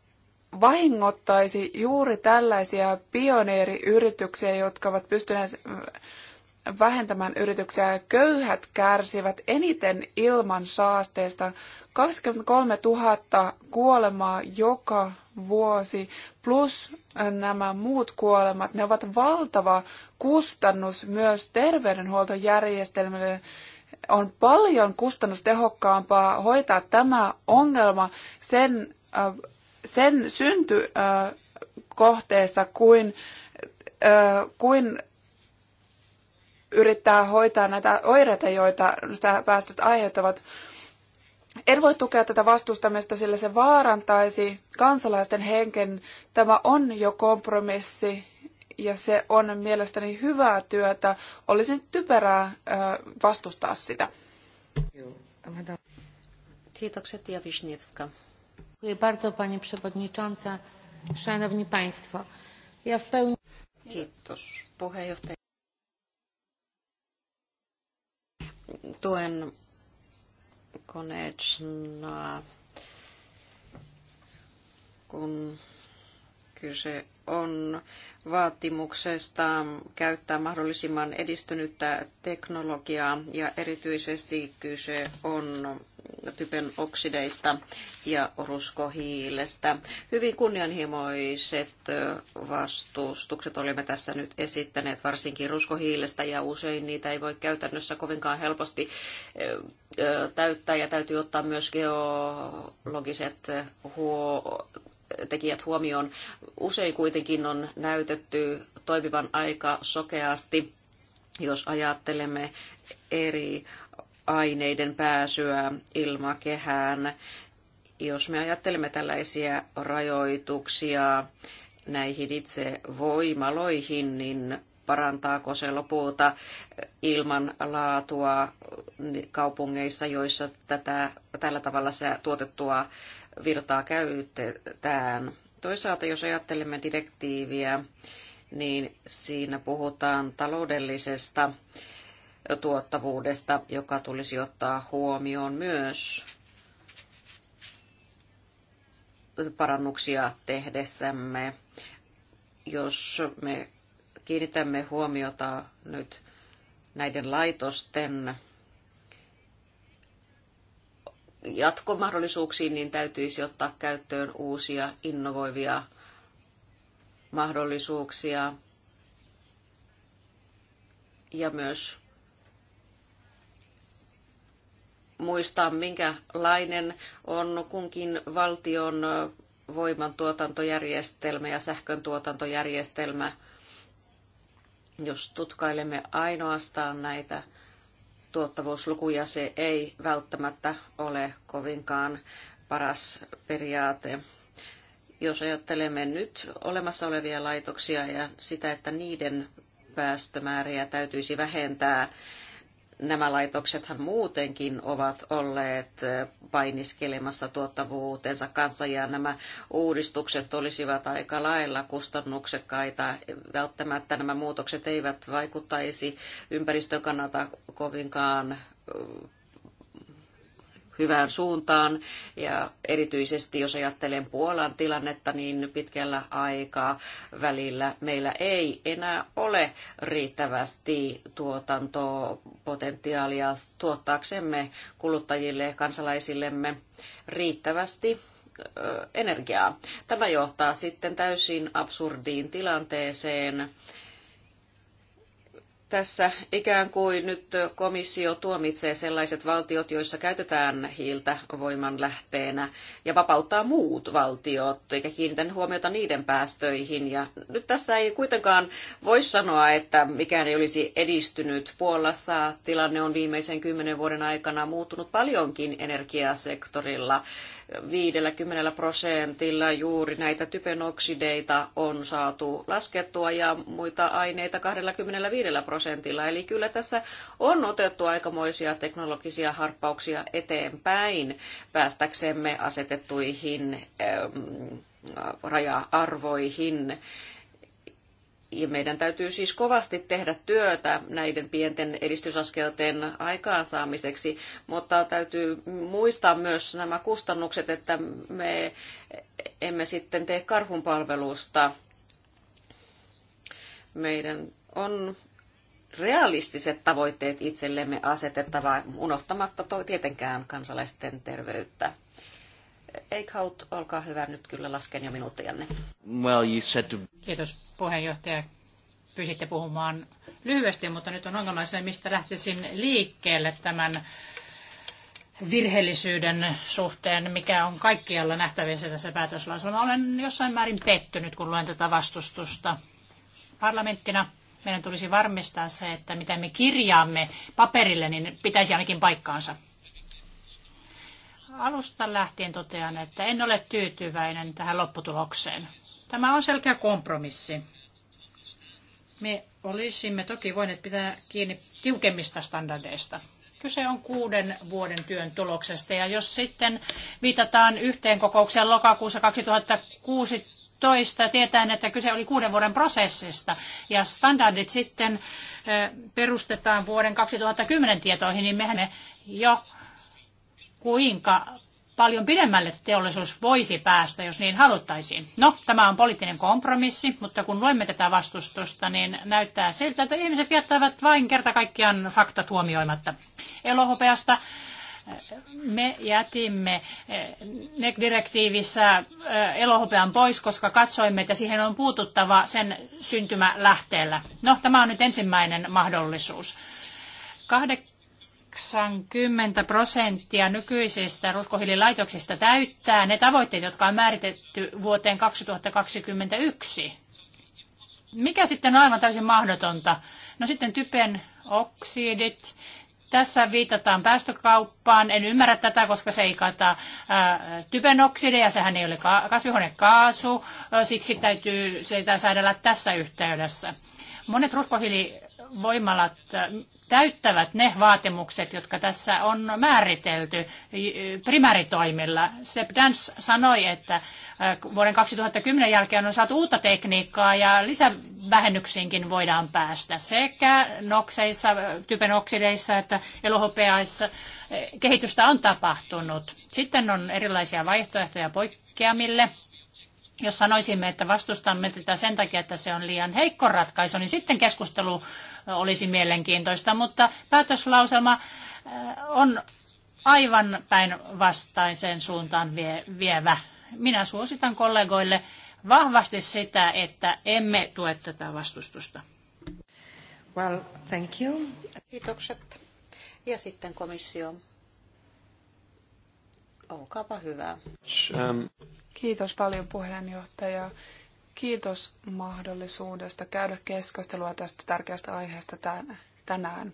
vahingoittaisi juuri tällaisia pioneeriyrityksiä, jotka ovat pystyneet vähentämään yrityksiä. Köyhät kärsivät eniten ilman saasteesta. 23 000 kuolemaa joka vuosi plus nämä muut kuolemat, ne ovat valtava kustannus myös terveydenhuoltojärjestelmälle. On paljon kustannustehokkaampaa hoitaa tämä ongelma sen, äh, sen synty äh, kohteessa kuin, äh, kuin yrittää hoitaa näitä oireita, joita päästöt aiheuttavat. En voi tukea tätä vastustamista, sillä se vaarantaisi kansalaisten henken. Tämä on jo kompromissi ja se on mielestäni hyvää työtä. Olisi typerää vastustaa sitä. Kiitokset ja Wisniewska. Pani Szanowni Państwo, ja w pełni... Kiitos puheenjohtaja. Tuen Konecnaa, kun kyse on vaatimuksesta käyttää mahdollisimman edistynyttä teknologiaa ja erityisesti kyse on typen oksideista ja ruskohiilestä. Hyvin kunnianhimoiset vastustukset olemme tässä nyt esittäneet, varsinkin ruskohiilestä, ja usein niitä ei voi käytännössä kovinkaan helposti täyttää, ja täytyy ottaa myös geologiset huo- tekijät huomioon. Usein kuitenkin on näytetty toimivan aika sokeasti, jos ajattelemme eri aineiden pääsyä ilmakehään. Jos me ajattelemme tällaisia rajoituksia näihin itse voimaloihin, niin parantaako se lopulta ilman laatua kaupungeissa, joissa tätä, tällä tavalla se tuotettua virtaa käytetään. Toisaalta jos ajattelemme direktiiviä, niin siinä puhutaan taloudellisesta tuottavuudesta, joka tulisi ottaa huomioon myös parannuksia tehdessämme. Jos me kiinnitämme huomiota nyt näiden laitosten jatkomahdollisuuksiin, niin täytyisi ottaa käyttöön uusia innovoivia mahdollisuuksia ja myös muistaa, minkälainen on kunkin valtion voimantuotantojärjestelmä ja sähkön tuotantojärjestelmä. Jos tutkailemme ainoastaan näitä tuottavuuslukuja, se ei välttämättä ole kovinkaan paras periaate. Jos ajattelemme nyt olemassa olevia laitoksia ja sitä, että niiden päästömääriä täytyisi vähentää, Nämä laitoksethan muutenkin ovat olleet painiskelemassa tuottavuutensa kanssa ja nämä uudistukset olisivat aika lailla kustannuksekkaita. Välttämättä nämä muutokset eivät vaikuttaisi ympäristön kannalta kovinkaan hyvään suuntaan. Ja erityisesti jos ajattelen Puolan tilannetta, niin pitkällä aikaa välillä meillä ei enää ole riittävästi tuotantopotentiaalia tuottaaksemme kuluttajille, kansalaisillemme riittävästi energiaa. Tämä johtaa sitten täysin absurdiin tilanteeseen, tässä ikään kuin nyt komissio tuomitsee sellaiset valtiot, joissa käytetään hiiltä voimanlähteenä ja vapauttaa muut valtiot, eikä kiinnitä huomiota niiden päästöihin. Ja nyt tässä ei kuitenkaan voi sanoa, että mikään ei olisi edistynyt. Puolassa tilanne on viimeisen kymmenen vuoden aikana muuttunut paljonkin energiasektorilla 50 prosentilla juuri näitä typenoksideita on saatu laskettua ja muita aineita 25 prosentilla. Eli kyllä tässä on otettu aikamoisia teknologisia harppauksia eteenpäin päästäksemme asetettuihin raja-arvoihin. Ja meidän täytyy siis kovasti tehdä työtä näiden pienten edistysaskelten aikaansaamiseksi, mutta täytyy muistaa myös nämä kustannukset, että me emme sitten tee karhunpalvelusta. Meidän on realistiset tavoitteet itsellemme asetettava, unohtamatta tietenkään kansalaisten terveyttä kaut olkaa hyvä, nyt kyllä lasken jo minuuttejanne. Well, you said to... Kiitos puheenjohtaja. Pysitte puhumaan lyhyesti, mutta nyt on ongelma se, mistä lähtisin liikkeelle tämän virheellisyyden suhteen, mikä on kaikkialla nähtävissä tässä päätöslauselmassa. Olen jossain määrin pettynyt, kun luen tätä vastustusta. Parlamenttina meidän tulisi varmistaa se, että mitä me kirjaamme paperille, niin pitäisi ainakin paikkaansa alusta lähtien totean, että en ole tyytyväinen tähän lopputulokseen. Tämä on selkeä kompromissi. Me olisimme toki voineet pitää kiinni tiukemmista standardeista. Kyse on kuuden vuoden työn tuloksesta ja jos sitten viitataan yhteen kokoukseen lokakuussa 2016, tietään, että kyse oli kuuden vuoden prosessista ja standardit sitten eh, perustetaan vuoden 2010 tietoihin, niin mehän ne jo kuinka paljon pidemmälle teollisuus voisi päästä, jos niin haluttaisiin. No, tämä on poliittinen kompromissi, mutta kun luemme tätä vastustusta, niin näyttää siltä, että ihmiset jättävät vain kerta kaikkiaan fakta huomioimatta. Elohopeasta eh, me jätimme eh, NEC-direktiivissä eh, elohopean pois, koska katsoimme, että siihen on puututtava sen syntymä lähteellä. No, tämä on nyt ensimmäinen mahdollisuus. Kahde 80 prosenttia nykyisistä ruskohiililaitoksista täyttää ne tavoitteet, jotka on määritetty vuoteen 2021. Mikä sitten on aivan täysin mahdotonta? No sitten typen oksidit. Tässä viitataan päästökauppaan. En ymmärrä tätä, koska se ei kata typen oksideja. Sehän ei ole kasvihuonekaasu. Siksi täytyy sitä säädellä tässä yhteydessä. Monet ruskohiili voimalat täyttävät ne vaatimukset, jotka tässä on määritelty primäritoimilla. Sepp Dance sanoi, että äh, vuoden 2010 jälkeen on saatu uutta tekniikkaa ja lisävähennyksiinkin voidaan päästä sekä nokseissa, typen oksideissa että elohopeaissa. Kehitystä on tapahtunut. Sitten on erilaisia vaihtoehtoja poikkeamille jos sanoisimme, että vastustamme tätä sen takia, että se on liian heikko ratkaisu, niin sitten keskustelu olisi mielenkiintoista, mutta päätöslauselma äh, on aivan päinvastaiseen suuntaan vie, vievä. Minä suositan kollegoille vahvasti sitä, että emme tue tätä vastustusta. Well, thank you. Kiitokset. Ja sitten komissio. Olkaapa hyvä. Ähm. Kiitos paljon puheenjohtaja. Kiitos mahdollisuudesta käydä keskustelua tästä tärkeästä aiheesta tänään.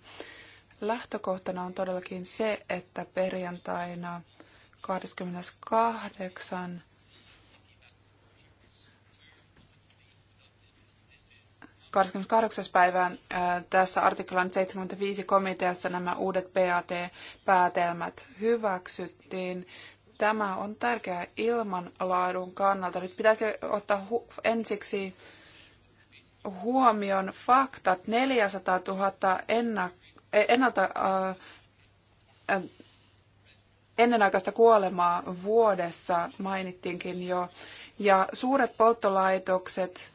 Lähtökohtana on todellakin se, että perjantaina 28 28. päivää tässä artiklan 75 komiteassa nämä uudet PAT-päätelmät hyväksyttiin. Tämä on tärkeää ilmanlaadun kannalta. Nyt pitäisi ottaa ensiksi huomioon faktat. 400 000 ennak- ennalta äh, ennenaikaista kuolemaa vuodessa mainittiinkin jo. Ja suuret polttolaitokset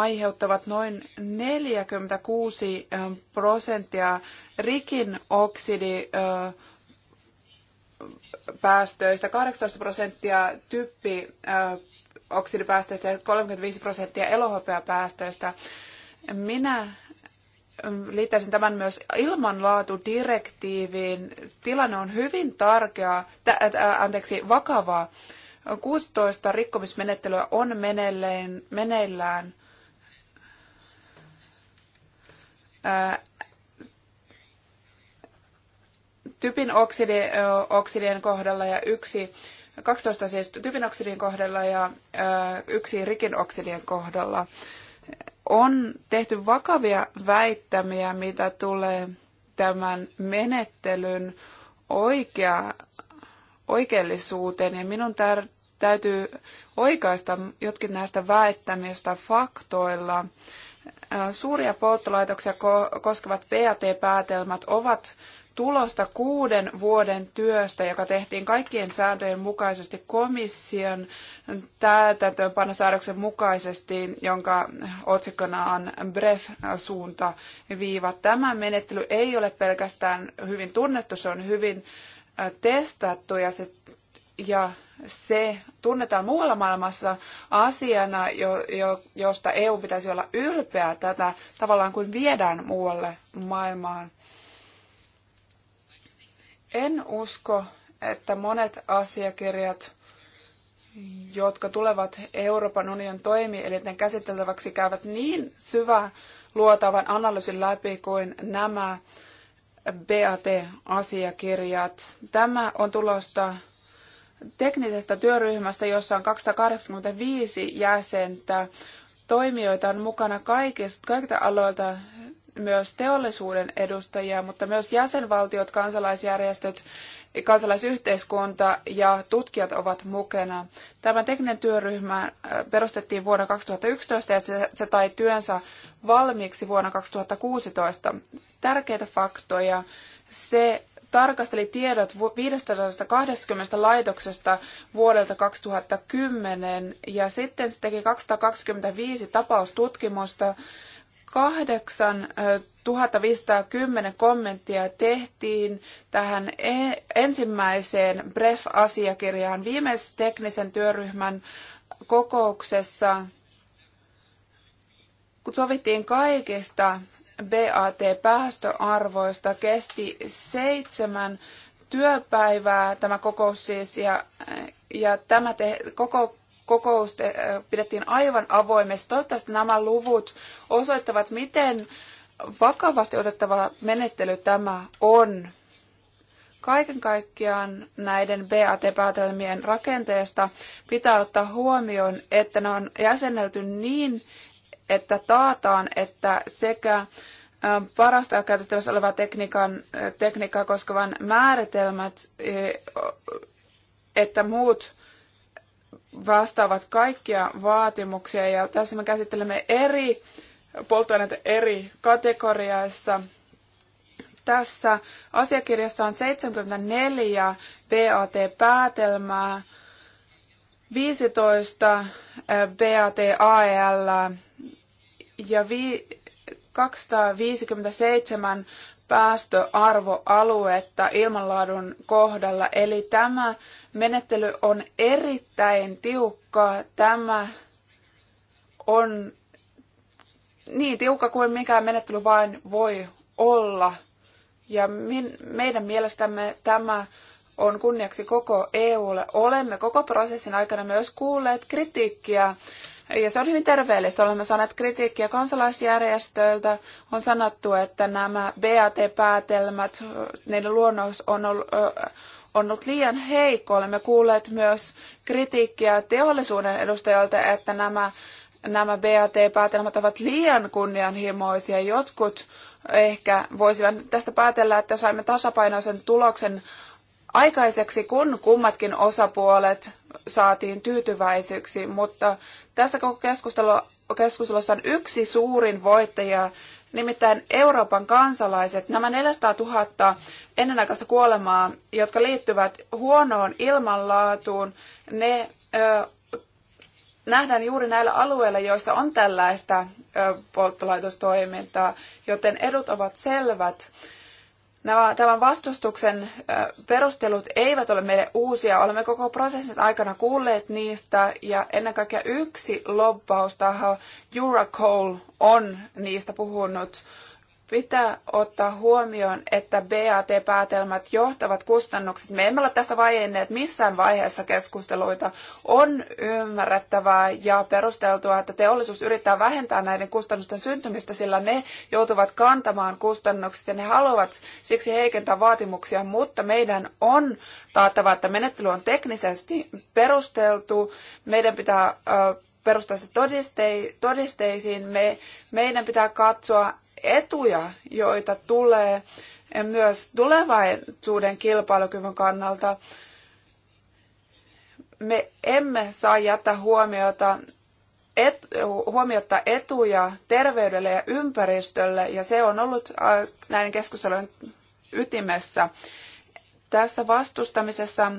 aiheuttavat noin 46 prosenttia rikin kahdeksantoista 18 prosenttia typpi oksidipäästöistä ja 35 prosenttia elohopeapäästöistä. Minä liittäisin tämän myös ilmanlaatudirektiiviin. Tilanne on hyvin tarkea, anteeksi, vakavaa. 16 rikkomismenettelyä on meneillään typin oksidi, oksidien kohdalla ja yksi 12 siis typin oksidien kohdalla ja yksi rikin oksidien kohdalla on tehty vakavia väittämiä, mitä tulee tämän menettelyn oikea, oikeellisuuteen. Ja minun tär, täytyy oikaista jotkin näistä väittämistä faktoilla. Suuria polttolaitoksia koskevat PAT-päätelmät ovat tulosta kuuden vuoden työstä, joka tehtiin kaikkien sääntöjen mukaisesti komission täytäntöönpanosäädöksen mukaisesti, jonka otsikkona on BREF-suunta viiva. Tämä menettely ei ole pelkästään hyvin tunnettu, se on hyvin testattu ja, se, ja se tunnetaan muualla maailmassa asiana, jo, jo, josta EU pitäisi olla ylpeä tätä tavallaan kuin viedään muualle maailmaan. En usko, että monet asiakirjat, jotka tulevat Euroopan unionin toimielinten käsiteltäväksi, käyvät niin syvä luotavan analyysin läpi kuin nämä BAT-asiakirjat. Tämä on tulosta teknisestä työryhmästä, jossa on 285 jäsentä. Toimijoita on mukana kaikista, kaikilta aloilta myös teollisuuden edustajia, mutta myös jäsenvaltiot, kansalaisjärjestöt, kansalaisyhteiskunta ja tutkijat ovat mukana. Tämä tekninen työryhmä äh, perustettiin vuonna 2011 ja se tai työnsä valmiiksi vuonna 2016. Tärkeitä faktoja. Se tarkasteli tiedot 520 laitoksesta vuodelta 2010 ja sitten se teki 225 tapaustutkimusta. 8510 kommenttia tehtiin tähän e- ensimmäiseen BREF-asiakirjaan viimeisessä teknisen työryhmän kokouksessa kun sovittiin kaikista BAT-päästöarvoista kesti seitsemän työpäivää tämä kokous siis, ja, ja tämä te, koko, kokous te, pidettiin aivan avoimesti. Toivottavasti nämä luvut osoittavat, miten vakavasti otettava menettely tämä on. Kaiken kaikkiaan näiden BAT-päätelmien rakenteesta pitää ottaa huomioon, että ne on jäsennelty niin, että taataan, että sekä parasta käytettävissä olevaa tekniikan, tekniikkaa koskevan määritelmät, että muut vastaavat kaikkia vaatimuksia. Ja tässä me käsittelemme eri polttoaineita eri kategoriassa. Tässä asiakirjassa on 74 BAT-päätelmää, 15 BAT-AEL ja vi, 257 päästöarvoaluetta ilmanlaadun kohdalla. Eli tämä menettely on erittäin tiukka. Tämä on niin tiukka kuin mikään menettely vain voi olla. Ja min, meidän mielestämme tämä on kunniaksi koko EUlle. Olemme koko prosessin aikana myös kuulleet kritiikkiä ja se on hyvin terveellistä. Olemme saaneet kritiikkiä kansalaisjärjestöiltä. On sanottu, että nämä BAT-päätelmät, niiden luonnos on ollut, on ollut liian heikko. Olemme kuulleet myös kritiikkiä teollisuuden edustajilta, että nämä, nämä BAT-päätelmät ovat liian kunnianhimoisia. Jotkut ehkä voisivat tästä päätellä, että saimme tasapainoisen tuloksen aikaiseksi, kun kummatkin osapuolet saatiin tyytyväiseksi, mutta tässä koko keskustelussa on yksi suurin voittaja, nimittäin Euroopan kansalaiset, nämä 400 000 ennenaikaista kuolemaa, jotka liittyvät huonoon ilmanlaatuun, ne ö, nähdään juuri näillä alueilla, joissa on tällaista ö, polttolaitostoimintaa, joten edut ovat selvät. Nämä, tämän vastustuksen perustelut eivät ole meille uusia. Olemme koko prosessin aikana kuulleet niistä ja ennen kaikkea yksi lobbaustaho, Eurocoal, on niistä puhunut. Pitää ottaa huomioon, että BAT-päätelmät johtavat kustannukset. Me emme ole tästä vaienneet missään vaiheessa keskusteluita. On ymmärrettävää ja perusteltua, että teollisuus yrittää vähentää näiden kustannusten syntymistä, sillä ne joutuvat kantamaan kustannukset ja ne haluavat siksi heikentää vaatimuksia, mutta meidän on taattava, että menettely on teknisesti perusteltu. Meidän pitää perustaa se todisteisiin. Me, meidän pitää katsoa, etuja, joita tulee myös tulevaisuuden kilpailukyvyn kannalta. Me emme saa jättää huomiota et, huomiota etuja terveydelle ja ympäristölle, ja se on ollut äh, näiden keskustelujen ytimessä. Tässä vastustamisessa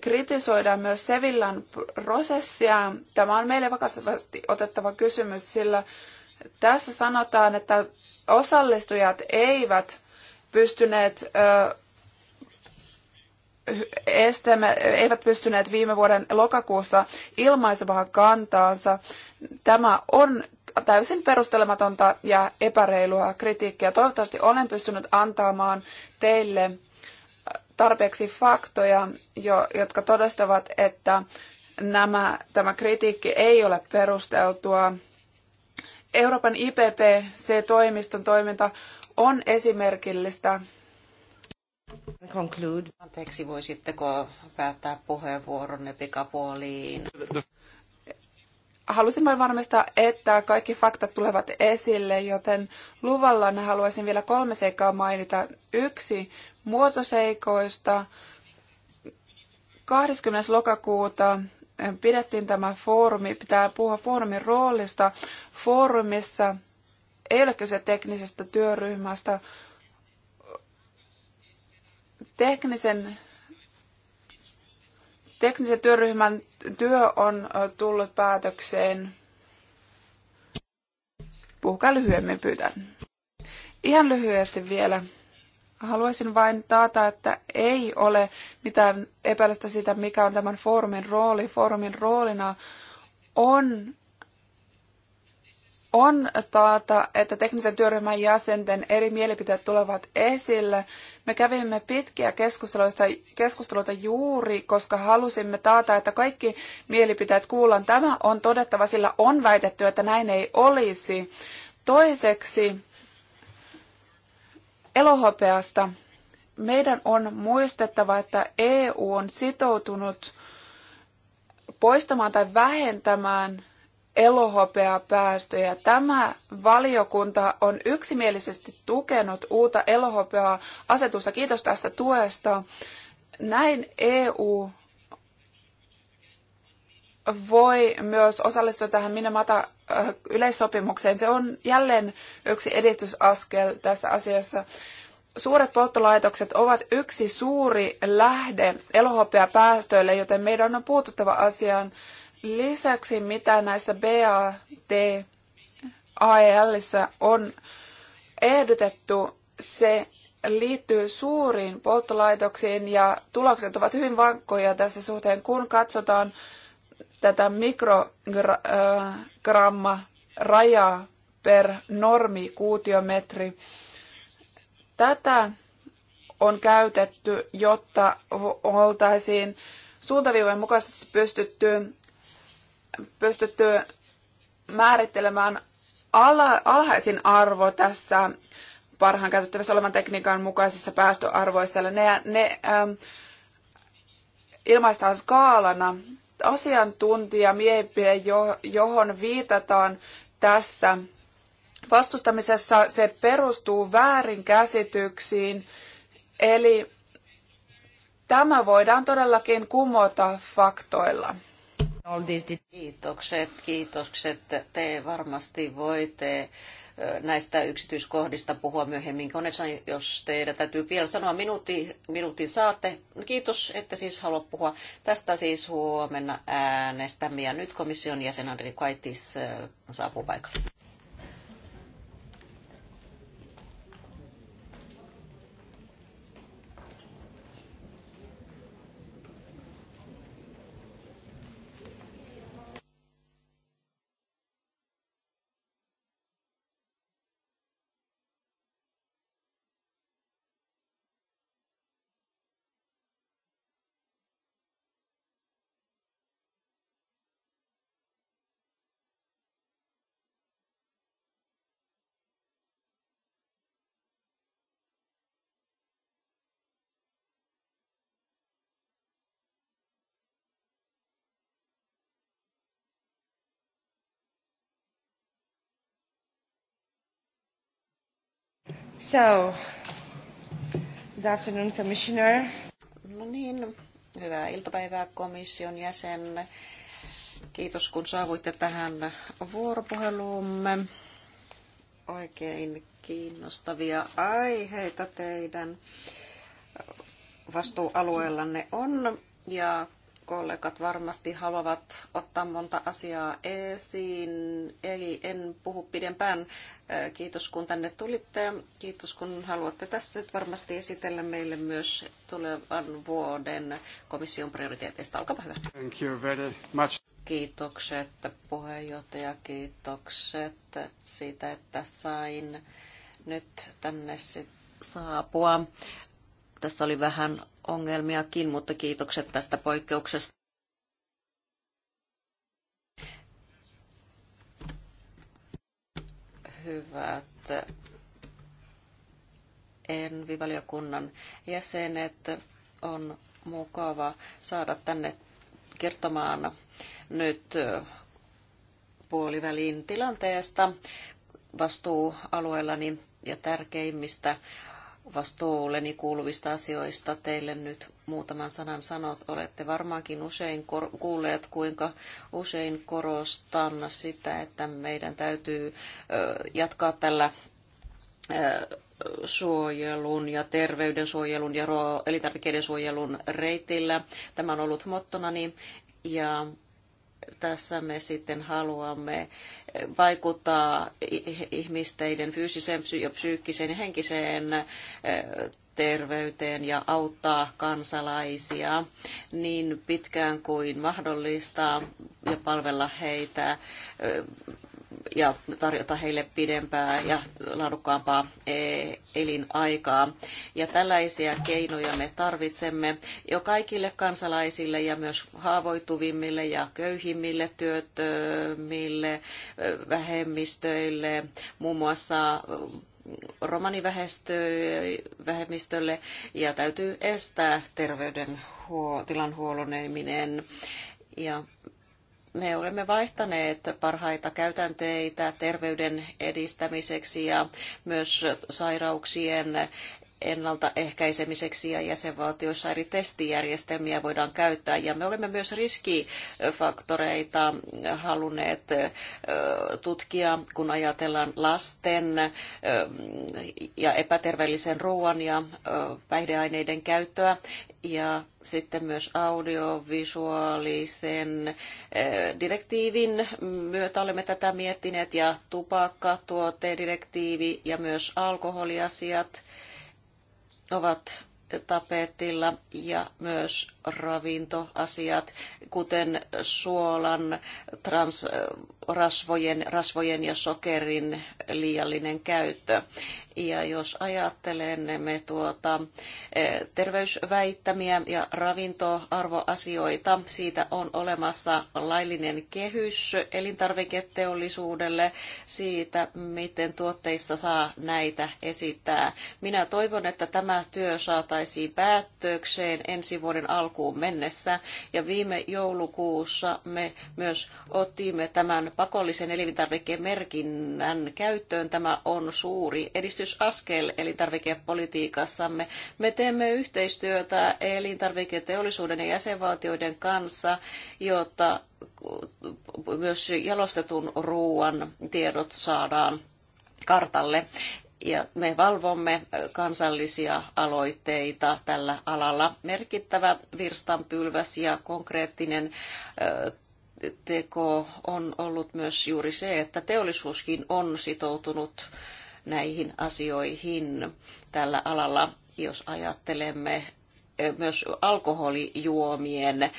kritisoidaan myös Sevillan prosessia. Tämä on meille vakavasti otettava kysymys, sillä tässä sanotaan, että osallistujat eivät pystyneet esteemme eivät pystyneet viime vuoden lokakuussa ilmaisemaan kantaansa. Tämä on täysin perustelematonta ja epäreilua kritiikkiä. Toivottavasti olen pystynyt antamaan teille tarpeeksi faktoja, jo, jotka todistavat, että nämä, tämä kritiikki ei ole perusteltua. Euroopan IPPC-toimiston toiminta on esimerkillistä. Conclude. Anteeksi, voisitteko päättää puheenvuoronne pikapuoliin? Halusin vain varmistaa, että kaikki faktat tulevat esille, joten luvalla haluaisin vielä kolme seikkaa mainita. Yksi muotoseikoista. 20. lokakuuta pidettiin tämä foorumi, pitää puhua foorumin roolista. Foorumissa ei ole kyse teknisestä työryhmästä. Teknisen, teknisen työryhmän työ on tullut päätökseen. Puhukaa lyhyemmin, pyytän. Ihan lyhyesti vielä Haluaisin vain taata, että ei ole mitään epäilystä siitä, mikä on tämän foorumin rooli. Foorumin roolina on, on taata, että teknisen työryhmän jäsenten eri mielipiteet tulevat esille. Me kävimme pitkiä keskusteluita, keskusteluita juuri, koska halusimme taata, että kaikki mielipiteet kuullaan. Tämä on todettava, sillä on väitetty, että näin ei olisi. Toiseksi elohopeasta. Meidän on muistettava, että EU on sitoutunut poistamaan tai vähentämään elohopeapäästöjä. Tämä valiokunta on yksimielisesti tukenut uutta elohopeaa asetusta. Kiitos tästä tuesta. Näin EU voi myös osallistua tähän Minamata yleissopimukseen. Se on jälleen yksi edistysaskel tässä asiassa. Suuret polttolaitokset ovat yksi suuri lähde elohopea päästöille, joten meidän on puututtava asiaan. Lisäksi mitä näissä BAT AELissä on ehdotettu, se liittyy suuriin polttolaitoksiin ja tulokset ovat hyvin vankkoja tässä suhteen, kun katsotaan tätä mikrogramma äh, rajaa per normi kuutiometri. Tätä on käytetty, jotta oltaisiin suuntaviivojen mukaisesti pystytty, pystytty määrittelemään ala, alhaisin arvo tässä parhaan käytettävissä olevan tekniikan mukaisissa päästöarvoissa. Eli ne, ne ähm, ilmaistaan skaalana asiantuntija mielipide, johon viitataan tässä vastustamisessa, se perustuu väärinkäsityksiin. Eli tämä voidaan todellakin kumota faktoilla. Kiitokset, kiitokset. Te varmasti voitte näistä yksityiskohdista puhua myöhemmin. Konechan, jos teidän täytyy vielä sanoa minuutti, minuutin saatte. Kiitos, että siis haluat puhua. Tästä siis huomenna äänestämme. Ja nyt komission jäsen Andri Kaitis äh, saapuu paikalle. So, good afternoon, Commissioner. No niin, hyvää iltapäivää komission jäsen. Kiitos kun saavuitte tähän vuoropuheluumme. Oikein kiinnostavia aiheita teidän vastuualueellanne on. Ja kollegat varmasti haluavat ottaa monta asiaa esiin, eli en puhu pidempään. Äh, kiitos kun tänne tulitte. Kiitos kun haluatte tässä nyt varmasti esitellä meille myös tulevan vuoden komission prioriteeteista. Olkaa hyvä. Thank you very much. Kiitokset puheenjohtaja, kiitokset siitä, että sain nyt tänne sit saapua. Tässä oli vähän ongelmiakin, mutta kiitokset tästä poikkeuksesta. Hyvät ENVI-valiokunnan jäsenet, on mukava saada tänne kertomaan nyt puolivälin tilanteesta vastuualueellani ja tärkeimmistä vastuulleni kuuluvista asioista teille nyt muutaman sanan sanot. Olette varmaankin usein kuulleet, kuinka usein korostan sitä, että meidän täytyy jatkaa tällä suojelun ja terveydensuojelun ja elintarvikkeiden suojelun reitillä. Tämä on ollut mottonani niin, ja tässä me sitten haluamme vaikuttaa ihmisten fyysiseen psyykkiseen ja henkiseen terveyteen ja auttaa kansalaisia niin pitkään kuin mahdollista ja palvella heitä ja tarjota heille pidempää ja laadukkaampaa e, elinaikaa. Ja tällaisia keinoja me tarvitsemme jo kaikille kansalaisille ja myös haavoittuvimmille ja köyhimmille työttömille, vähemmistöille, muun muassa romanivähemmistölle ja täytyy estää terveydentilan huoloneminen. Ja me olemme vaihtaneet parhaita käytänteitä terveyden edistämiseksi ja myös sairauksien ennaltaehkäisemiseksi ja jäsenvaltioissa eri testijärjestelmiä voidaan käyttää. Ja me olemme myös riskifaktoreita halunneet tutkia, kun ajatellaan lasten ja epäterveellisen ruoan ja päihdeaineiden käyttöä ja sitten myös audiovisuaalisen direktiivin myötä olemme tätä miettineet ja tupakkatuotedirektiivi ja myös alkoholiasiat ovat tapetilla ja myös ravintoasiat, kuten suolan, transrasvojen rasvojen ja sokerin liiallinen käyttö. Ja jos ajattelemme tuota e, terveysväittämiä ja ravintoarvoasioita, siitä on olemassa laillinen kehys elintarviketeollisuudelle siitä, miten tuotteissa saa näitä esittää. Minä toivon, että tämä työ saataisiin päätökseen ensi vuoden alkuun mennessä. Ja viime joulukuussa me myös otimme tämän pakollisen elintarvikemerkinnän käyttöön. Tämä on suuri edistys edistysaskel elintarvikepolitiikassamme. Me teemme yhteistyötä elintarviketeollisuuden ja jäsenvaltioiden kanssa, jotta myös jalostetun ruoan tiedot saadaan kartalle ja me valvomme kansallisia aloitteita tällä alalla. Merkittävä virstanpylväs ja konkreettinen teko on ollut myös juuri se, että teollisuuskin on sitoutunut näihin asioihin tällä alalla, jos ajattelemme myös alkoholijuomien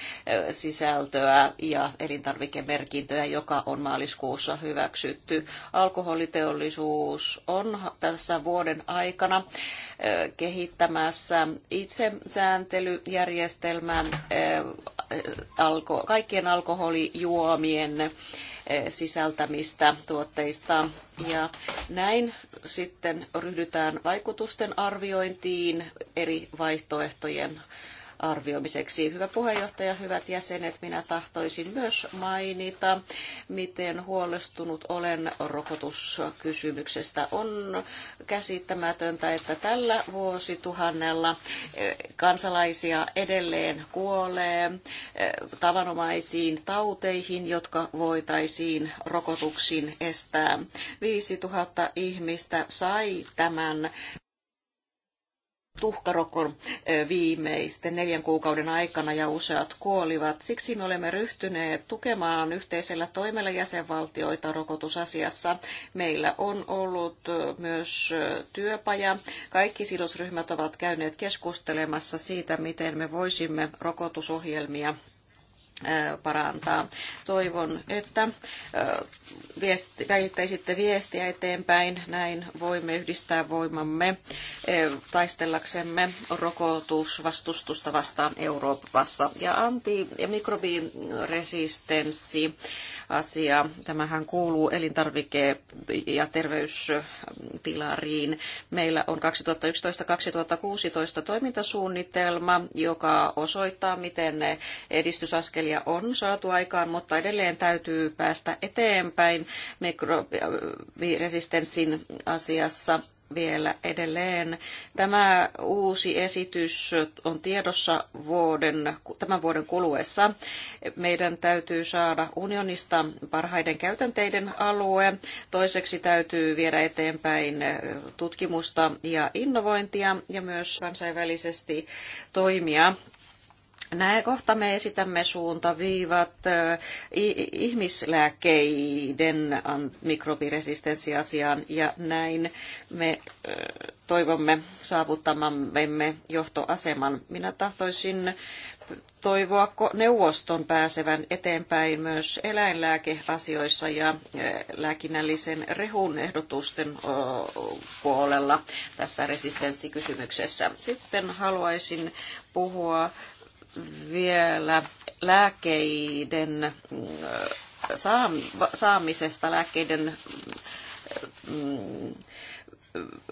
sisältöä ja elintarvikemerkintöjä, joka on maaliskuussa hyväksytty. Alkoholiteollisuus on tässä vuoden aikana kehittämässä itsesääntelyjärjestelmän kaikkien alkoholijuomien sisältämistä tuotteista. Ja näin sitten ryhdytään vaikutusten arviointiin eri vaihtoehtojen arvioimiseksi. Hyvä puheenjohtaja, hyvät jäsenet, minä tahtoisin myös mainita, miten huolestunut olen rokotuskysymyksestä. On käsittämätöntä, että tällä vuosituhannella e, kansalaisia edelleen kuolee e, tavanomaisiin tauteihin, jotka voitaisiin rokotuksin estää. 5000 ihmistä sai tämän tuhkarokon viimeisten neljän kuukauden aikana ja useat kuolivat. Siksi me olemme ryhtyneet tukemaan yhteisellä toimella jäsenvaltioita rokotusasiassa. Meillä on ollut myös työpaja. Kaikki sidosryhmät ovat käyneet keskustelemassa siitä, miten me voisimme rokotusohjelmia parantaa. Toivon, että viesti, välittäisitte viestiä eteenpäin. Näin voimme yhdistää voimamme taistellaksemme rokotusvastustusta vastaan Euroopassa. Ja anti- ja mikrobiresistenssi asia, tämähän kuuluu elintarvike- ja terveyspilariin. Meillä on 2011-2016 toimintasuunnitelma, joka osoittaa, miten edistysaskelia askelia on saatu aikaan, mutta edelleen täytyy päästä eteenpäin mikrobiresistenssin asiassa vielä edelleen. Tämä uusi esitys on tiedossa vuoden, tämän vuoden kuluessa. Meidän täytyy saada unionista parhaiden käytänteiden alue. Toiseksi täytyy viedä eteenpäin tutkimusta ja innovointia ja myös kansainvälisesti toimia näin kohta me esitämme suuntaviivat ihmislääkeiden mikrobiresistenssiasiaan ja näin me toivomme saavuttamamme johtoaseman. Minä tahtoisin toivoa neuvoston pääsevän eteenpäin myös eläinlääkeasioissa ja lääkinnällisen rehun ehdotusten puolella tässä resistenssikysymyksessä. Sitten haluaisin puhua vielä lääkeiden äh, saamisesta, lääkkeiden mm,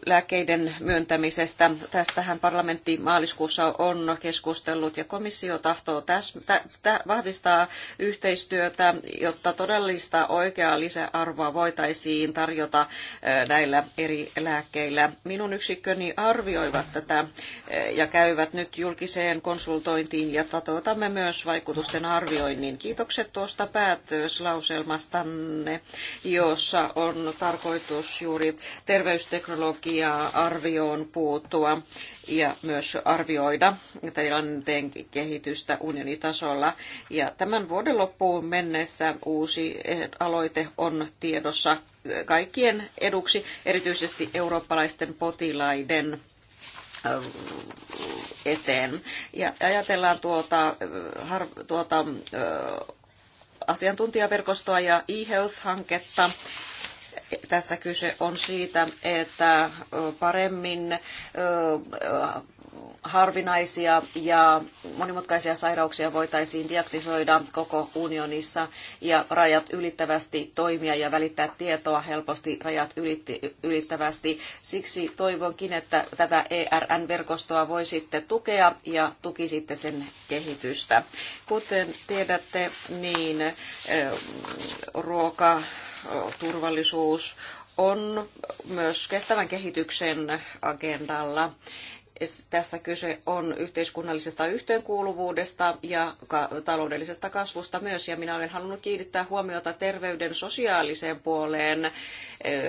lääkkeiden myöntämisestä. Tästähän parlamentti maaliskuussa on keskustellut ja komissio tahtoo täs, tä, tä, vahvistaa yhteistyötä, jotta todellista oikeaa lisäarvoa voitaisiin tarjota näillä eri lääkkeillä. Minun yksikköni arvioivat tätä ja käyvät nyt julkiseen konsultointiin ja toteutamme myös vaikutusten arvioinnin. Kiitokset tuosta päätöslauselmastanne, jossa on tarkoitus juuri terveysteknologian teknologiaa arvioon puuttua ja myös arvioida tilanteen kehitystä unionitasolla. Ja tämän vuoden loppuun mennessä uusi aloite on tiedossa kaikkien eduksi, erityisesti eurooppalaisten potilaiden äh, eteen. Ja ajatellaan tuota, äh, har, tuota äh, asiantuntijaverkostoa ja e-health-hanketta, tässä kyse on siitä, että paremmin harvinaisia ja monimutkaisia sairauksia voitaisiin diagnisoida koko unionissa ja rajat ylittävästi toimia ja välittää tietoa helposti rajat ylittävästi. Siksi toivonkin, että tätä ERN-verkostoa voisitte tukea ja tukisitte sen kehitystä. Kuten tiedätte, niin ruoka turvallisuus on myös kestävän kehityksen agendalla. Tässä kyse on yhteiskunnallisesta yhteenkuuluvuudesta ja taloudellisesta kasvusta myös, ja minä olen halunnut kiinnittää huomiota terveyden sosiaaliseen puoleen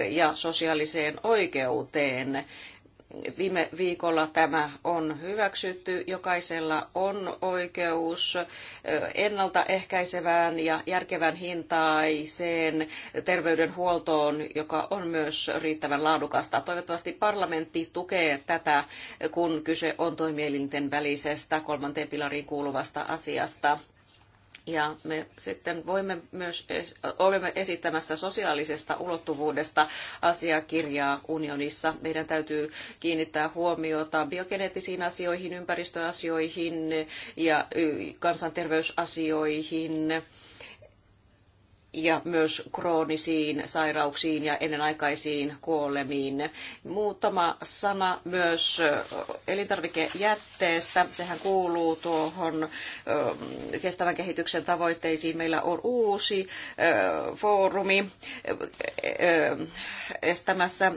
ja sosiaaliseen oikeuteen. Viime viikolla tämä on hyväksytty. Jokaisella on oikeus ennaltaehkäisevään ja järkevän hintaiseen terveydenhuoltoon, joka on myös riittävän laadukasta. Toivottavasti parlamentti tukee tätä, kun kyse on toimielinten välisestä kolmanteen pilariin kuuluvasta asiasta. Ja me sitten voimme myös, olemme esittämässä sosiaalisesta ulottuvuudesta asiakirjaa unionissa. Meidän täytyy kiinnittää huomiota biogeneettisiin asioihin, ympäristöasioihin ja kansanterveysasioihin ja myös kroonisiin sairauksiin ja ennenaikaisiin kuolemiin. Muutama sana myös elintarvikejätteestä. Sehän kuuluu tuohon kestävän kehityksen tavoitteisiin. Meillä on uusi foorumi estämässä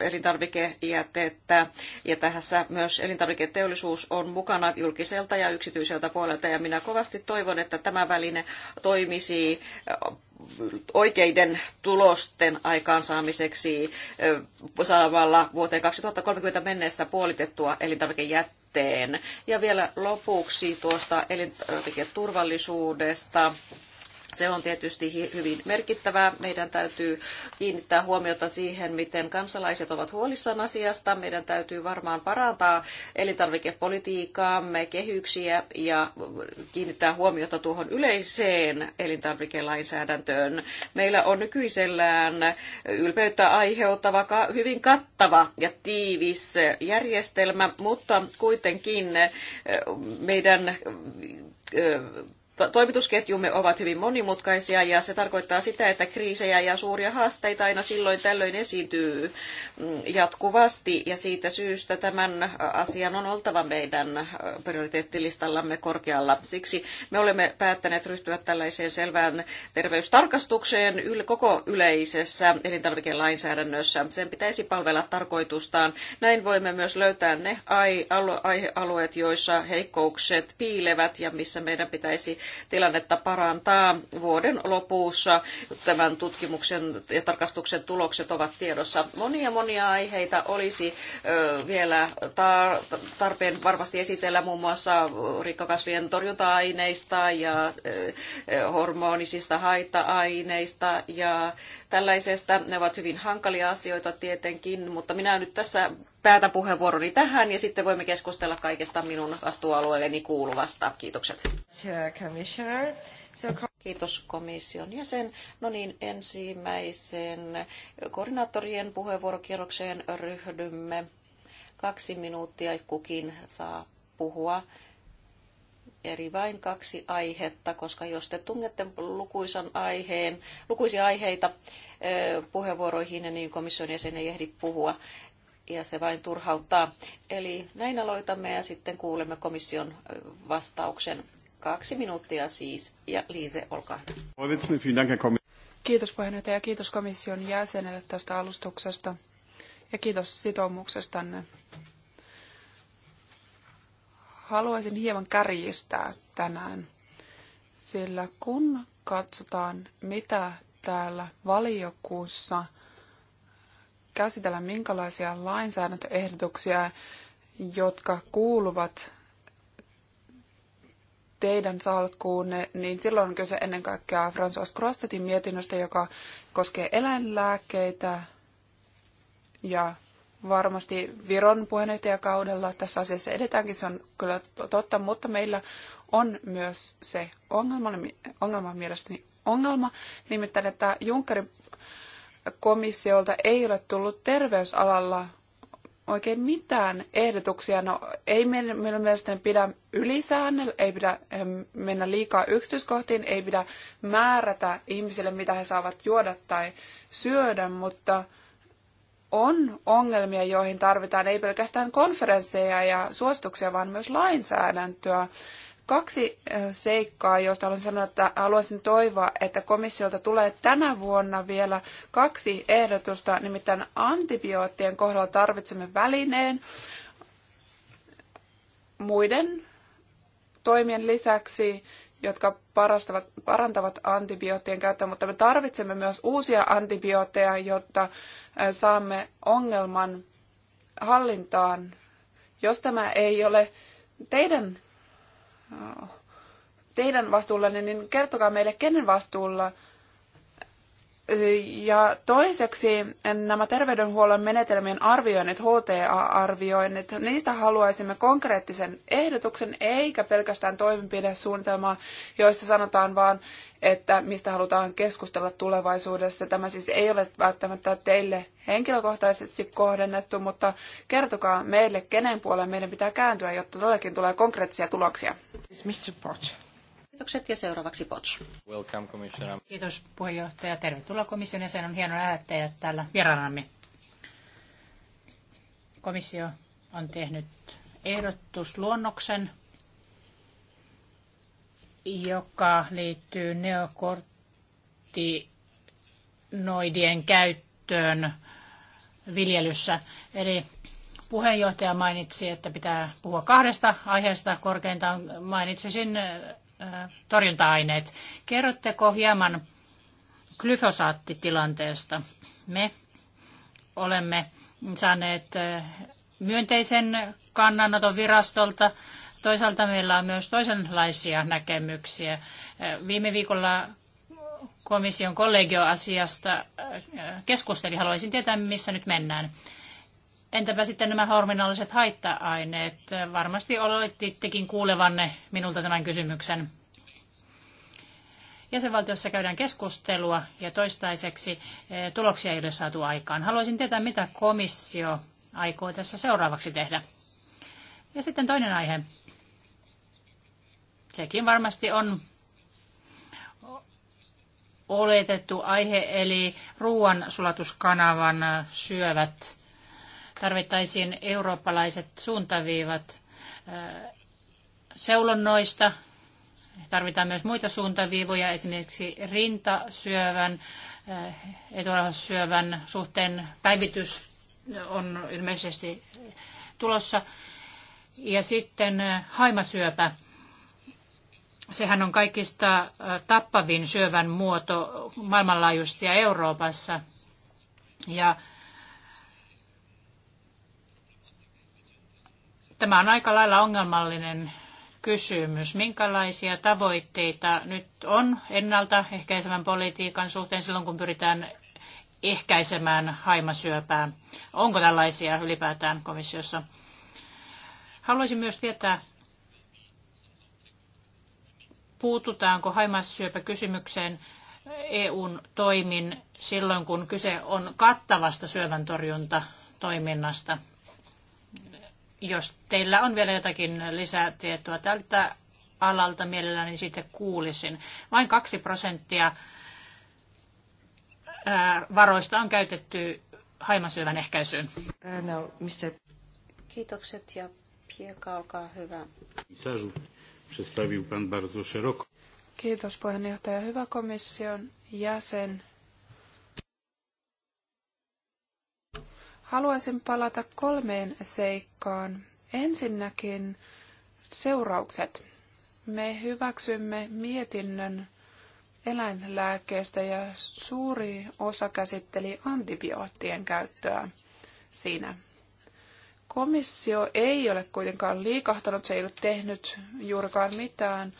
elintarvikejätettä ja tässä myös elintarviketeollisuus on mukana julkiselta ja yksityiseltä puolelta ja minä kovasti toivon, että tämä väline toimisi oikeiden tulosten aikaansaamiseksi saavalla vuoteen 2030 mennessä puolitettua elintarvikejätteen. Ja vielä lopuksi tuosta elintarviketurvallisuudesta se on tietysti hyvin merkittävää. Meidän täytyy kiinnittää huomiota siihen, miten kansalaiset ovat huolissaan asiasta. Meidän täytyy varmaan parantaa elintarvikepolitiikkaamme, kehyksiä ja kiinnittää huomiota tuohon yleiseen elintarvikelainsäädäntöön. Meillä on nykyisellään ylpeyttä aiheuttava hyvin kattava ja tiivis järjestelmä, mutta kuitenkin eh, meidän eh, toimitusketjumme ovat hyvin monimutkaisia ja se tarkoittaa sitä, että kriisejä ja suuria haasteita aina silloin tällöin esiintyy mm, jatkuvasti ja siitä syystä tämän asian on oltava meidän äh, prioriteettilistallamme korkealla. Siksi me olemme päättäneet ryhtyä tällaiseen selvään terveystarkastukseen koko yleisessä elintarvikelainsäädännössä. Sen pitäisi palvella tarkoitustaan. Näin voimme myös löytää ne aihealueet, joissa heikkoukset piilevät ja missä meidän pitäisi tilannetta parantaa vuoden lopussa. Tämän tutkimuksen ja tarkastuksen tulokset ovat tiedossa. Monia monia aiheita olisi vielä tarpeen varmasti esitellä muun muassa rikkakasvien torjunta-aineista ja hormonisista haitta-aineista ja tällaisesta. Ne ovat hyvin hankalia asioita tietenkin, mutta minä nyt tässä päätän puheenvuoroni tähän ja sitten voimme keskustella kaikesta minun vastuualueelleni kuuluvasta. Kiitokset. Kiitos komission jäsen. No niin, ensimmäisen koordinaattorien puheenvuorokierrokseen ryhdymme. Kaksi minuuttia kukin saa puhua eri vain kaksi aihetta, koska jos te tungette lukuisan aiheen, lukuisia aiheita puheenvuoroihin, niin komission jäsen ei ehdi puhua ja se vain turhauttaa. Eli näin aloitamme ja sitten kuulemme komission vastauksen. Kaksi minuuttia siis. Ja Liise, olkaa hyvä. Kiitos puheenjohtaja ja kiitos komission jäsenelle tästä alustuksesta ja kiitos sitoumuksestanne. Haluaisin hieman kärjistää tänään, sillä kun katsotaan, mitä täällä valiokunnassa käsitellä, minkälaisia lainsäädäntöehdotuksia, jotka kuuluvat teidän salkkuunne, niin silloin on kyse ennen kaikkea François Crostetin mietinnöstä, joka koskee eläinlääkkeitä. Ja varmasti Viron puheenjohtajakaudella tässä asiassa edetäänkin, se on kyllä totta, mutta meillä on myös se ongelma, ongelma mielestäni ongelma, nimittäin että Junckerin komissiolta ei ole tullut terveysalalla oikein mitään ehdotuksia. No ei minun mielestäni pidä ylisäännellä, ei pidä mennä liikaa yksityiskohtiin, ei pidä määrätä ihmisille, mitä he saavat juoda tai syödä, mutta on ongelmia, joihin tarvitaan ei pelkästään konferensseja ja suosituksia, vaan myös lainsäädäntöä. Kaksi seikkaa, joista haluaisin sanoa, että haluaisin toivoa, että komissiolta tulee tänä vuonna vielä kaksi ehdotusta, nimittäin antibioottien kohdalla tarvitsemme välineen muiden toimien lisäksi, jotka parastavat, parantavat antibioottien käyttöä, mutta me tarvitsemme myös uusia antibiootteja, jotta saamme ongelman hallintaan. Jos tämä ei ole teidän Äh, teidän vastuullanne, niin kertokaa meille, kenen vastuulla ja toiseksi nämä terveydenhuollon menetelmien arvioinnit, HTA-arvioinnit, niistä haluaisimme konkreettisen ehdotuksen, eikä pelkästään toimenpidesuunnitelmaa, joista sanotaan vaan, että mistä halutaan keskustella tulevaisuudessa. Tämä siis ei ole välttämättä teille henkilökohtaisesti kohdennettu, mutta kertokaa meille, kenen puoleen meidän pitää kääntyä, jotta todellakin tulee konkreettisia tuloksia. Mr. Kiitokset ja seuraavaksi Potsch. Welcome, commissioner. Kiitos puheenjohtaja. Tervetuloa komission jäsen. On hieno nähdä teidät täällä vieraanamme. Komissio on tehnyt ehdotusluonnoksen, joka liittyy neokorttinoidien käyttöön viljelyssä. Eli puheenjohtaja mainitsi, että pitää puhua kahdesta aiheesta korkeintaan. Mainitsisin torjunta-aineet. Kerrotteko hieman glyfosaattitilanteesta? Me olemme saaneet myönteisen kannanoton virastolta. Toisaalta meillä on myös toisenlaisia näkemyksiä. Viime viikolla komission kollegioasiasta keskusteli. Haluaisin tietää, missä nyt mennään. Entäpä sitten nämä hormonaaliset haitta-aineet? Varmasti olittekin kuulevanne minulta tämän kysymyksen. Jäsenvaltiossa käydään keskustelua ja toistaiseksi eh, tuloksia ei ole saatu aikaan. Haluaisin tietää, mitä komissio aikoo tässä seuraavaksi tehdä. Ja sitten toinen aihe. Sekin varmasti on oletettu aihe, eli ruoan sulatuskanavan syövät Tarvittaisiin eurooppalaiset suuntaviivat seulonnoista. Tarvitaan myös muita suuntaviivoja, esimerkiksi rintasyövän, eturauhassyövän suhteen päivitys on ilmeisesti tulossa. Ja sitten haimasyöpä. Sehän on kaikista tappavin syövän muoto maailmanlaajuisesti ja Euroopassa. Ja Tämä on aika lailla ongelmallinen kysymys. Minkälaisia tavoitteita nyt on ehkäisevän politiikan suhteen silloin, kun pyritään ehkäisemään haimasyöpää? Onko tällaisia ylipäätään komissiossa? Haluaisin myös tietää, puututaanko haimasyöpäkysymykseen EUn toimin silloin, kun kyse on kattavasta toiminnasta? Jos teillä on vielä jotakin lisätietoa tältä alalta mielelläni niin sitten kuulisin. Vain kaksi prosenttia varoista on käytetty haimasyövän ehkäisyyn. No, mister... Kiitokset ja Pieka, olkaa hyvä. Kiitos puheenjohtaja. Hyvä komission jäsen. Haluaisin palata kolmeen seikkaan. Ensinnäkin seuraukset. Me hyväksymme mietinnön eläinlääkkeestä ja suuri osa käsitteli antibioottien käyttöä siinä. Komissio ei ole kuitenkaan liikahtanut, se ei ole tehnyt juurikaan mitään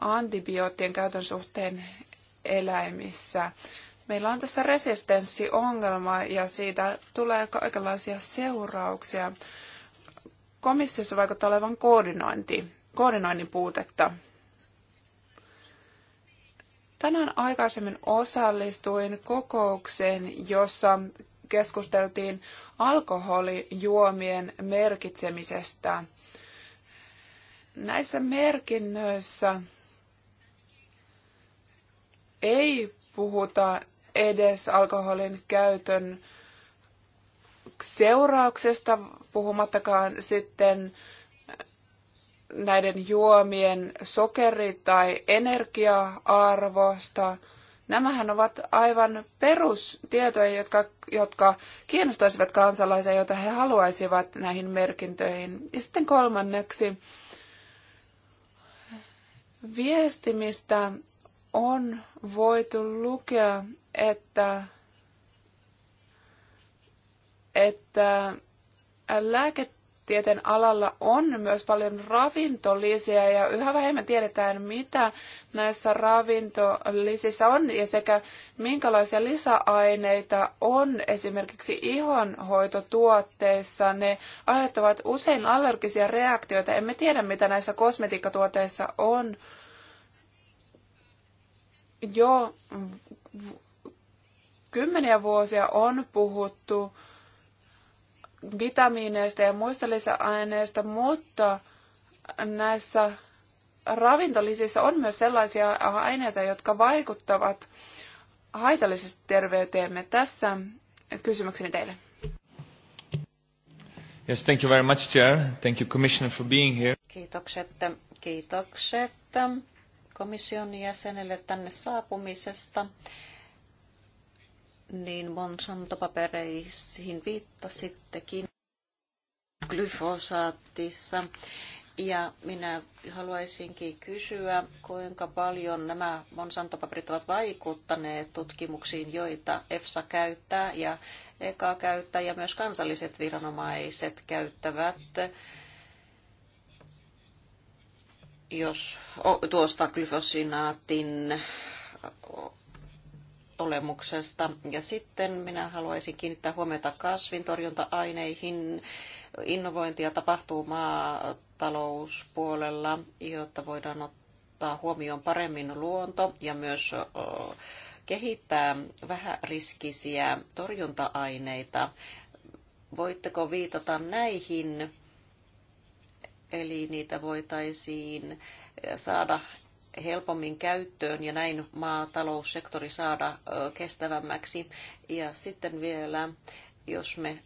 antibioottien käytön suhteen eläimissä. Meillä on tässä resistenssiongelma ja siitä tulee kaikenlaisia seurauksia. Komissiossa vaikuttaa olevan koordinointi, koordinoinnin puutetta. Tänään aikaisemmin osallistuin kokoukseen, jossa keskusteltiin alkoholijuomien merkitsemisestä. Näissä merkinnöissä ei puhuta edes alkoholin käytön seurauksesta, puhumattakaan sitten näiden juomien sokeri- tai energia-arvosta. Nämähän ovat aivan perustietoja, jotka, jotka kiinnostaisivat kansalaisia, joita he haluaisivat näihin merkintöihin. Ja sitten kolmanneksi, viestimistä on voitu lukea, että, että lääketieteen alalla on myös paljon ravintolisia ja yhä vähemmän tiedetään, mitä näissä ravintolisissä on ja sekä minkälaisia lisäaineita on esimerkiksi ihonhoitotuotteissa. Ne aiheuttavat usein allergisia reaktioita. Emme tiedä, mitä näissä kosmetiikkatuotteissa on jo kymmeniä vuosia on puhuttu vitamiineista ja muista lisäaineista, mutta näissä ravintolisissä on myös sellaisia aineita, jotka vaikuttavat haitallisesti terveyteemme. Tässä kysymykseni teille. Yes, thank you very much, Chair. Thank you, Commissioner, for being here. Kiitokset, kiitokset komission jäsenelle tänne saapumisesta niin Monsanto-papereihin viittasittekin glyfosaattissa. Ja minä haluaisinkin kysyä, kuinka paljon nämä Monsanto-paperit ovat vaikuttaneet tutkimuksiin, joita EFSA käyttää ja EKA käyttää ja myös kansalliset viranomaiset käyttävät jos tuosta glyfosinaatin olemuksesta. Ja sitten minä haluaisin kiinnittää huomiota kasvintorjunta-aineihin. Innovointia tapahtuu maatalouspuolella, jotta voidaan ottaa huomioon paremmin luonto ja myös kehittää vähäriskisiä torjunta-aineita. Voitteko viitata näihin? Eli niitä voitaisiin saada helpommin käyttöön ja näin maataloussektori saada kestävämmäksi. Ja sitten vielä jos me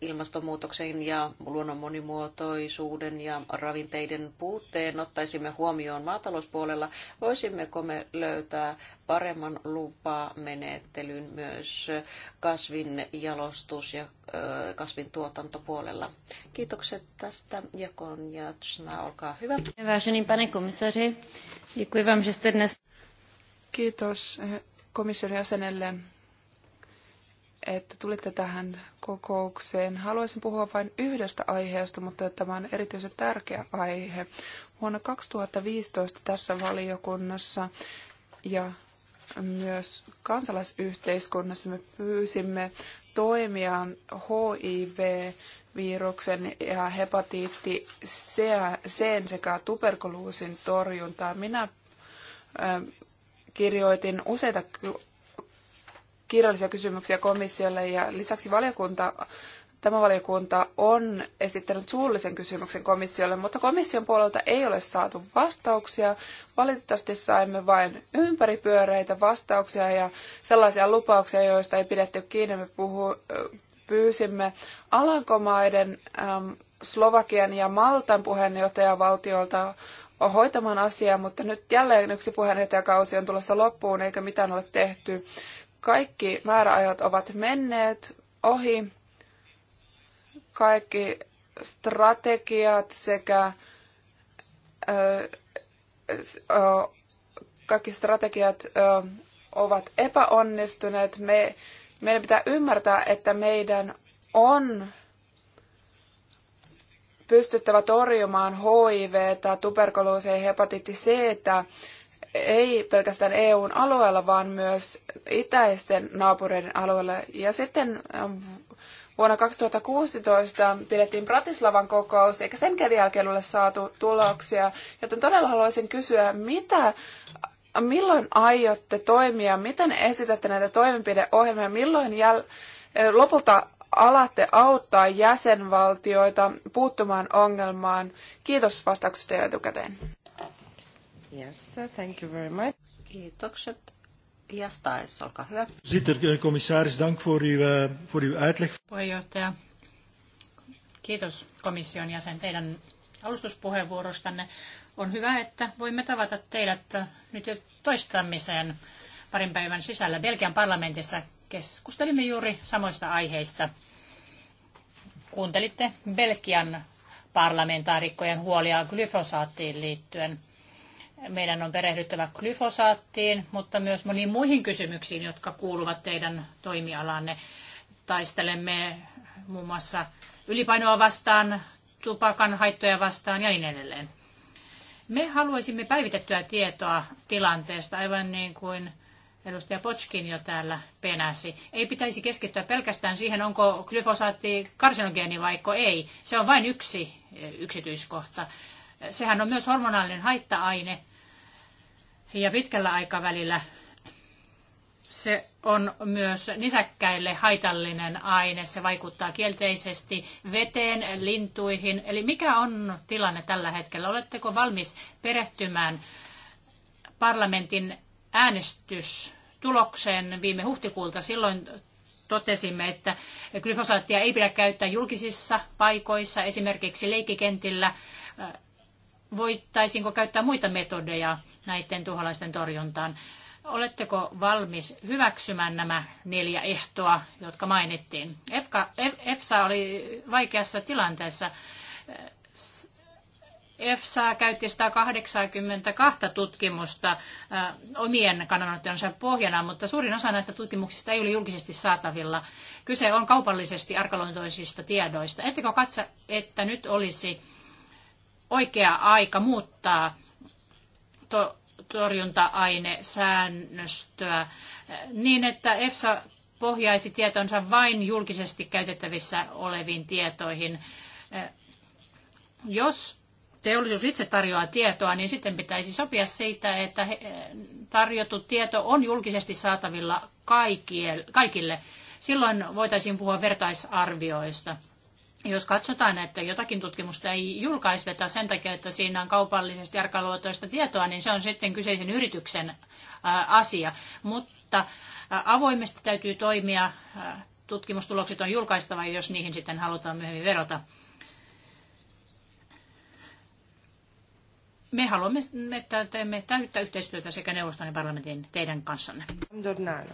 ilmastonmuutoksen ja luonnon monimuotoisuuden ja ravinteiden puutteen ottaisimme huomioon maatalouspuolella, voisimmeko me löytää paremman lupamenettelyn myös kasvin jalostus- ja kasvin tuotantopuolella. Kiitokset tästä, Jakon ja Tsna, olkaa hyvä. Vážený eh, komissaari, děkuji Kiitos komission jäsenelle että tulitte tähän kokoukseen. Haluaisin puhua vain yhdestä aiheesta, mutta tämä on erityisen tärkeä aihe. Vuonna 2015 tässä valiokunnassa ja myös kansalaisyhteiskunnassa me pyysimme toimia HIV-viruksen ja hepatiitti C, sekä tuberkuloosin torjuntaa. Minä kirjoitin useita kirjallisia kysymyksiä komissiolle ja lisäksi valiokunta, tämä valiokunta on esittänyt suullisen kysymyksen komissiolle, mutta komission puolelta ei ole saatu vastauksia. Valitettavasti saimme vain ympäripyöreitä vastauksia ja sellaisia lupauksia, joista ei pidetty kiinni. Me puhu, pyysimme Alankomaiden, Slovakian ja Maltan puheenjohtajavaltiolta hoitamaan asiaa, mutta nyt jälleen yksi puheenjohtajakausi on tulossa loppuun eikä mitään ole tehty. Kaikki määräajat ovat menneet ohi. Kaikki strategiat sekä kaikki strategiat ovat epäonnistuneet. Me, meidän pitää ymmärtää, että meidän on pystyttävä torjumaan HIV, tuberkuloosia ja hepatiitti C, ei pelkästään EUn alueella, vaan myös itäisten naapureiden alueella. Ja sitten ähm, vuonna 2016 pidettiin Bratislavan kokous, eikä senkään jälkeen ole saatu tuloksia. Joten todella haluaisin kysyä, mitä, milloin aiotte toimia, miten esitätte näitä toimenpideohjelmia, milloin jäl- äh, lopulta alatte auttaa jäsenvaltioita puuttumaan ongelmaan? Kiitos vastauksista jo etukäteen. Yes, thank you very much. Kiitokset. Ja Staes, olkaa hyvä. Sitten eh, komissaaris, dank voor uw, eh, voor uw uitleg. Puheenjohtaja, kiitos komission jäsen teidän alustuspuheenvuorostanne. On hyvä, että voimme tavata teidät nyt jo toistamiseen parin päivän sisällä Belgian parlamentissa. Keskustelimme juuri samoista aiheista. Kuuntelitte Belgian parlamentaarikkojen huolia glyfosaattiin liittyen. Meidän on perehdyttävä glyfosaattiin, mutta myös moniin muihin kysymyksiin, jotka kuuluvat teidän toimialanne. Taistelemme muun muassa ylipainoa vastaan, tupakan haittoja vastaan ja niin edelleen. Me haluaisimme päivitettyä tietoa tilanteesta, aivan niin kuin edustaja Potskin jo täällä penäsi. Ei pitäisi keskittyä pelkästään siihen, onko glyfosaatti karsinogeeni vaiko ei. Se on vain yksi eh, yksityiskohta. Sehän on myös hormonaalinen haitta-aine ja pitkällä aikavälillä se on myös nisäkkäille haitallinen aine. Se vaikuttaa kielteisesti veteen, lintuihin. Eli mikä on tilanne tällä hetkellä? Oletteko valmis perehtymään parlamentin äänestystulokseen viime huhtikuulta? Silloin totesimme, että glyfosaattia ei pidä käyttää julkisissa paikoissa, esimerkiksi leikkikentillä Voittaisinko käyttää muita metodeja näiden tuholaisten torjuntaan? Oletteko valmis hyväksymään nämä neljä ehtoa, jotka mainittiin? EFKA, EFSA oli vaikeassa tilanteessa. EFSA käytti 182 tutkimusta äh, omien kannanottojensa pohjana, mutta suurin osa näistä tutkimuksista ei ole julkisesti saatavilla. Kyse on kaupallisesti arkaluontoisista tiedoista. Ettekö katso, että nyt olisi oikea aika muuttaa to- torjunta-ainesäännöstöä eh, niin, että EFSA pohjaisi tietonsa vain julkisesti käytettävissä oleviin tietoihin. Eh, jos teollisuus itse tarjoaa tietoa, niin sitten pitäisi sopia siitä, että eh, tarjottu tieto on julkisesti saatavilla kaikille. Silloin voitaisiin puhua vertaisarvioista. Jos katsotaan, että jotakin tutkimusta ei julkaisteta sen takia, että siinä on kaupallisesti arkaluotoista tietoa, niin se on sitten kyseisen yrityksen asia. Mutta avoimesti täytyy toimia. Tutkimustulokset on julkaistava, jos niihin sitten halutaan myöhemmin verota. Me haluamme, että teemme täyttä yhteistyötä sekä neuvoston ja parlamentin teidän kanssanne. Dornano.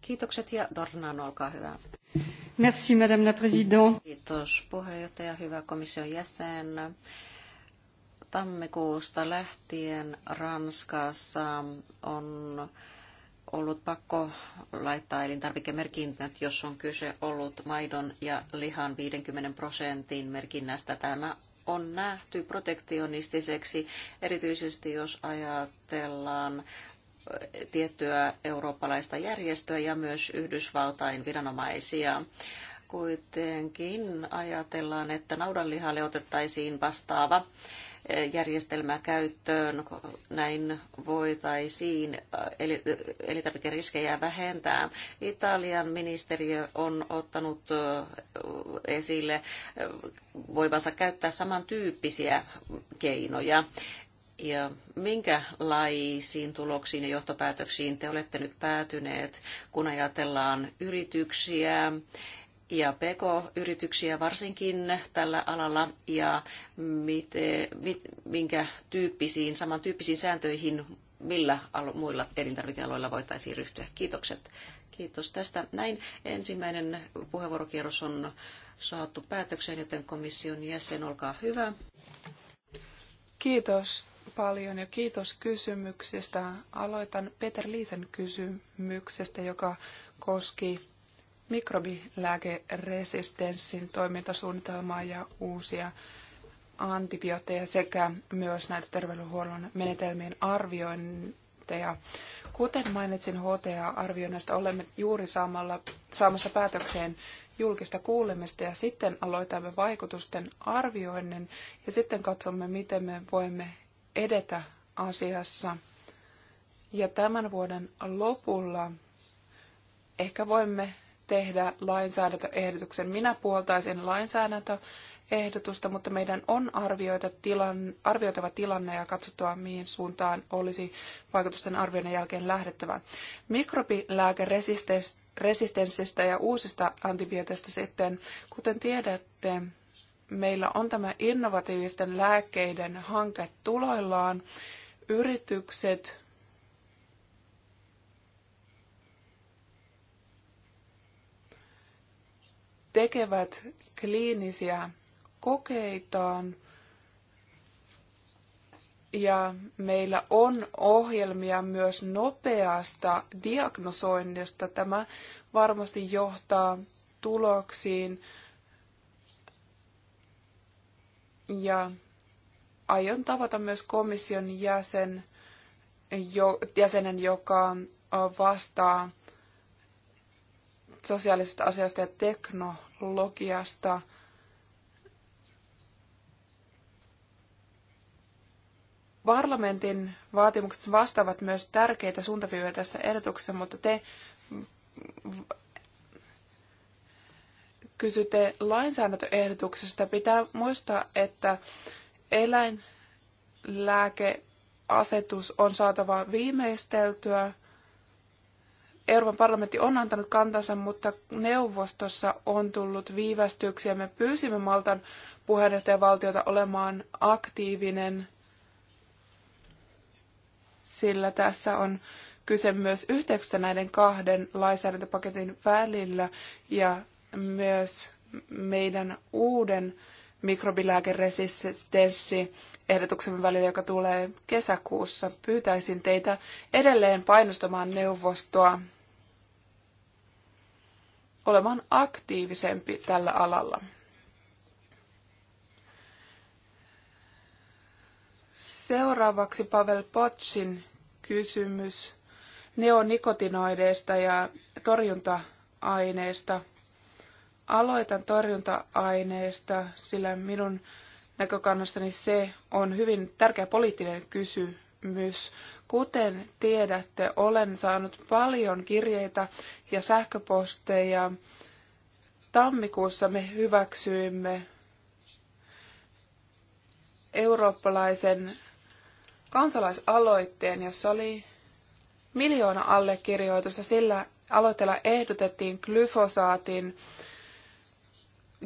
Kiitokset ja Dornano, olkaa hyvä. Merci, Madame la Présidente. Kiitos puheenjohtaja, hyvä komission jäsen. Tammikuusta lähtien Ranskassa on ollut pakko laittaa elintarvikemerkinnät, jos on kyse ollut maidon ja lihan 50 prosentin merkinnästä. Tämä on nähty protektionistiseksi, erityisesti jos ajatellaan tiettyä eurooppalaista järjestöä ja myös Yhdysvaltain viranomaisia. Kuitenkin ajatellaan, että naudanlihalle otettaisiin vastaava eh, järjestelmä käyttöön. Näin voitaisiin eh, eh, elintarvikeriskejä vähentää. Italian ministeriö on ottanut esille voivansa käyttää samantyyppisiä keinoja ja minkälaisiin tuloksiin ja johtopäätöksiin te olette nyt päätyneet, kun ajatellaan yrityksiä ja PK-yrityksiä varsinkin tällä alalla ja miten, mit, minkä tyyppisiin, samantyyppisiin sääntöihin millä muilla elintarvikealoilla voitaisiin ryhtyä. Kiitokset. Kiitos tästä. Näin ensimmäinen puheenvuorokierros on saatu päätökseen, joten komission jäsen, olkaa hyvä. Kiitos paljon ja kiitos kysymyksistä. Aloitan Peter Liisen kysymyksestä, joka koski mikrobilääkeresistenssin toimintasuunnitelmaa ja uusia antibiootteja sekä myös näitä terveydenhuollon menetelmien arviointeja. Kuten mainitsin HTA-arvioinnista, olemme juuri saamalla, saamassa päätökseen julkista kuulemista ja sitten aloitamme vaikutusten arvioinnin ja sitten katsomme, miten me voimme edetä asiassa. Ja tämän vuoden lopulla ehkä voimme tehdä lainsäädäntöehdotuksen. Minä puoltaisin lainsäädäntöehdotusta, mutta meidän on arvioitava tilanne ja katsottava, mihin suuntaan olisi vaikutusten arvioinnin jälkeen lähdettävä. Mikrobilääkeresistenssistä ja uusista antibiooteista sitten, kuten tiedätte, meillä on tämä innovatiivisten lääkkeiden hanke tuloillaan. Yritykset tekevät kliinisiä kokeitaan ja meillä on ohjelmia myös nopeasta diagnosoinnista. Tämä varmasti johtaa tuloksiin ja aion tavata myös komission jäsen, jo, jäsenen, joka vastaa sosiaalisista asioista ja teknologiasta. Parlamentin vaatimukset vastaavat myös tärkeitä suuntaviivoja tässä ehdotuksessa, mutta te kysytte lainsäädäntöehdotuksesta, pitää muistaa, että eläinlääkeasetus on saatava viimeisteltyä. Euroopan parlamentti on antanut kantansa, mutta neuvostossa on tullut viivästyksiä. Me pyysimme Maltan puheenjohtajavaltiota olemaan aktiivinen, sillä tässä on kyse myös yhteyksistä näiden kahden lainsäädäntöpaketin välillä ja myös meidän uuden mikrobilääkeresistenssi ehdotuksemme välillä, joka tulee kesäkuussa. Pyytäisin teitä edelleen painostamaan neuvostoa olemaan aktiivisempi tällä alalla. Seuraavaksi Pavel Potsin kysymys neonikotinoideista ja torjunta-aineista – aloitan torjunta-aineista, sillä minun näkökannastani se on hyvin tärkeä poliittinen kysymys. Kuten tiedätte, olen saanut paljon kirjeitä ja sähköposteja. Tammikuussa me hyväksyimme eurooppalaisen kansalaisaloitteen, jossa oli miljoona allekirjoitusta. Sillä aloitteella ehdotettiin glyfosaatin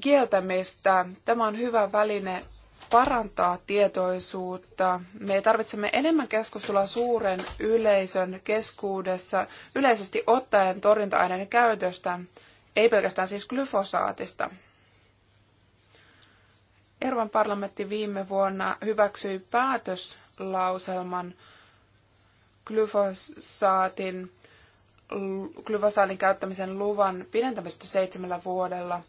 kieltämistä. Tämä on hyvä väline parantaa tietoisuutta. Me tarvitsemme enemmän keskustelua suuren yleisön keskuudessa yleisesti ottaen torjunta-aineiden käytöstä, ei pelkästään siis glyfosaatista. Euroopan parlamentti viime vuonna hyväksyi päätöslauselman glyfosaatin, glyfosaatin käyttämisen luvan pidentämisestä seitsemällä vuodella –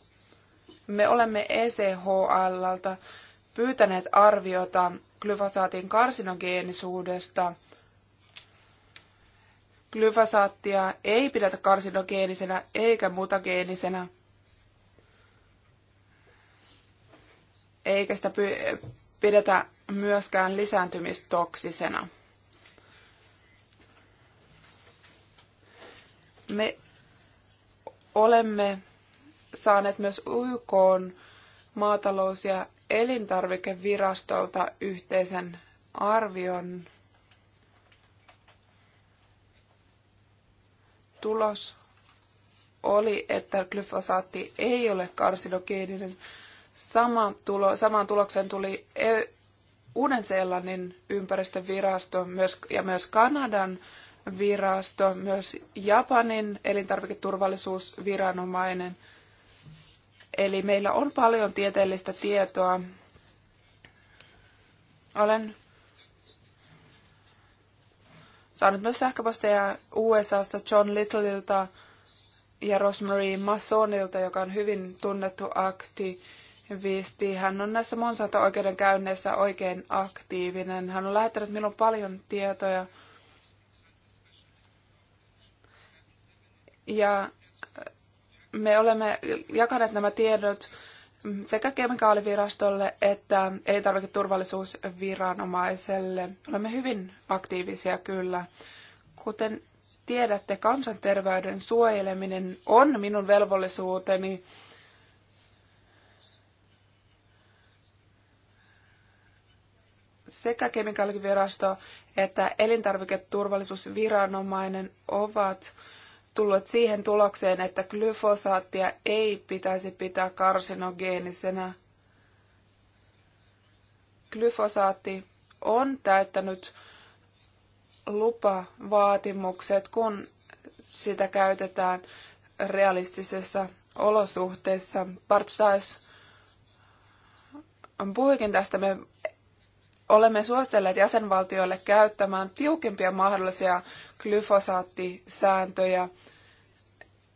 me olemme ECHLlta pyytäneet arviota glyfosaatin karsinogeenisuudesta. Glyfosaattia ei pidetä karsinogeenisenä eikä mutageenisenä, eikä sitä pidetä myöskään lisääntymistoksisena. Me olemme saaneet myös YK maatalous- ja elintarvikevirastolta yhteisen arvion. Tulos oli, että glyfosaatti ei ole karsinogeeninen. Sama tulo, samaan tulokseen tuli e- Uuden-Seelannin ympäristövirasto myös, ja myös Kanadan virasto, myös Japanin elintarviketurvallisuusviranomainen – Eli meillä on paljon tieteellistä tietoa. Olen saanut myös sähköposteja USAsta John Littleilta ja Rosemary Masonilta, joka on hyvin tunnettu aktivisti. Hän on näissä Monsanto-oikeudenkäynneissä oikein aktiivinen. Hän on lähettänyt minulle paljon tietoja. Ja me olemme jakaneet nämä tiedot sekä kemikaalivirastolle että elintarviketurvallisuusviranomaiselle. Olemme hyvin aktiivisia kyllä. Kuten tiedätte, kansanterveyden suojeleminen on minun velvollisuuteni. Sekä kemikaalivirasto että elintarviketurvallisuusviranomainen ovat tullut siihen tulokseen, että glyfosaattia ei pitäisi pitää karsinogeenisenä. Glyfosaatti on täyttänyt lupavaatimukset, kun sitä käytetään realistisessa olosuhteissa. Partsais puhuikin tästä, me olemme suositelleet jäsenvaltioille käyttämään tiukimpia mahdollisia glyfosaattisääntöjä.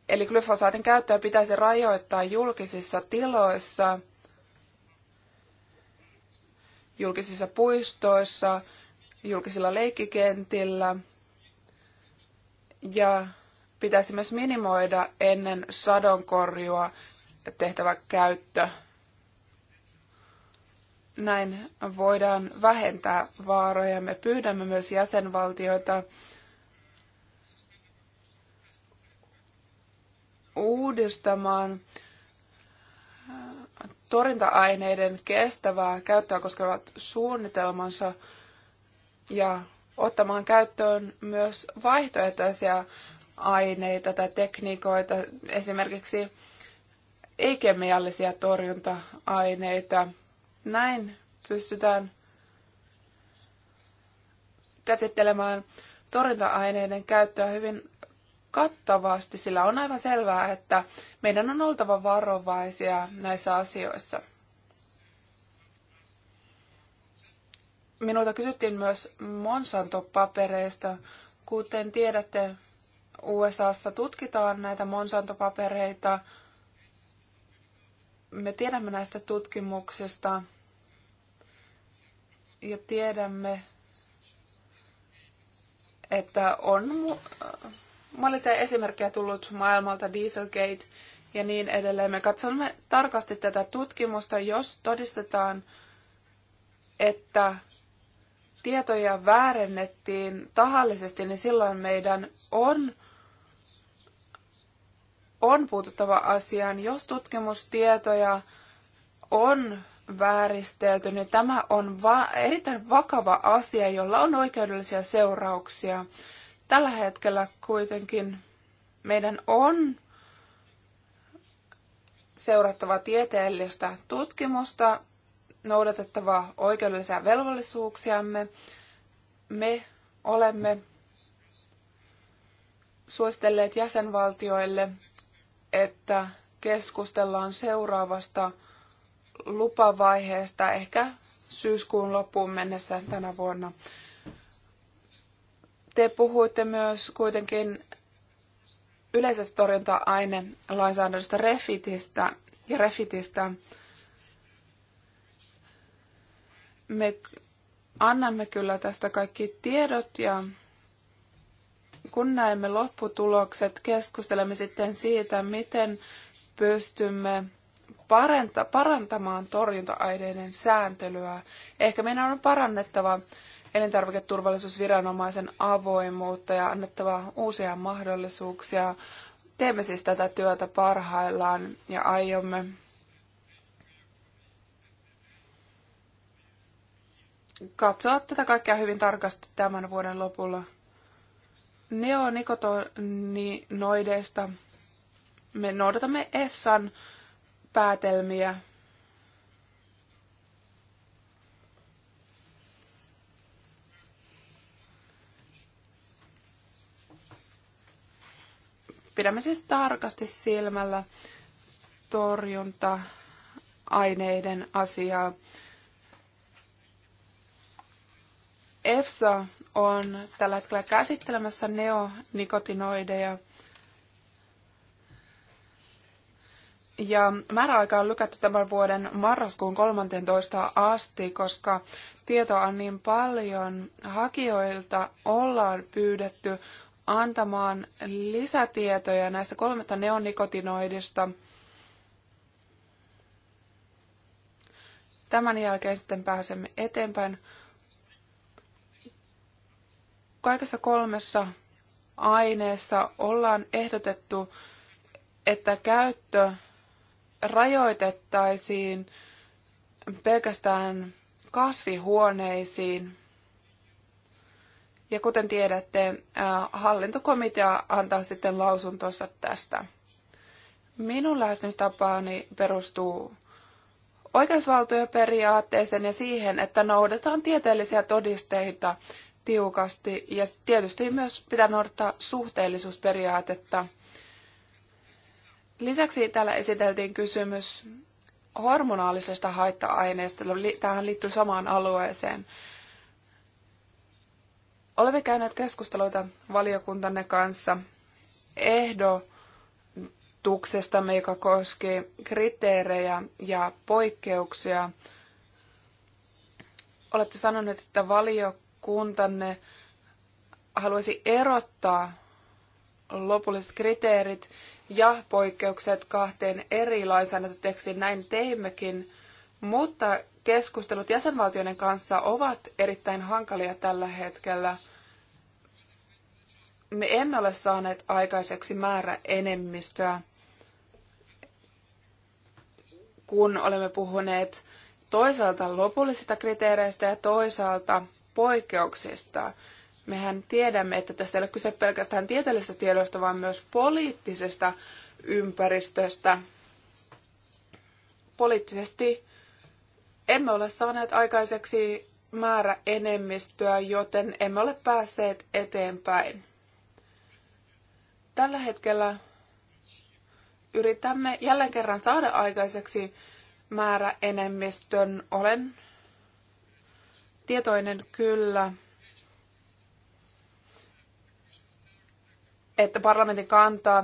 Eli glyfosaatin käyttöä pitäisi rajoittaa julkisissa tiloissa, julkisissa puistoissa, julkisilla leikkikentillä ja pitäisi myös minimoida ennen sadonkorjua tehtävä käyttö. Näin voidaan vähentää vaaroja. Me pyydämme myös jäsenvaltioita uudistamaan äh, torjunta-aineiden kestävää käyttöä koskevat suunnitelmansa ja ottamaan käyttöön myös vaihtoehtoisia aineita tai tekniikoita, esimerkiksi ei-kemiallisia torjunta-aineita – näin pystytään käsittelemään torjunta-aineiden käyttöä hyvin kattavasti, sillä on aivan selvää, että meidän on oltava varovaisia näissä asioissa. Minulta kysyttiin myös Monsanto-papereista. Kuten tiedätte, USAssa tutkitaan näitä Monsanto-papereita. Me tiedämme näistä tutkimuksista. Ja tiedämme, että on mallisia esimerkkejä tullut maailmalta, Dieselgate ja niin edelleen. Me katsomme tarkasti tätä tutkimusta, jos todistetaan, että tietoja väärennettiin tahallisesti, niin silloin meidän on, on puututtava asiaan. Jos tutkimustietoja on vääristelty, niin tämä on va- erittäin vakava asia, jolla on oikeudellisia seurauksia. Tällä hetkellä kuitenkin meidän on seurattava tieteellistä tutkimusta, noudatettava oikeudellisia velvollisuuksiamme. Me olemme suositelleet jäsenvaltioille, että keskustellaan seuraavasta – lupavaiheesta ehkä syyskuun loppuun mennessä tänä vuonna. Te puhuitte myös kuitenkin yleisestä torjunta-aine lainsäädännöstä refitistä ja refitistä. Me annamme kyllä tästä kaikki tiedot ja kun näemme lopputulokset, keskustelemme sitten siitä, miten pystymme parenta, parantamaan torjunta-aineiden sääntelyä. Ehkä meidän on parannettava elintarviketurvallisuusviranomaisen avoimuutta ja annettava uusia mahdollisuuksia. Teemme siis tätä työtä parhaillaan ja aiomme katsoa tätä kaikkea hyvin tarkasti tämän vuoden lopulla. Neonikotinoideista me noudatamme EFSAn päätelmiä. Pidämme siis tarkasti silmällä torjunta-aineiden asiaa. EFSA on tällä hetkellä käsittelemässä neonikotinoideja – Ja määräaika on lykätty tämän vuoden marraskuun 13. asti, koska tietoa on niin paljon. Hakijoilta ollaan pyydetty antamaan lisätietoja näistä kolmesta neonikotinoidista. Tämän jälkeen sitten pääsemme eteenpäin. Kaikessa kolmessa aineessa ollaan ehdotettu, että käyttö rajoitettaisiin pelkästään kasvihuoneisiin. Ja kuten tiedätte, hallintokomitea antaa sitten lausuntonsa tästä. Minun lähestymistapaani perustuu oikeusvaltioperiaatteeseen ja siihen, että noudatetaan tieteellisiä todisteita tiukasti ja tietysti myös pitää noudattaa suhteellisuusperiaatetta – Lisäksi täällä esiteltiin kysymys hormonaalisesta haitta-aineesta. Tähän liittyy samaan alueeseen. Olemme käyneet keskusteluita valiokuntanne kanssa ehdotuksesta, joka koski kriteerejä ja poikkeuksia. Olette sanoneet, että valiokuntanne haluaisi erottaa lopulliset kriteerit ja poikkeukset kahteen eri lainsäädäntötekstiin. Näin teimmekin, mutta keskustelut jäsenvaltioiden kanssa ovat erittäin hankalia tällä hetkellä. Me emme ole saaneet aikaiseksi määrä enemmistöä, kun olemme puhuneet toisaalta lopullisista kriteereistä ja toisaalta poikkeuksista. Mehän tiedämme, että tässä ei ole kyse pelkästään tieteellisestä tiedosta, vaan myös poliittisesta ympäristöstä. Poliittisesti emme ole saaneet aikaiseksi määrä enemmistöä, joten emme ole päässeet eteenpäin. Tällä hetkellä yritämme jälleen kerran saada aikaiseksi määrä enemmistön. Olen tietoinen kyllä että parlamentin kanta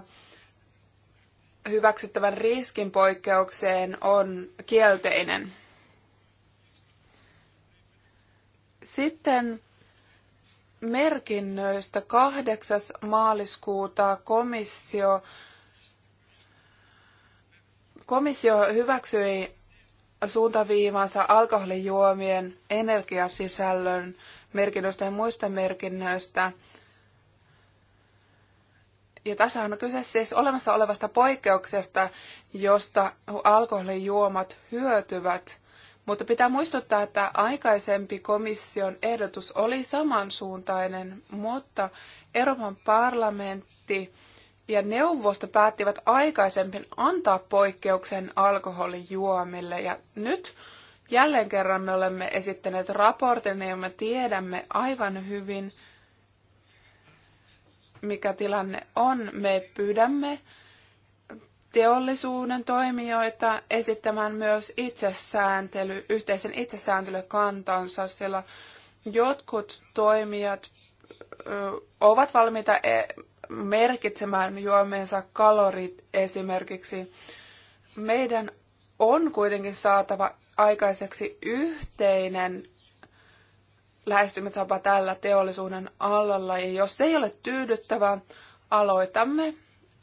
hyväksyttävän riskin poikkeukseen on kielteinen. Sitten merkinnöistä 8. maaliskuuta komissio, komissio hyväksyi suuntaviivansa alkoholijuomien energiasisällön merkinnöistä ja muista merkinnöistä – ja tässä on kyse siis olemassa olevasta poikkeuksesta, josta alkoholijuomat hyötyvät. Mutta pitää muistuttaa, että aikaisempi komission ehdotus oli samansuuntainen, mutta Euroopan parlamentti ja neuvosto päättivät aikaisemmin antaa poikkeuksen alkoholijuomille. Ja nyt jälleen kerran me olemme esittäneet raportin ja me tiedämme aivan hyvin, mikä tilanne on. Me pyydämme teollisuuden toimijoita esittämään myös itsesääntely, yhteisen itsesääntelykantansa, sillä jotkut toimijat ovat valmiita e, merkitsemään juomeensa kalorit esimerkiksi. Meidän on kuitenkin saatava aikaiseksi yhteinen lähestymistapa tällä teollisuuden alalla. Ja jos se ei ole tyydyttävä, aloitamme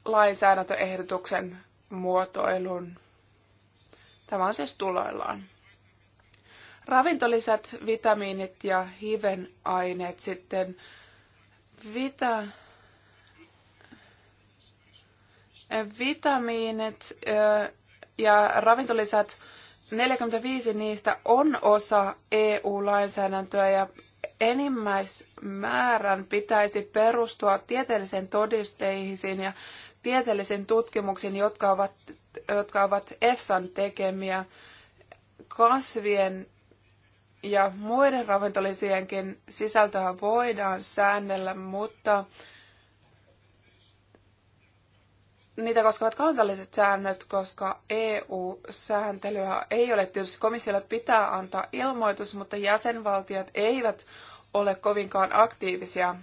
lainsäädäntöehdotuksen muotoilun. Tämä on siis tuloillaan. Ravintolisät, vitamiinit ja hivenaineet sitten. Vita, vitamiinit ja ravintolisät 45 niistä on osa EU-lainsäädäntöä ja enimmäismäärän pitäisi perustua tieteellisiin todisteisiin ja tieteellisiin tutkimuksiin, jotka ovat, jotka ovat EFSAn tekemiä kasvien ja muiden ravintolisienkin sisältöä voidaan säännellä, mutta niitä koskevat kansalliset säännöt, koska EU-sääntelyä ei ole. Tietysti komissiolle pitää antaa ilmoitus, mutta jäsenvaltiot eivät ole kovinkaan aktiivisia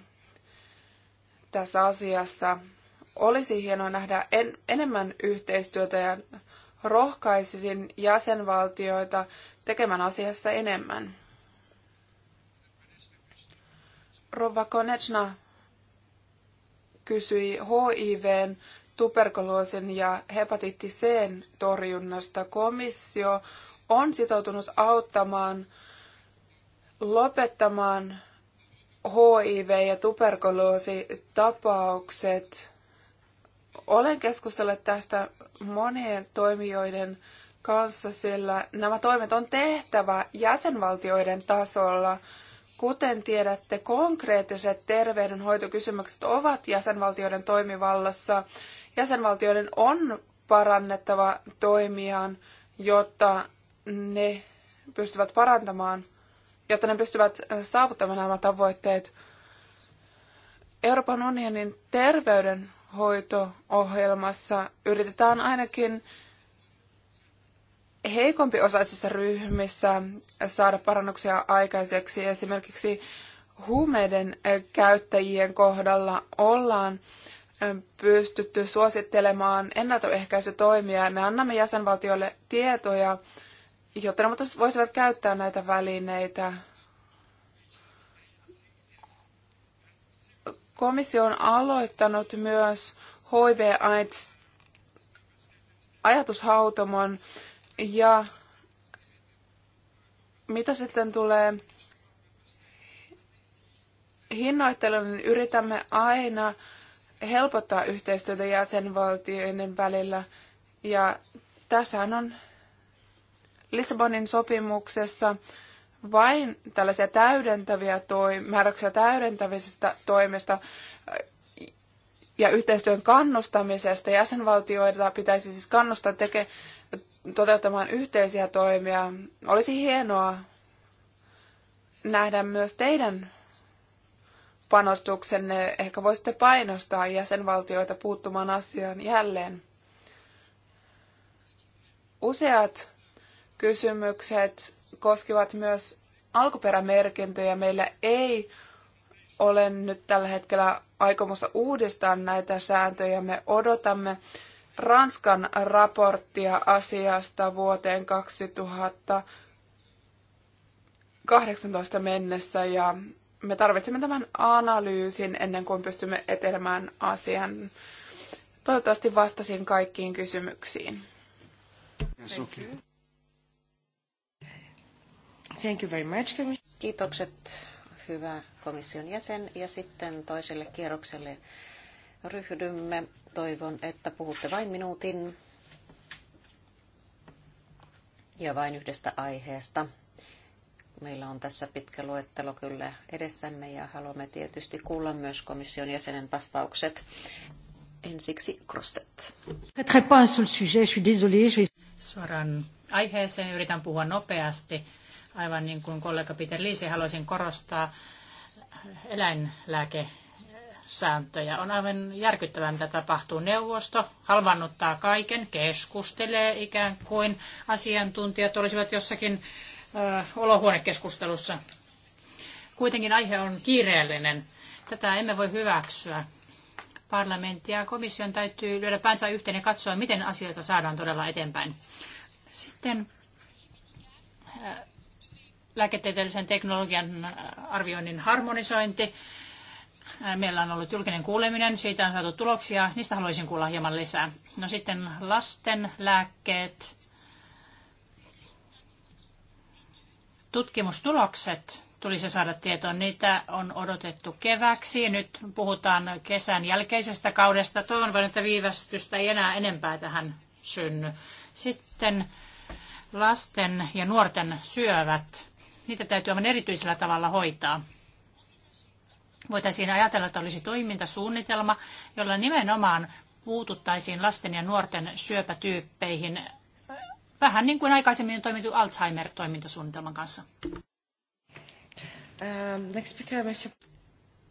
tässä asiassa. Olisi hienoa nähdä en, enemmän yhteistyötä ja rohkaisisin jäsenvaltioita tekemään asiassa enemmän. Rova Konechna kysyi HIVn tuberkuloosin ja hepatiitti C torjunnasta. Komissio on sitoutunut auttamaan lopettamaan HIV- ja tuberkuloositapaukset. Olen keskustellut tästä monien toimijoiden kanssa, sillä nämä toimet on tehtävä jäsenvaltioiden tasolla. Kuten tiedätte, konkreettiset terveydenhoitokysymykset ovat jäsenvaltioiden toimivallassa Jäsenvaltioiden on parannettava toimiaan, jotta ne pystyvät parantamaan, jotta ne pystyvät äh, saavuttamaan nämä tavoitteet. Euroopan unionin terveydenhoito-ohjelmassa yritetään ainakin heikompi osaisissa ryhmissä saada parannuksia aikaiseksi. Esimerkiksi huumeiden äh, käyttäjien kohdalla ollaan pystytty suosittelemaan ennaltaehkäisytoimia. Me annamme jäsenvaltioille tietoja, jotta ne voisivat käyttää näitä välineitä. Komissio on aloittanut myös HIV-AIDS ajatushautomon ja mitä sitten tulee hinnoitteluun, niin yritämme aina helpottaa yhteistyötä jäsenvaltioiden välillä. Ja tässä on Lissabonin sopimuksessa vain tällaisia täydentäviä määräyksiä täydentävisistä toimista ja yhteistyön kannustamisesta. Jäsenvaltioita pitäisi siis kannustaa teke, toteuttamaan yhteisiä toimia. Olisi hienoa nähdä myös teidän panostuksenne. Ehkä voisitte painostaa jäsenvaltioita puuttumaan asiaan jälleen. Useat kysymykset koskivat myös alkuperämerkintöjä. Meillä ei ole nyt tällä hetkellä aikomusta uudistaa näitä sääntöjä. Me odotamme Ranskan raporttia asiasta vuoteen 2018 mennessä ja me tarvitsemme tämän analyysin ennen kuin pystymme etelemään asian. Toivottavasti vastasin kaikkiin kysymyksiin. Thank you very much. Kiitokset, hyvä komission jäsen. Ja sitten toiselle kierrokselle ryhdymme. Toivon, että puhutte vain minuutin ja vain yhdestä aiheesta. Meillä on tässä pitkä luettelo kyllä edessämme ja haluamme tietysti kuulla myös komission jäsenen vastaukset. Ensiksi Krostet. Suoraan aiheeseen yritän puhua nopeasti. Aivan niin kuin kollega Peter Liisi haluaisin korostaa eläinlääke sääntöjä. On aivan järkyttävää, mitä tapahtuu. Neuvosto halvannuttaa kaiken, keskustelee ikään kuin asiantuntijat olisivat jossakin olohuonekeskustelussa. Kuitenkin aihe on kiireellinen. Tätä emme voi hyväksyä. Parlamentti ja komission täytyy lyödä päänsä yhteen ja katsoa, miten asioita saadaan todella eteenpäin. Sitten lääketieteellisen teknologian arvioinnin harmonisointi. Meillä on ollut julkinen kuuleminen, siitä on saatu tuloksia, niistä haluaisin kuulla hieman lisää. No sitten lasten lääkkeet, tutkimustulokset tulisi saada tietoon. Niitä on odotettu keväksi. Nyt puhutaan kesän jälkeisestä kaudesta. Toivon vain, että viivästystä ei enää enempää tähän synny. Sitten lasten ja nuorten syövät. Niitä täytyy aivan erityisellä tavalla hoitaa. Voitaisiin ajatella, että olisi toimintasuunnitelma, jolla nimenomaan puututtaisiin lasten ja nuorten syöpätyyppeihin Vähän niin kuin aikaisemmin on toimittu Alzheimer-toimintasuunnitelman kanssa. Um, next speaker,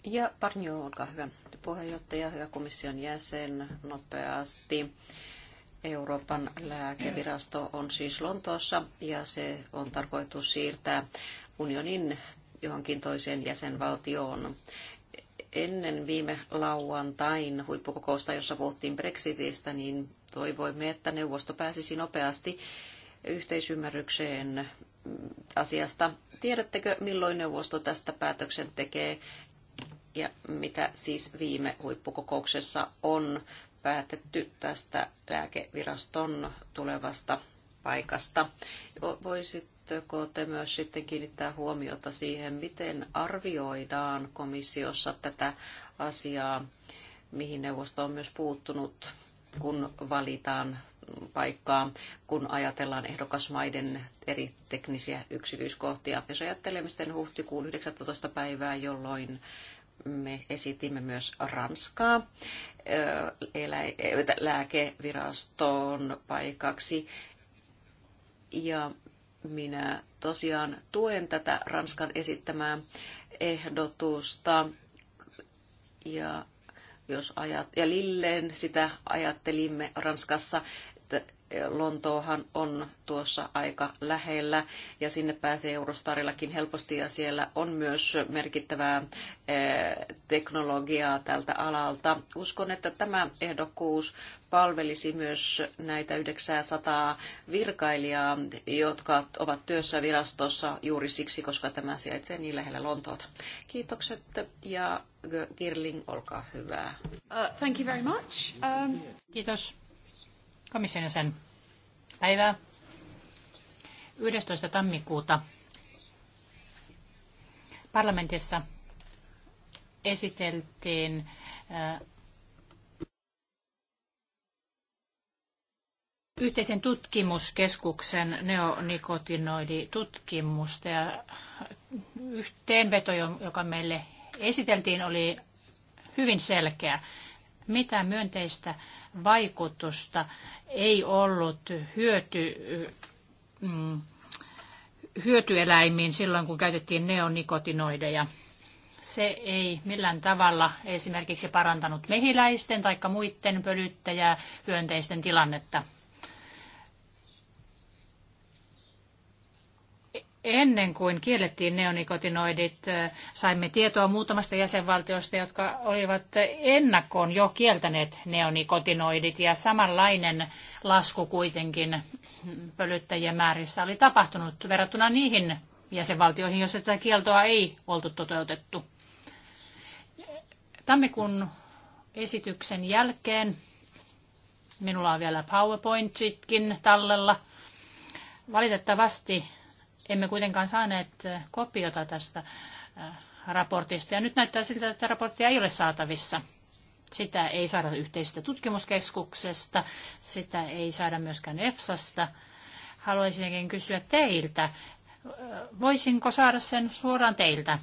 ja Parnio, olkaa hyvä. Puheenjohtaja, hyvä komission jäsen, nopeasti. Euroopan lääkevirasto on siis Lontoossa ja se on tarkoitus siirtää unionin johonkin toiseen jäsenvaltioon. Ennen viime lauantain huippukokousta, jossa puhuttiin Brexitistä, niin Toivoimme, että neuvosto pääsisi nopeasti yhteisymmärrykseen asiasta. Tiedättekö, milloin neuvosto tästä päätöksen tekee ja mitä siis viime huippukokouksessa on päätetty tästä lääkeviraston tulevasta paikasta. Voisitteko te myös sitten kiinnittää huomiota siihen, miten arvioidaan komissiossa tätä asiaa, mihin neuvosto on myös puuttunut kun valitaan paikkaa, kun ajatellaan ehdokasmaiden eri teknisiä yksityiskohtia. Jos ajattelemme sitten huhtikuun 19. päivää, jolloin me esitimme myös Ranskaa lääkeviraston paikaksi. Ja minä tosiaan tuen tätä Ranskan esittämää ehdotusta. Ja jos ajat, ja Lilleen sitä ajattelimme Ranskassa, että Lontoohan on tuossa aika lähellä ja sinne pääsee Eurostarillakin helposti ja siellä on myös merkittävää eh, teknologiaa tältä alalta. Uskon, että tämä ehdokkuus palvelisi myös näitä 900 virkailijaa, jotka ovat työssä virastossa juuri siksi, koska tämä sijaitsee niin lähellä Lontoota. Kiitokset ja Girling, olkaa Uh, thank you very much. Um... Kiitos komission sen päivää. 11. tammikuuta parlamentissa esiteltiin uh, yhteisen tutkimuskeskuksen neonikotinoiditutkimusta ja yhteenveto, joka meille esiteltiin, oli hyvin selkeä. Mitä myönteistä vaikutusta ei ollut hyöty, mm, hyötyeläimiin silloin, kun käytettiin neonikotinoideja. Se ei millään tavalla esimerkiksi parantanut mehiläisten tai muiden pölyttäjähyönteisten hyönteisten tilannetta. ennen kuin kiellettiin neonikotinoidit, saimme tietoa muutamasta jäsenvaltiosta, jotka olivat ennakkoon jo kieltäneet neonikotinoidit ja samanlainen lasku kuitenkin pölyttäjien määrissä oli tapahtunut verrattuna niihin jäsenvaltioihin, joissa tätä kieltoa ei oltu toteutettu. Tammikuun esityksen jälkeen minulla on vielä PowerPointitkin tallella. Valitettavasti emme kuitenkaan saaneet eh, kopiota tästä eh, raportista ja nyt näyttää siltä, että raporttia ei ole saatavissa. Sitä ei saada yhteisestä tutkimuskeskuksesta, sitä ei saada myöskään EFSasta. Haluaisinkin kysyä teiltä, eh, voisinko saada sen suoraan teiltä?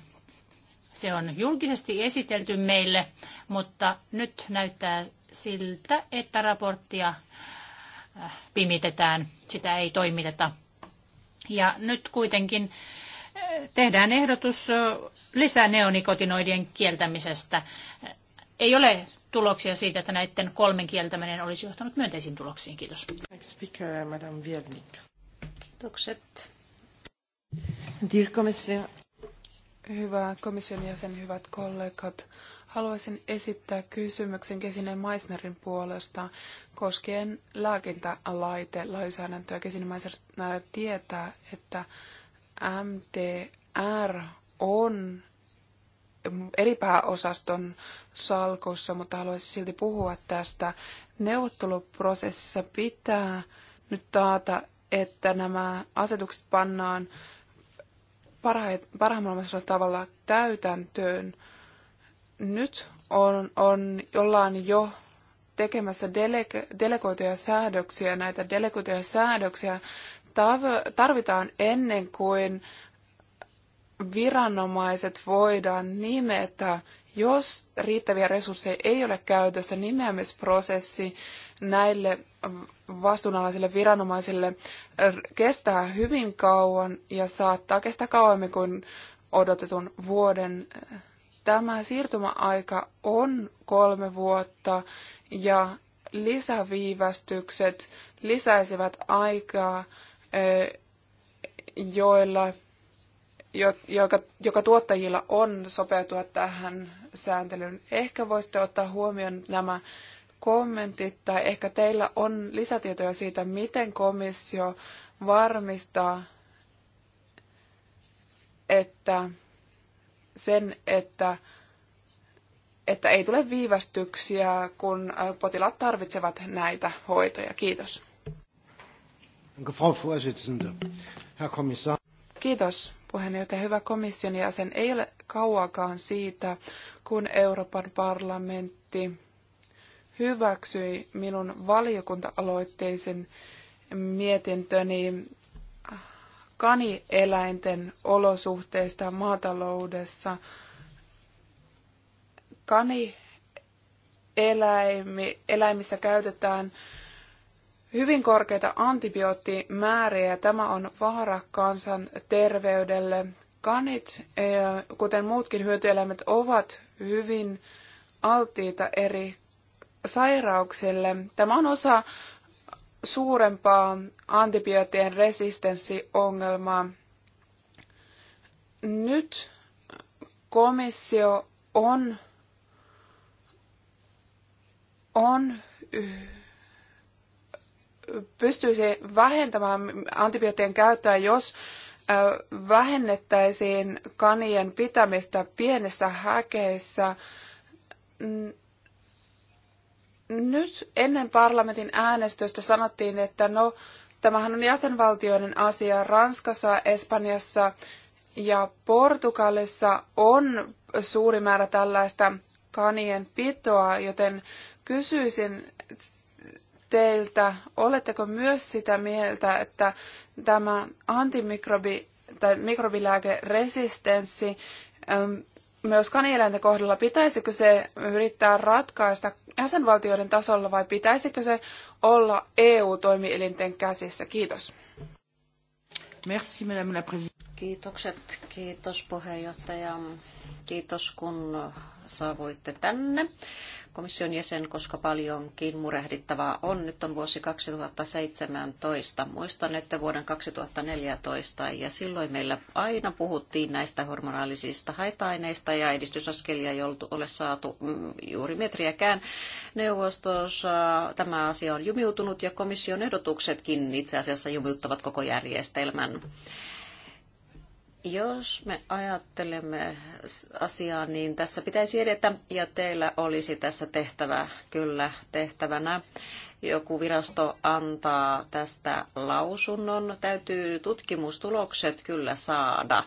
Se on julkisesti esitelty meille, mutta nyt näyttää siltä, että raporttia pimitetään, sitä ei toimiteta. Ja nyt kuitenkin eh, tehdään ehdotus eh, lisää neonikotinoidien kieltämisestä. Eh, ei ole tuloksia siitä, että näiden kolmen kieltäminen olisi johtanut myönteisiin tuloksiin. Kiitos. Speaker, Madame Viernik. Kiitokset. Dear Hyvä komission jäsen, hyvät kollegat. Haluaisin esittää kysymyksen Kesinen Meissnerin puolesta koskien lääkintälaite lainsäädäntöä. Kesinen Meissner tietää, että MDR on eri pääosaston salkussa, mutta haluaisin silti puhua tästä. Neuvotteluprosessissa pitää nyt taata, että nämä asetukset pannaan parhaimmalla tavalla täytäntöön nyt on, on, ollaan jo tekemässä delege, delegoituja säädöksiä. Näitä delegoituja säädöksiä tarvitaan ennen kuin viranomaiset voidaan nimetä. Jos riittäviä resursseja ei ole käytössä, nimeämisprosessi näille vastuunalaisille viranomaisille kestää hyvin kauan ja saattaa kestää kauemmin kuin odotetun vuoden Tämä siirtymäaika on kolme vuotta ja lisäviivästykset lisäisivät aikaa, joilla, joka, joka tuottajilla on sopeutua tähän sääntelyyn. Ehkä voisitte ottaa huomioon nämä kommentit tai ehkä teillä on lisätietoja siitä, miten komissio varmistaa, että sen, että, että ei tule viivästyksiä, kun potilaat tarvitsevat näitä hoitoja. Kiitos. Kiitos puheenjohtaja. Hyvä komission jäsen. Ei ole kauakaan siitä, kun Euroopan parlamentti hyväksyi minun valiokunta-aloitteisen mietintöni kanieläinten olosuhteista maataloudessa. Kanieläimissä käytetään hyvin korkeita antibioottimääriä ja tämä on vaara kansan terveydelle. Kanit, eh, kuten muutkin hyötyeläimet, ovat hyvin alttiita eri sairauksille. Tämä on osa suurempaa antibioottien resistenssiongelmaa. Nyt komissio on, on pystyisi vähentämään antibioottien käyttöä, jos vähennettäisiin kanien pitämistä pienissä häkeissä nyt ennen parlamentin äänestystä sanottiin, että no, tämähän on jäsenvaltioiden asia. Ranskassa, Espanjassa ja Portugalissa on suuri määrä tällaista kanien pitoa, joten kysyisin teiltä, oletteko myös sitä mieltä, että tämä antimikrobi tai mikrobilääkeresistenssi myös kanieläinten kohdalla, pitäisikö se yrittää ratkaista jäsenvaltioiden tasolla vai pitäisikö se olla EU-toimielinten käsissä? Kiitos. Merci, madame la Kiitokset, kiitos puheenjohtaja. Kiitos kun saavuitte tänne komission jäsen, koska paljonkin murehdittavaa on. Nyt on vuosi 2017. Muistan, että vuoden 2014 ja silloin meillä aina puhuttiin näistä hormonaalisista haitaineista ja edistysaskelia ei ole saatu mm, juuri metriäkään. Neuvostossa tämä asia on jumiutunut ja komission ehdotuksetkin itse asiassa jumiuttavat koko järjestelmän. Jos me ajattelemme asiaa, niin tässä pitäisi edetä ja teillä olisi tässä tehtävä kyllä tehtävänä joku virasto antaa tästä lausunnon. Täytyy tutkimustulokset kyllä saada.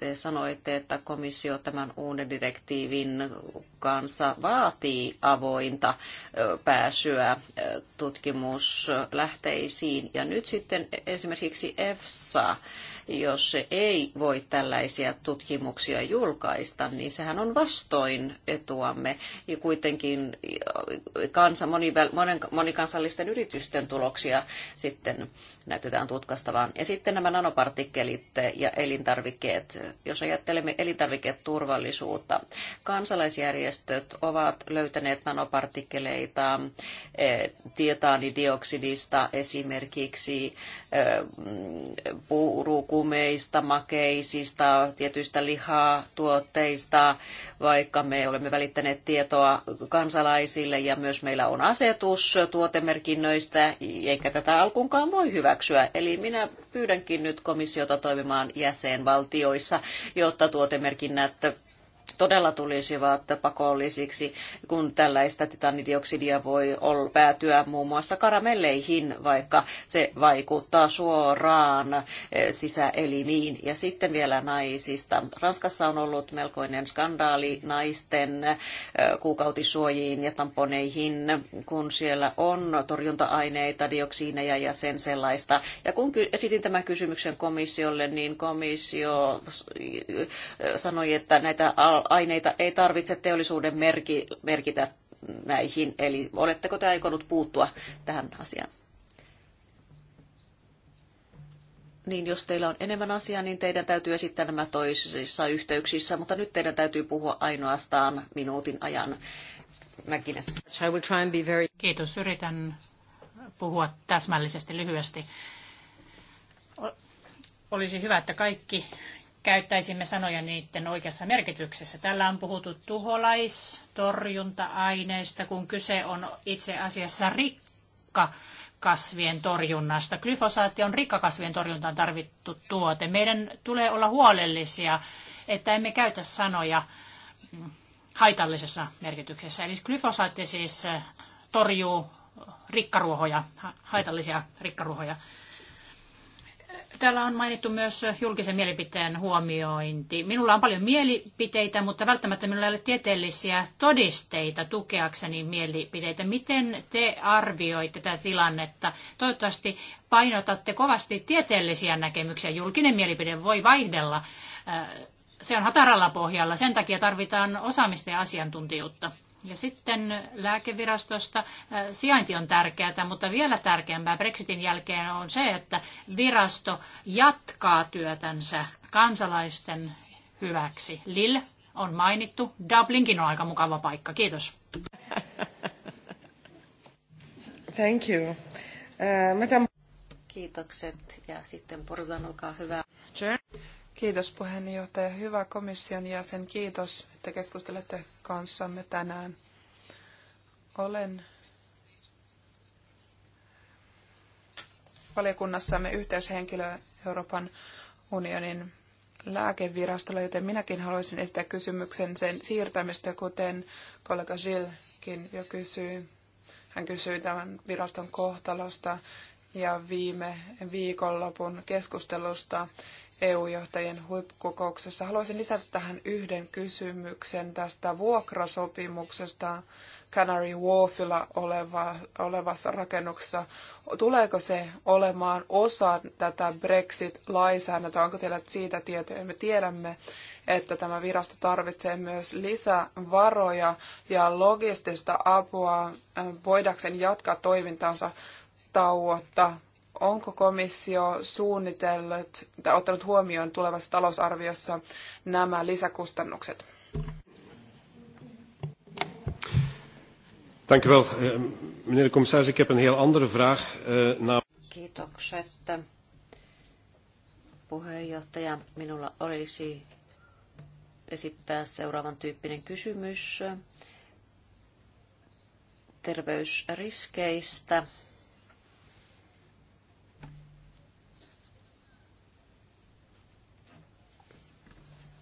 Te sanoitte, että komissio tämän uuden direktiivin kanssa vaatii avointa pääsyä tutkimuslähteisiin. Ja nyt sitten esimerkiksi EFSA, jos se ei voi tällaisia tutkimuksia julkaista, niin sehän on vastoin etuamme. Ja kuitenkin kansa, moni, moni, moni monikansallisten yritysten tuloksia sitten näytetään tutkastavan. Ja sitten nämä nanopartikkelit ja elintarvikkeet. Jos ajattelemme elintarviketurvallisuutta, kansalaisjärjestöt ovat löytäneet nanopartikkeleita eh, tietaanidioksidista esimerkiksi eh, puurukumeista, makeisista, tietyistä tuotteista, vaikka me olemme välittäneet tietoa kansalaisille ja myös meillä on asetus tuo tuotemerkinnöistä, eikä tätä alkuunkaan voi hyväksyä. Eli minä pyydänkin nyt komissiota toimimaan jäsenvaltioissa, jotta tuotemerkinnät todella tulisivat pakollisiksi, kun tällaista titanidioksidia voi päätyä muun muassa karamelleihin, vaikka se vaikuttaa suoraan eh, sisäelimiin. Ja sitten vielä naisista. Ranskassa on ollut melkoinen skandaali naisten eh, kuukautisuojiin ja tamponeihin, kun siellä on torjunta-aineita, dioksiineja ja sen sellaista. Ja kun esitin tämän kysymyksen komissiolle, niin komissio eh, sanoi, että näitä aineita ei tarvitse teollisuuden merki, merkitä näihin, eli oletteko te aikonut puuttua tähän asiaan? niin jos teillä on enemmän asiaa, niin teidän täytyy esittää nämä toisissa yhteyksissä, mutta nyt teidän täytyy puhua ainoastaan minuutin ajan. Mäkines. Kiitos, yritän puhua täsmällisesti lyhyesti. Olisi hyvä, että kaikki käyttäisimme sanoja niiden oikeassa merkityksessä. Tällä on puhuttu tuholaistorjunta-aineista, kun kyse on itse asiassa rikka kasvien torjunnasta. Glyfosaatti on rikkakasvien torjuntaan tarvittu tuote. Meidän tulee olla huolellisia, että emme käytä sanoja haitallisessa merkityksessä. Eli glyfosaatti siis torjuu rikkaruohoja, haitallisia rikkaruohoja. Täällä on mainittu myös julkisen mielipiteen huomiointi. Minulla on paljon mielipiteitä, mutta välttämättä minulla ei ole tieteellisiä todisteita tukeakseni mielipiteitä. Miten te arvioitte tätä tilannetta? Toivottavasti painotatte kovasti tieteellisiä näkemyksiä. Julkinen mielipide voi vaihdella. Äh, se on hataralla pohjalla. Sen takia tarvitaan osaamista ja asiantuntijuutta. Ja sitten lääkevirastosta äh, sijainti on tärkeää, mutta vielä tärkeämpää Brexitin jälkeen on se, että virasto jatkaa työtänsä kansalaisten hyväksi. Lille on mainittu. Dublinkin on aika mukava paikka. Kiitos. Thank you. Uh, Kiitokset ja sitten Porzan, olkaa hyvä. Sure. Kiitos puheenjohtaja. Hyvä komission jäsen. Kiitos, että keskustelette kanssamme tänään. Olen valiokunnassamme yhteyshenkilö Euroopan unionin lääkevirastolle. joten minäkin haluaisin esittää kysymyksen sen siirtämistä, kuten kollega Gillkin jo kysyi. Hän kysyi tämän viraston kohtalosta ja viime viikonlopun keskustelusta EU-johtajien huippukokouksessa. Haluaisin lisätä tähän yhden kysymyksen tästä vuokrasopimuksesta Canary Wharfilla oleva, olevassa rakennuksessa. Tuleeko se olemaan osa tätä Brexit-lainsäädäntöä? Onko teillä siitä tietoja? Me tiedämme, että tämä virasto tarvitsee myös lisävaroja ja logistista apua eh, voidakseen jatkaa toimintaansa tauotta onko komissio suunnitellut tai ottanut huomioon tulevassa talousarviossa nämä lisäkustannukset? Dank u wel. Eh, meneer de commissaris, ik heb een heel andere vraag. Eh, Kiitokset. Puheenjohtaja, minulla olisi esittää seuraavan tyyppinen kysymys terveysriskeistä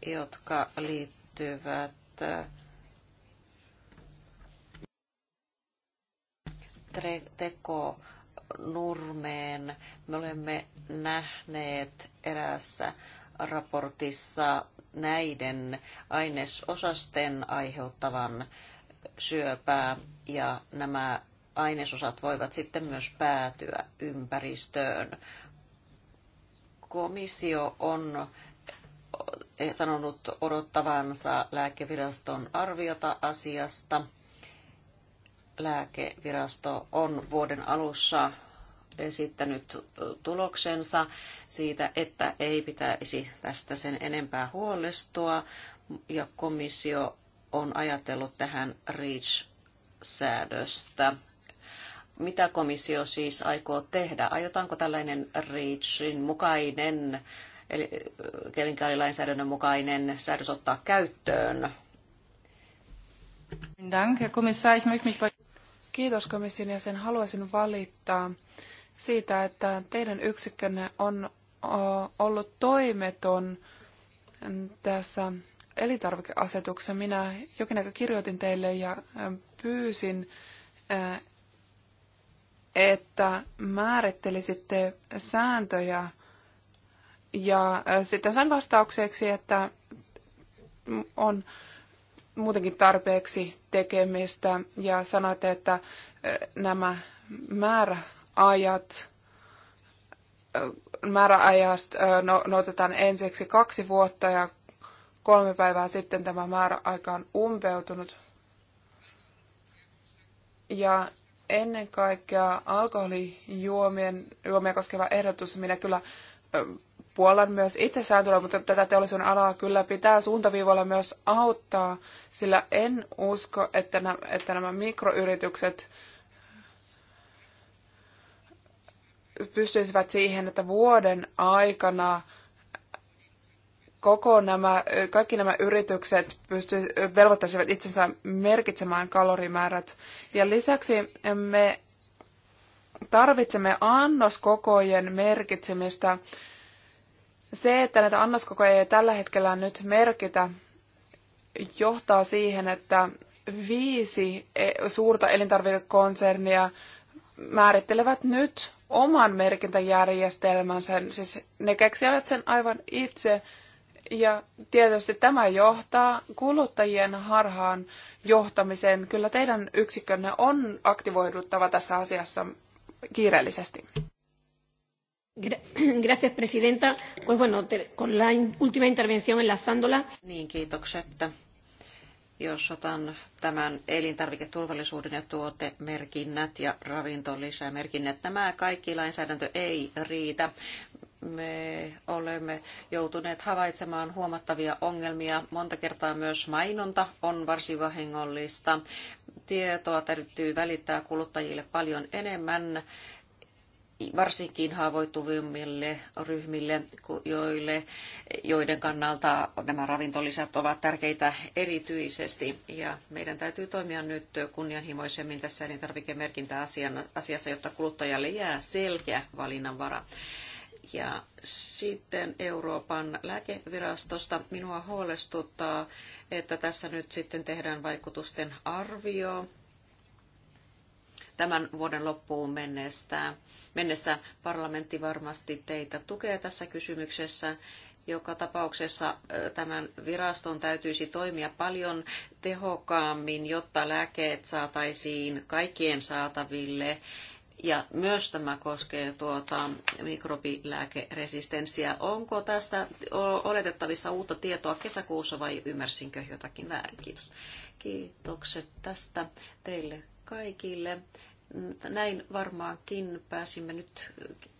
jotka liittyvät teko nurmeen. Me olemme nähneet eräässä raportissa näiden ainesosasten aiheuttavan syöpää ja nämä ainesosat voivat sitten myös päätyä ympäristöön. Komissio on sanonut odottavansa lääkeviraston arviota asiasta. Lääkevirasto on vuoden alussa esittänyt tuloksensa siitä, että ei pitäisi tästä sen enempää huolestua, ja komissio on ajatellut tähän REACH-säädöstä. Mitä komissio siis aikoo tehdä? Aiotaanko tällainen REACHin mukainen eli kemikaalilainsäädännön mukainen säädös ottaa käyttöön. Kiitos komission jäsen. Haluaisin valittaa siitä, että teidän yksikkönne on ollut toimeton tässä elintarvikeasetuksessa. Minä jokin aika kirjoitin teille ja pyysin, että määrittelisitte sääntöjä ja sitten sain vastaukseksi, että on muutenkin tarpeeksi tekemistä ja sanoit, että nämä määräajat, määräajat no, noudatetaan ensiksi kaksi vuotta ja kolme päivää sitten tämä määräaika on umpeutunut. Ja ennen kaikkea alkoholijuomien juomia koskeva ehdotus, minä kyllä Puolan myös itse mutta tätä teollisuuden alaa kyllä pitää suuntaviivoilla myös auttaa, sillä en usko, että nämä, että nämä mikroyritykset pystyisivät siihen, että vuoden aikana koko nämä, kaikki nämä yritykset pysty, velvoittaisivat itsensä merkitsemään kalorimäärät. Ja lisäksi me tarvitsemme annoskokojen merkitsemistä se, että näitä annoskokoja ei tällä hetkellä nyt merkitä, johtaa siihen, että viisi e, suurta elintarvikekonsernia määrittelevät nyt oman merkintäjärjestelmänsä, siis ne keksivät sen aivan itse. Ja tietysti tämä johtaa kuluttajien harhaan johtamiseen. Kyllä teidän yksikkönne on aktivoiduttava tässä asiassa kiireellisesti señora presidenta. Pues bueno, con la última intervención enlazándola. Niin, että Jos otan tämän elintarviketurvallisuuden ja tuotemerkinnät ja ravintolisämerkinnät, tämä kaikki lainsäädäntö ei riitä me olemme joutuneet havaitsemaan huomattavia ongelmia. Monta kertaa myös mainonta on varsin vahingollista. Tietoa täytyy välittää kuluttajille paljon enemmän varsinkin haavoittuvimmille ryhmille, joille, joiden kannalta nämä ravintolisät ovat tärkeitä erityisesti. Ja meidän täytyy toimia nyt kunnianhimoisemmin tässä elintarvikemerkintäasiassa, jotta kuluttajalle jää selkeä valinnanvara. Ja sitten Euroopan lääkevirastosta minua huolestuttaa, että tässä nyt sitten tehdään vaikutusten arvio tämän vuoden loppuun mennessä. mennessä parlamentti varmasti teitä tukee tässä kysymyksessä. Joka tapauksessa tämän viraston täytyisi toimia paljon tehokkaammin, jotta lääkeet saataisiin kaikkien saataville ja myös tämä koskee tuota mikrobilääkeresistenssiä. Onko tästä oletettavissa uutta tietoa kesäkuussa vai ymmärsinkö jotakin väärin? Kiitos. Kiitokset tästä teille kaikille. Näin varmaankin pääsimme nyt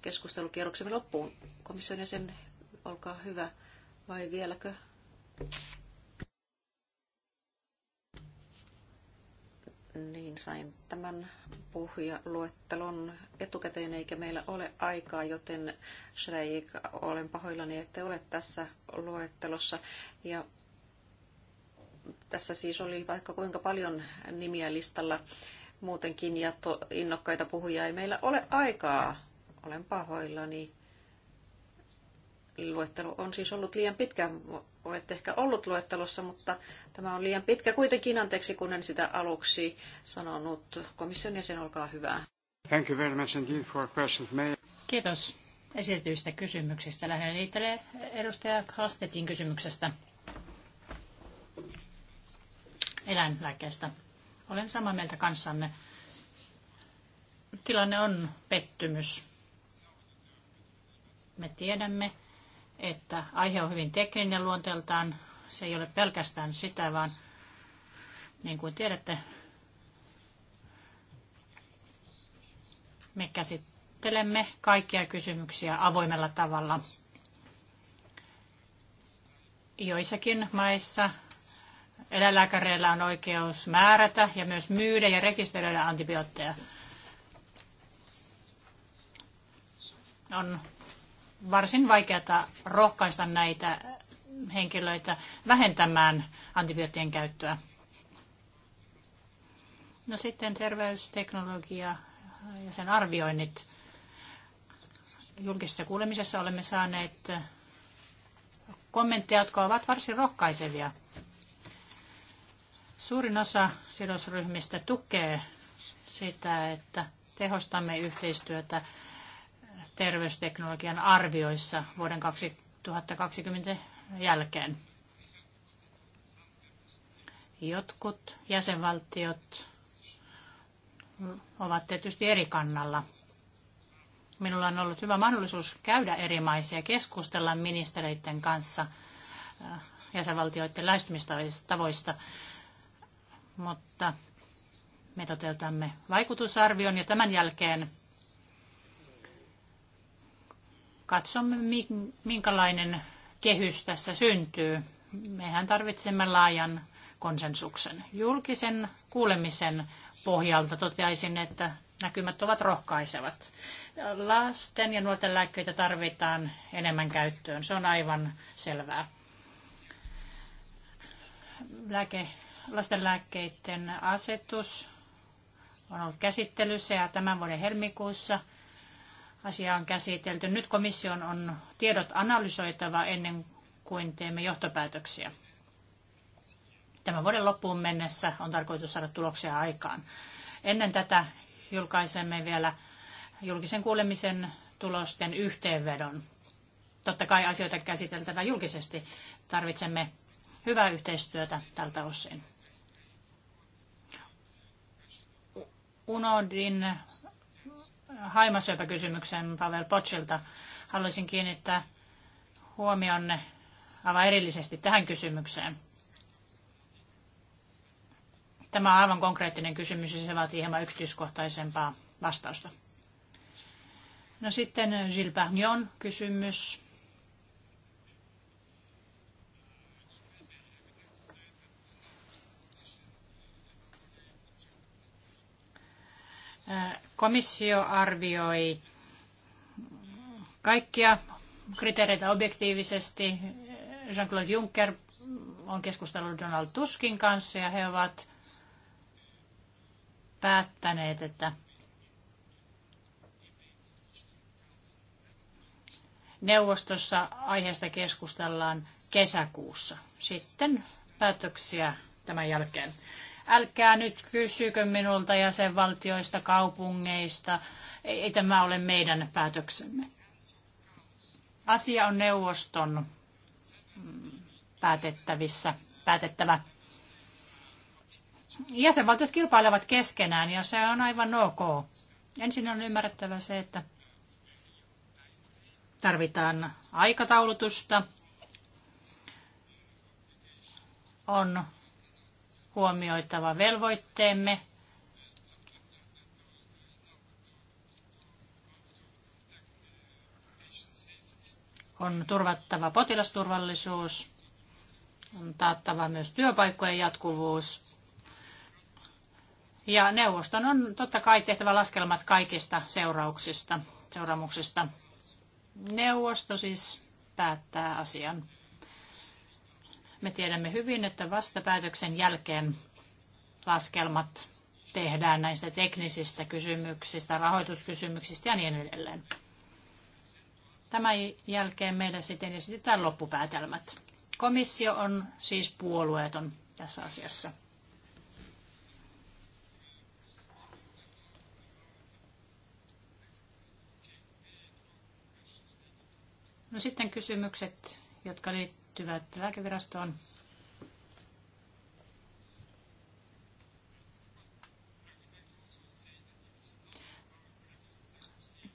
keskustelukierroksemme loppuun. Komission jäsen, olkaa hyvä. Vai vieläkö? Niin, sain tämän puhujaluettelon etukäteen, eikä meillä ole aikaa, joten Shreik, olen pahoillani, että ole tässä luettelossa. Ja tässä siis oli vaikka kuinka paljon nimiä listalla muutenkin ja to, innokkaita puhujia ei meillä ole aikaa. Olen pahoillani. Luettelu on siis ollut liian pitkä. Olette ehkä ollut luettelossa, mutta tämä on liian pitkä. Kuitenkin anteeksi, kun en sitä aluksi sanonut. Komission jäsen, olkaa hyvä. Thank you very much indeed for questions. May... Kiitos esitetyistä kysymyksistä. Lähden liittelee edustaja Kastetin kysymyksestä eläinlääkkeestä. Olen samaa mieltä kanssanne. Tilanne on pettymys. Me tiedämme, että aihe on hyvin tekninen luonteeltaan. Se ei ole pelkästään sitä, vaan niin kuin tiedätte, me käsittelemme kaikkia kysymyksiä avoimella tavalla. Joissakin maissa Eläinlääkäreillä on oikeus määrätä ja myös myydä ja rekisteröidä antibiootteja. On varsin vaikeaa rohkaista näitä henkilöitä vähentämään antibioottien käyttöä. No sitten terveysteknologia ja sen arvioinnit. Julkisessa kuulemisessa olemme saaneet kommentteja, jotka ovat varsin rohkaisevia. Suurin osa sidosryhmistä tukee sitä, että tehostamme yhteistyötä terveysteknologian arvioissa vuoden 2020 jälkeen. Jotkut jäsenvaltiot ovat tietysti eri kannalla. Minulla on ollut hyvä mahdollisuus käydä eri maissa ja keskustella ministereiden kanssa äh, jäsenvaltioiden lähestymistavoista mutta me toteutamme vaikutusarvion ja tämän jälkeen katsomme, minkälainen kehys tässä syntyy. Mehän tarvitsemme laajan konsensuksen. Julkisen kuulemisen pohjalta toteaisin, että näkymät ovat rohkaisevat. Lasten ja nuorten lääkkeitä tarvitaan enemmän käyttöön. Se on aivan selvää. Lääke lastenlääkkeiden asetus on ollut käsittelyssä ja tämän vuoden helmikuussa asia on käsitelty. Nyt komission on tiedot analysoitava ennen kuin teemme johtopäätöksiä. Tämän vuoden loppuun mennessä on tarkoitus saada tuloksia aikaan. Ennen tätä julkaisemme vielä julkisen kuulemisen tulosten yhteenvedon. Totta kai asioita käsiteltävä julkisesti. Tarvitsemme hyvää yhteistyötä tältä osin. unohdin haimasyöpäkysymyksen Pavel Potsilta. Haluaisin kiinnittää huomionne aivan erillisesti tähän kysymykseen. Tämä on aivan konkreettinen kysymys ja se vaatii hieman yksityiskohtaisempaa vastausta. No sitten Gilles Bernion kysymys. Komissio arvioi kaikkia kriteereitä objektiivisesti. Jean-Claude Juncker on keskustellut Donald Tuskin kanssa ja he ovat päättäneet, että neuvostossa aiheesta keskustellaan kesäkuussa. Sitten päätöksiä tämän jälkeen. Älkää nyt kysykö minulta jäsenvaltioista, kaupungeista. Ei, ei tämä ole meidän päätöksemme. Asia on neuvoston mm, päätettävissä, päätettävä. Jäsenvaltiot kilpailevat keskenään ja se on aivan ok. Ensin on ymmärrettävä se, että tarvitaan aikataulutusta, on huomioitava velvoitteemme on turvattava potilasturvallisuus, on taattava myös työpaikkojen jatkuvuus. Ja neuvoston on totta kai tehtävä laskelmat kaikista seurauksista, seuraamuksista. Neuvosto siis päättää asian. Me tiedämme hyvin, että vasta päätöksen jälkeen laskelmat tehdään näistä teknisistä kysymyksistä, rahoituskysymyksistä ja niin edelleen. Tämän jälkeen meillä sitten esitetään loppupäätelmät. Komissio on siis puolueeton tässä asiassa. No sitten kysymykset, jotka liittyvät liittyvät lääkevirastoon.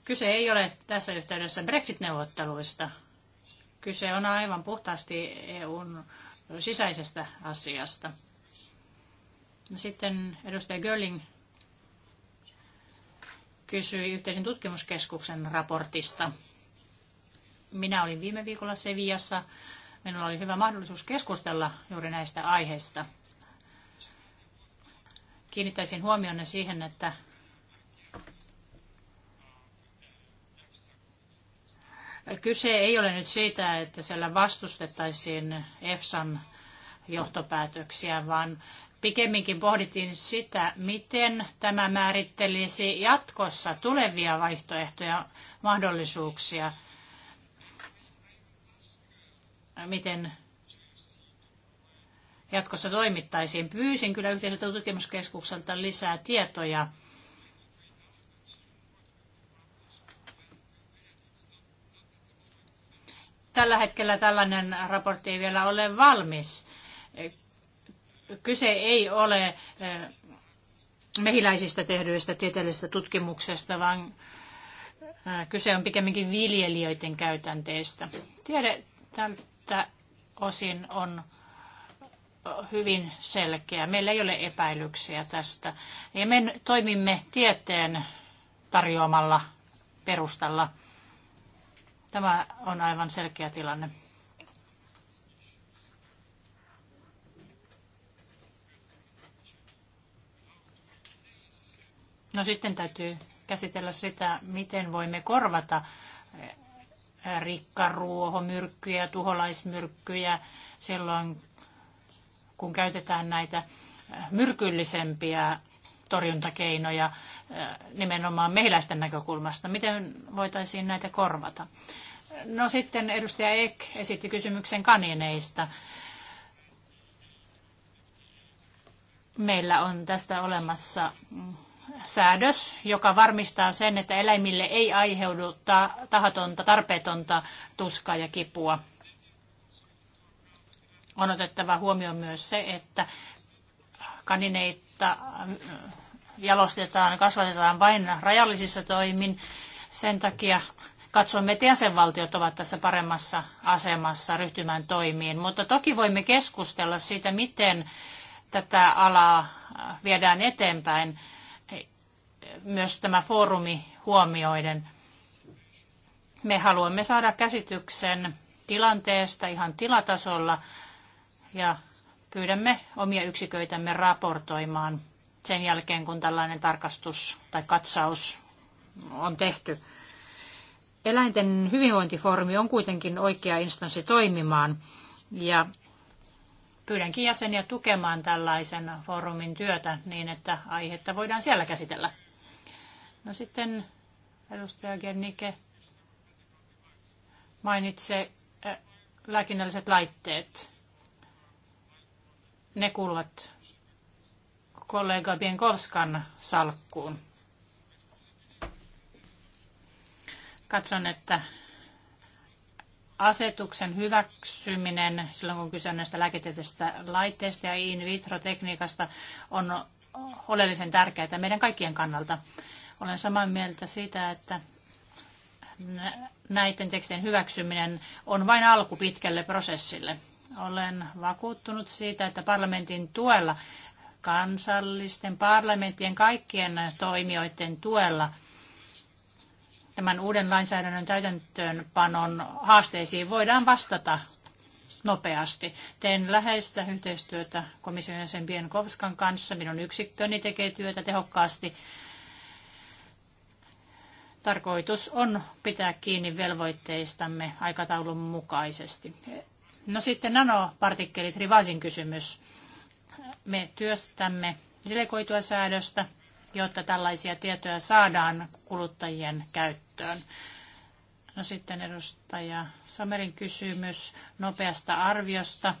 Kyse ei ole tässä yhteydessä Brexit-neuvotteluista. Kyse on aivan puhtaasti EUn sisäisestä asiasta. Sitten edustaja Gölling kysyi yhteisen tutkimuskeskuksen raportista. Minä olin viime viikolla Seviassa Minulla oli hyvä mahdollisuus keskustella juuri näistä aiheista. Kiinnittäisin huomionne siihen, että kyse ei ole nyt siitä, että siellä vastustettaisiin EFSAn johtopäätöksiä, vaan pikemminkin pohdittiin sitä, miten tämä määrittelisi jatkossa tulevia vaihtoehtoja, mahdollisuuksia – miten jatkossa toimittaisiin. Pyysin kyllä yhteiseltä tutkimuskeskukselta lisää tietoja. Tällä hetkellä tällainen raportti ei vielä ole valmis. Kyse ei ole eh, mehiläisistä tehdyistä tieteellisistä tutkimuksesta, vaan eh, kyse on pikemminkin viljelijöiden käytänteistä. Tiede tältä osin on hyvin selkeä. Meillä ei ole epäilyksiä tästä. Ja me toimimme tieteen tarjoamalla perustalla. Tämä on aivan selkeä tilanne. No sitten täytyy käsitellä sitä, miten voimme korvata rikkaruohomyrkkyjä, tuholaismyrkkyjä silloin, kun käytetään näitä äh, myrkyllisempiä torjuntakeinoja äh, nimenomaan mehiläisten näkökulmasta. Miten voitaisiin näitä korvata? No sitten edustaja Ek esitti kysymyksen kanineista. Meillä on tästä olemassa säädös, joka varmistaa sen, että eläimille ei aiheudu tahatonta, tarpeetonta tuskaa ja kipua. On otettava huomioon myös se, että kanineita äh, jalostetaan, kasvatetaan vain rajallisissa toimin. Sen takia katsomme, että jäsenvaltiot ovat tässä paremmassa asemassa ryhtymään toimiin. Mutta toki voimme keskustella siitä, miten tätä alaa äh, viedään eteenpäin myös tämä foorumi huomioiden. Me haluamme saada käsityksen tilanteesta ihan tilatasolla ja pyydämme omia yksiköitämme raportoimaan sen jälkeen, kun tällainen tarkastus tai katsaus on tehty. Eläinten hyvinvointifoorumi on kuitenkin oikea instanssi toimimaan ja pyydänkin jäseniä tukemaan tällaisen foorumin työtä niin, että aihetta voidaan siellä käsitellä. No sitten edustaja Gernike mainitse äh, lääkinnälliset laitteet. Ne kuuluvat kollega Bienkovskan salkkuun. Katson, että asetuksen hyväksyminen silloin, kun kyse on näistä lääketieteellisistä laitteista ja in vitro-tekniikasta, on oleellisen tärkeää meidän kaikkien kannalta. Olen samaa mieltä siitä, että näiden tekstien hyväksyminen on vain alku pitkälle prosessille. Olen vakuuttunut siitä, että parlamentin tuella, kansallisten parlamenttien kaikkien toimijoiden tuella, tämän uuden lainsäädännön täytäntöönpanon haasteisiin voidaan vastata nopeasti. Teen läheistä yhteistyötä komission jäsen Bienkovskan kanssa. Minun yksikköni tekee työtä tehokkaasti Tarkoitus on pitää kiinni velvoitteistamme aikataulun mukaisesti. No sitten nanopartikkelit, Rivasin kysymys. Me työstämme delegoitua säädöstä, jotta tällaisia tietoja saadaan kuluttajien käyttöön. No sitten edustaja Samerin kysymys nopeasta arviosta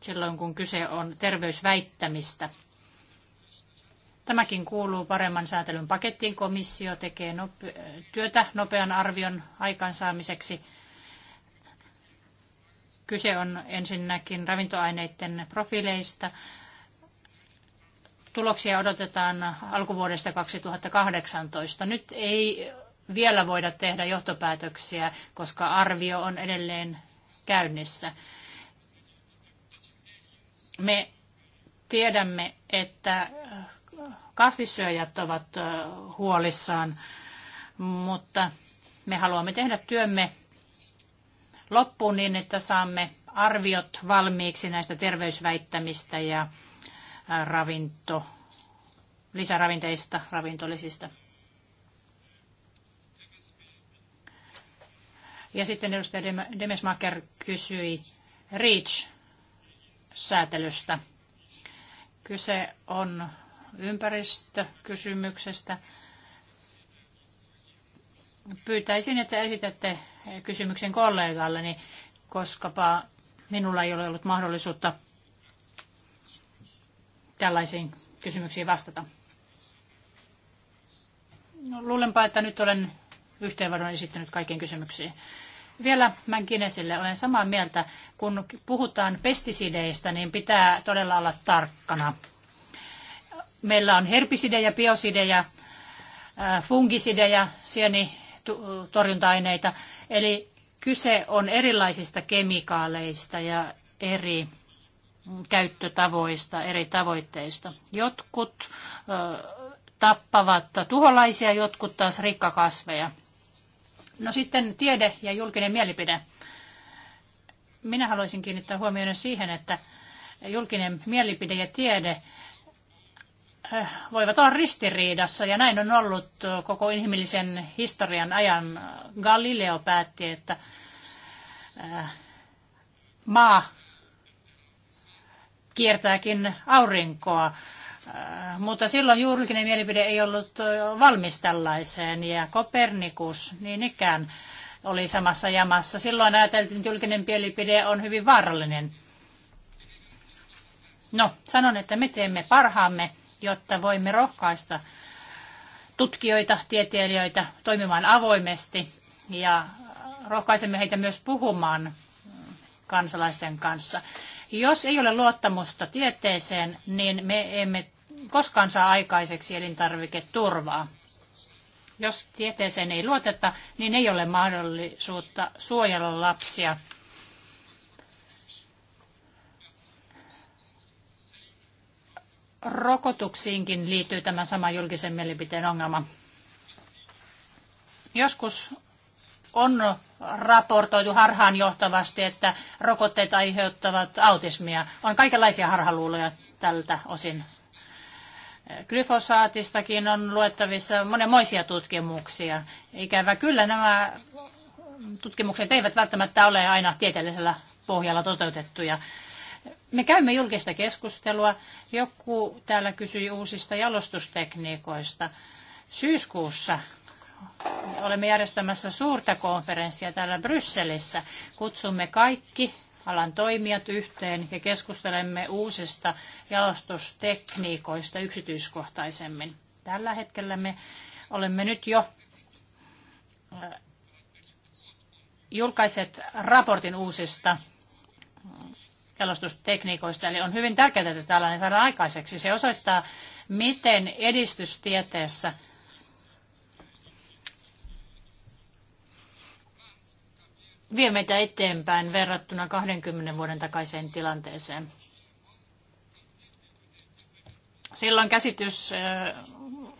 silloin, kun kyse on terveysväittämistä. Tämäkin kuuluu paremman säätelyn pakettiin. Komissio tekee nope- työtä nopean arvion aikaansaamiseksi. Kyse on ensinnäkin ravintoaineiden profiileista. Tuloksia odotetaan alkuvuodesta 2018. Nyt ei vielä voida tehdä johtopäätöksiä, koska arvio on edelleen käynnissä. Me tiedämme, että kasvissyöjät ovat huolissaan, mutta me haluamme tehdä työmme loppuun niin, että saamme arviot valmiiksi näistä terveysväittämistä ja ravinto, lisäravinteista, ravintolisista. Ja sitten edustaja Demesmaker kysyi REACH-säätelystä. Kyse on ympäristökysymyksestä. Pyytäisin, että esitätte kysymyksen kollegalleni, koskapa minulla ei ole ollut mahdollisuutta tällaisiin kysymyksiin vastata. No, luulenpa, että nyt olen yhteenvedon esittänyt kaikkiin kysymyksiin. Vielä esille olen samaa mieltä, kun puhutaan pestisideistä, niin pitää todella olla tarkkana. Meillä on herpisidejä, biosidejä, äh, fungisidejä, sienitorjunta-aineita. Eli kyse on erilaisista kemikaaleista ja eri käyttötavoista, eri tavoitteista. Jotkut äh, tappavat tuholaisia, jotkut taas rikkakasveja. No sitten tiede ja julkinen mielipide. Minä haluaisin kiinnittää huomioon siihen, että julkinen mielipide ja tiede Äh, voivat olla ristiriidassa ja näin on ollut koko inhimillisen historian ajan. Galileo päätti, että äh, maa kiertääkin aurinkoa, äh, mutta silloin julkinen mielipide ei ollut valmis tällaiseen ja Kopernikus niin ikään oli samassa jamassa. Silloin ajateltiin, että julkinen mielipide on hyvin vaarallinen. No, sanon, että me teemme parhaamme jotta voimme rohkaista tutkijoita, tieteilijöitä toimimaan avoimesti ja rohkaisemme heitä myös puhumaan kansalaisten kanssa. Jos ei ole luottamusta tieteeseen, niin me emme koskaan saa aikaiseksi elintarviketurvaa. Jos tieteeseen ei luoteta, niin ei ole mahdollisuutta suojella lapsia rokotuksiinkin liittyy tämä sama julkisen mielipiteen ongelma. Joskus on raportoitu harhaanjohtavasti, että rokotteet aiheuttavat autismia. On kaikenlaisia harhaluuloja tältä osin. Glyfosaatistakin on luettavissa monenmoisia tutkimuksia. Ikävä kyllä nämä tutkimukset eivät välttämättä ole aina tieteellisellä pohjalla toteutettuja. Me käymme julkista keskustelua. Joku täällä kysyi uusista jalostustekniikoista. Syyskuussa olemme järjestämässä suurta konferenssia täällä Brysselissä. Kutsumme kaikki alan toimijat yhteen ja keskustelemme uusista jalostustekniikoista yksityiskohtaisemmin. Tällä hetkellä me olemme nyt jo äh, julkaiset raportin uusista jalostustekniikoista. Eli on hyvin tärkeää, että tällainen saadaan aikaiseksi. Se osoittaa, miten edistystieteessä vie meitä eteenpäin verrattuna 20 vuoden takaiseen tilanteeseen. Silloin käsitys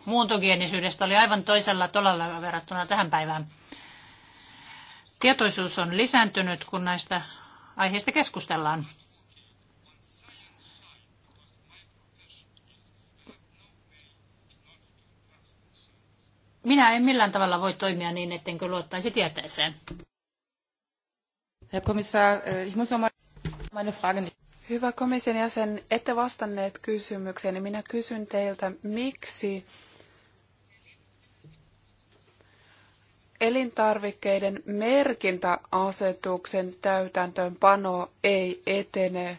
muuntogienisyydestä oli aivan toisella tolalla verrattuna tähän päivään. Tietoisuus on lisääntynyt, kun näistä aiheista keskustellaan. minä en millään tavalla voi toimia niin, ettenkö luottaisi tieteeseen. Herr Kommissar, äh, ich muss meine Frage Hyvä komission jäsen, ette vastanneet kysymykseen, minä kysyn teiltä, miksi elintarvikkeiden merkintäasetuksen täytäntöönpano ei etene,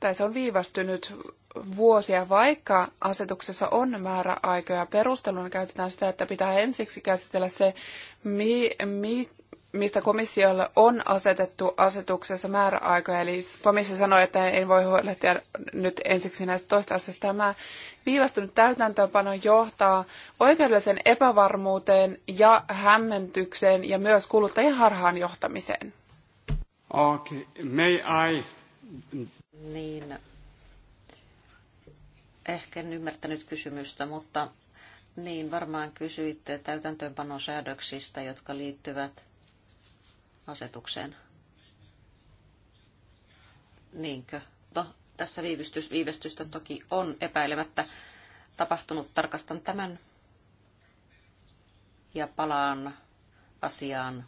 tai se on viivästynyt vuosia, vaikka asetuksessa on määräaikoja. Perusteluna käytetään sitä, että pitää ensiksi käsitellä se, mi, mi, mistä komissiolle on asetettu asetuksessa määräaikoja. Eli komissio sanoi, että en voi huolehtia nyt ensiksi näistä toista asioista. Tämä viivästynyt täytäntöönpano johtaa oikeudelliseen epävarmuuteen ja hämmentykseen ja myös kuluttajien harhaan johtamiseen. Okay. May I... Niin, ehkä en ymmärtänyt kysymystä, mutta niin varmaan kysyitte täytäntöönpanosäädöksistä, jotka liittyvät asetukseen. Niinkö? No, tässä viivistys, viivästystä toki on epäilemättä tapahtunut. Tarkastan tämän ja palaan asiaan.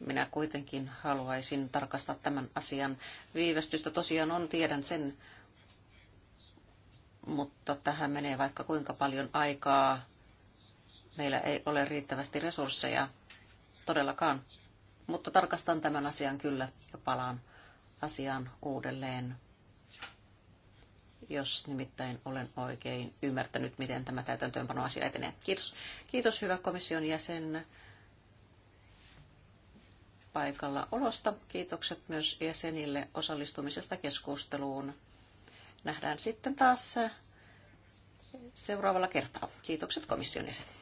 Minä kuitenkin haluaisin tarkastaa tämän asian. Viivästystä tosiaan on, tiedän sen, mutta tähän menee vaikka kuinka paljon aikaa. Meillä ei ole riittävästi resursseja todellakaan, mutta tarkastan tämän asian kyllä ja palaan asiaan uudelleen, jos nimittäin olen oikein ymmärtänyt, miten tämä täytäntöönpanoasia etenee. Kiitos. Kiitos hyvä komission jäsen paikalla olosta. Kiitokset myös jäsenille osallistumisesta keskusteluun nähdään sitten taas seuraavalla kertaa. Kiitokset komission jäsen.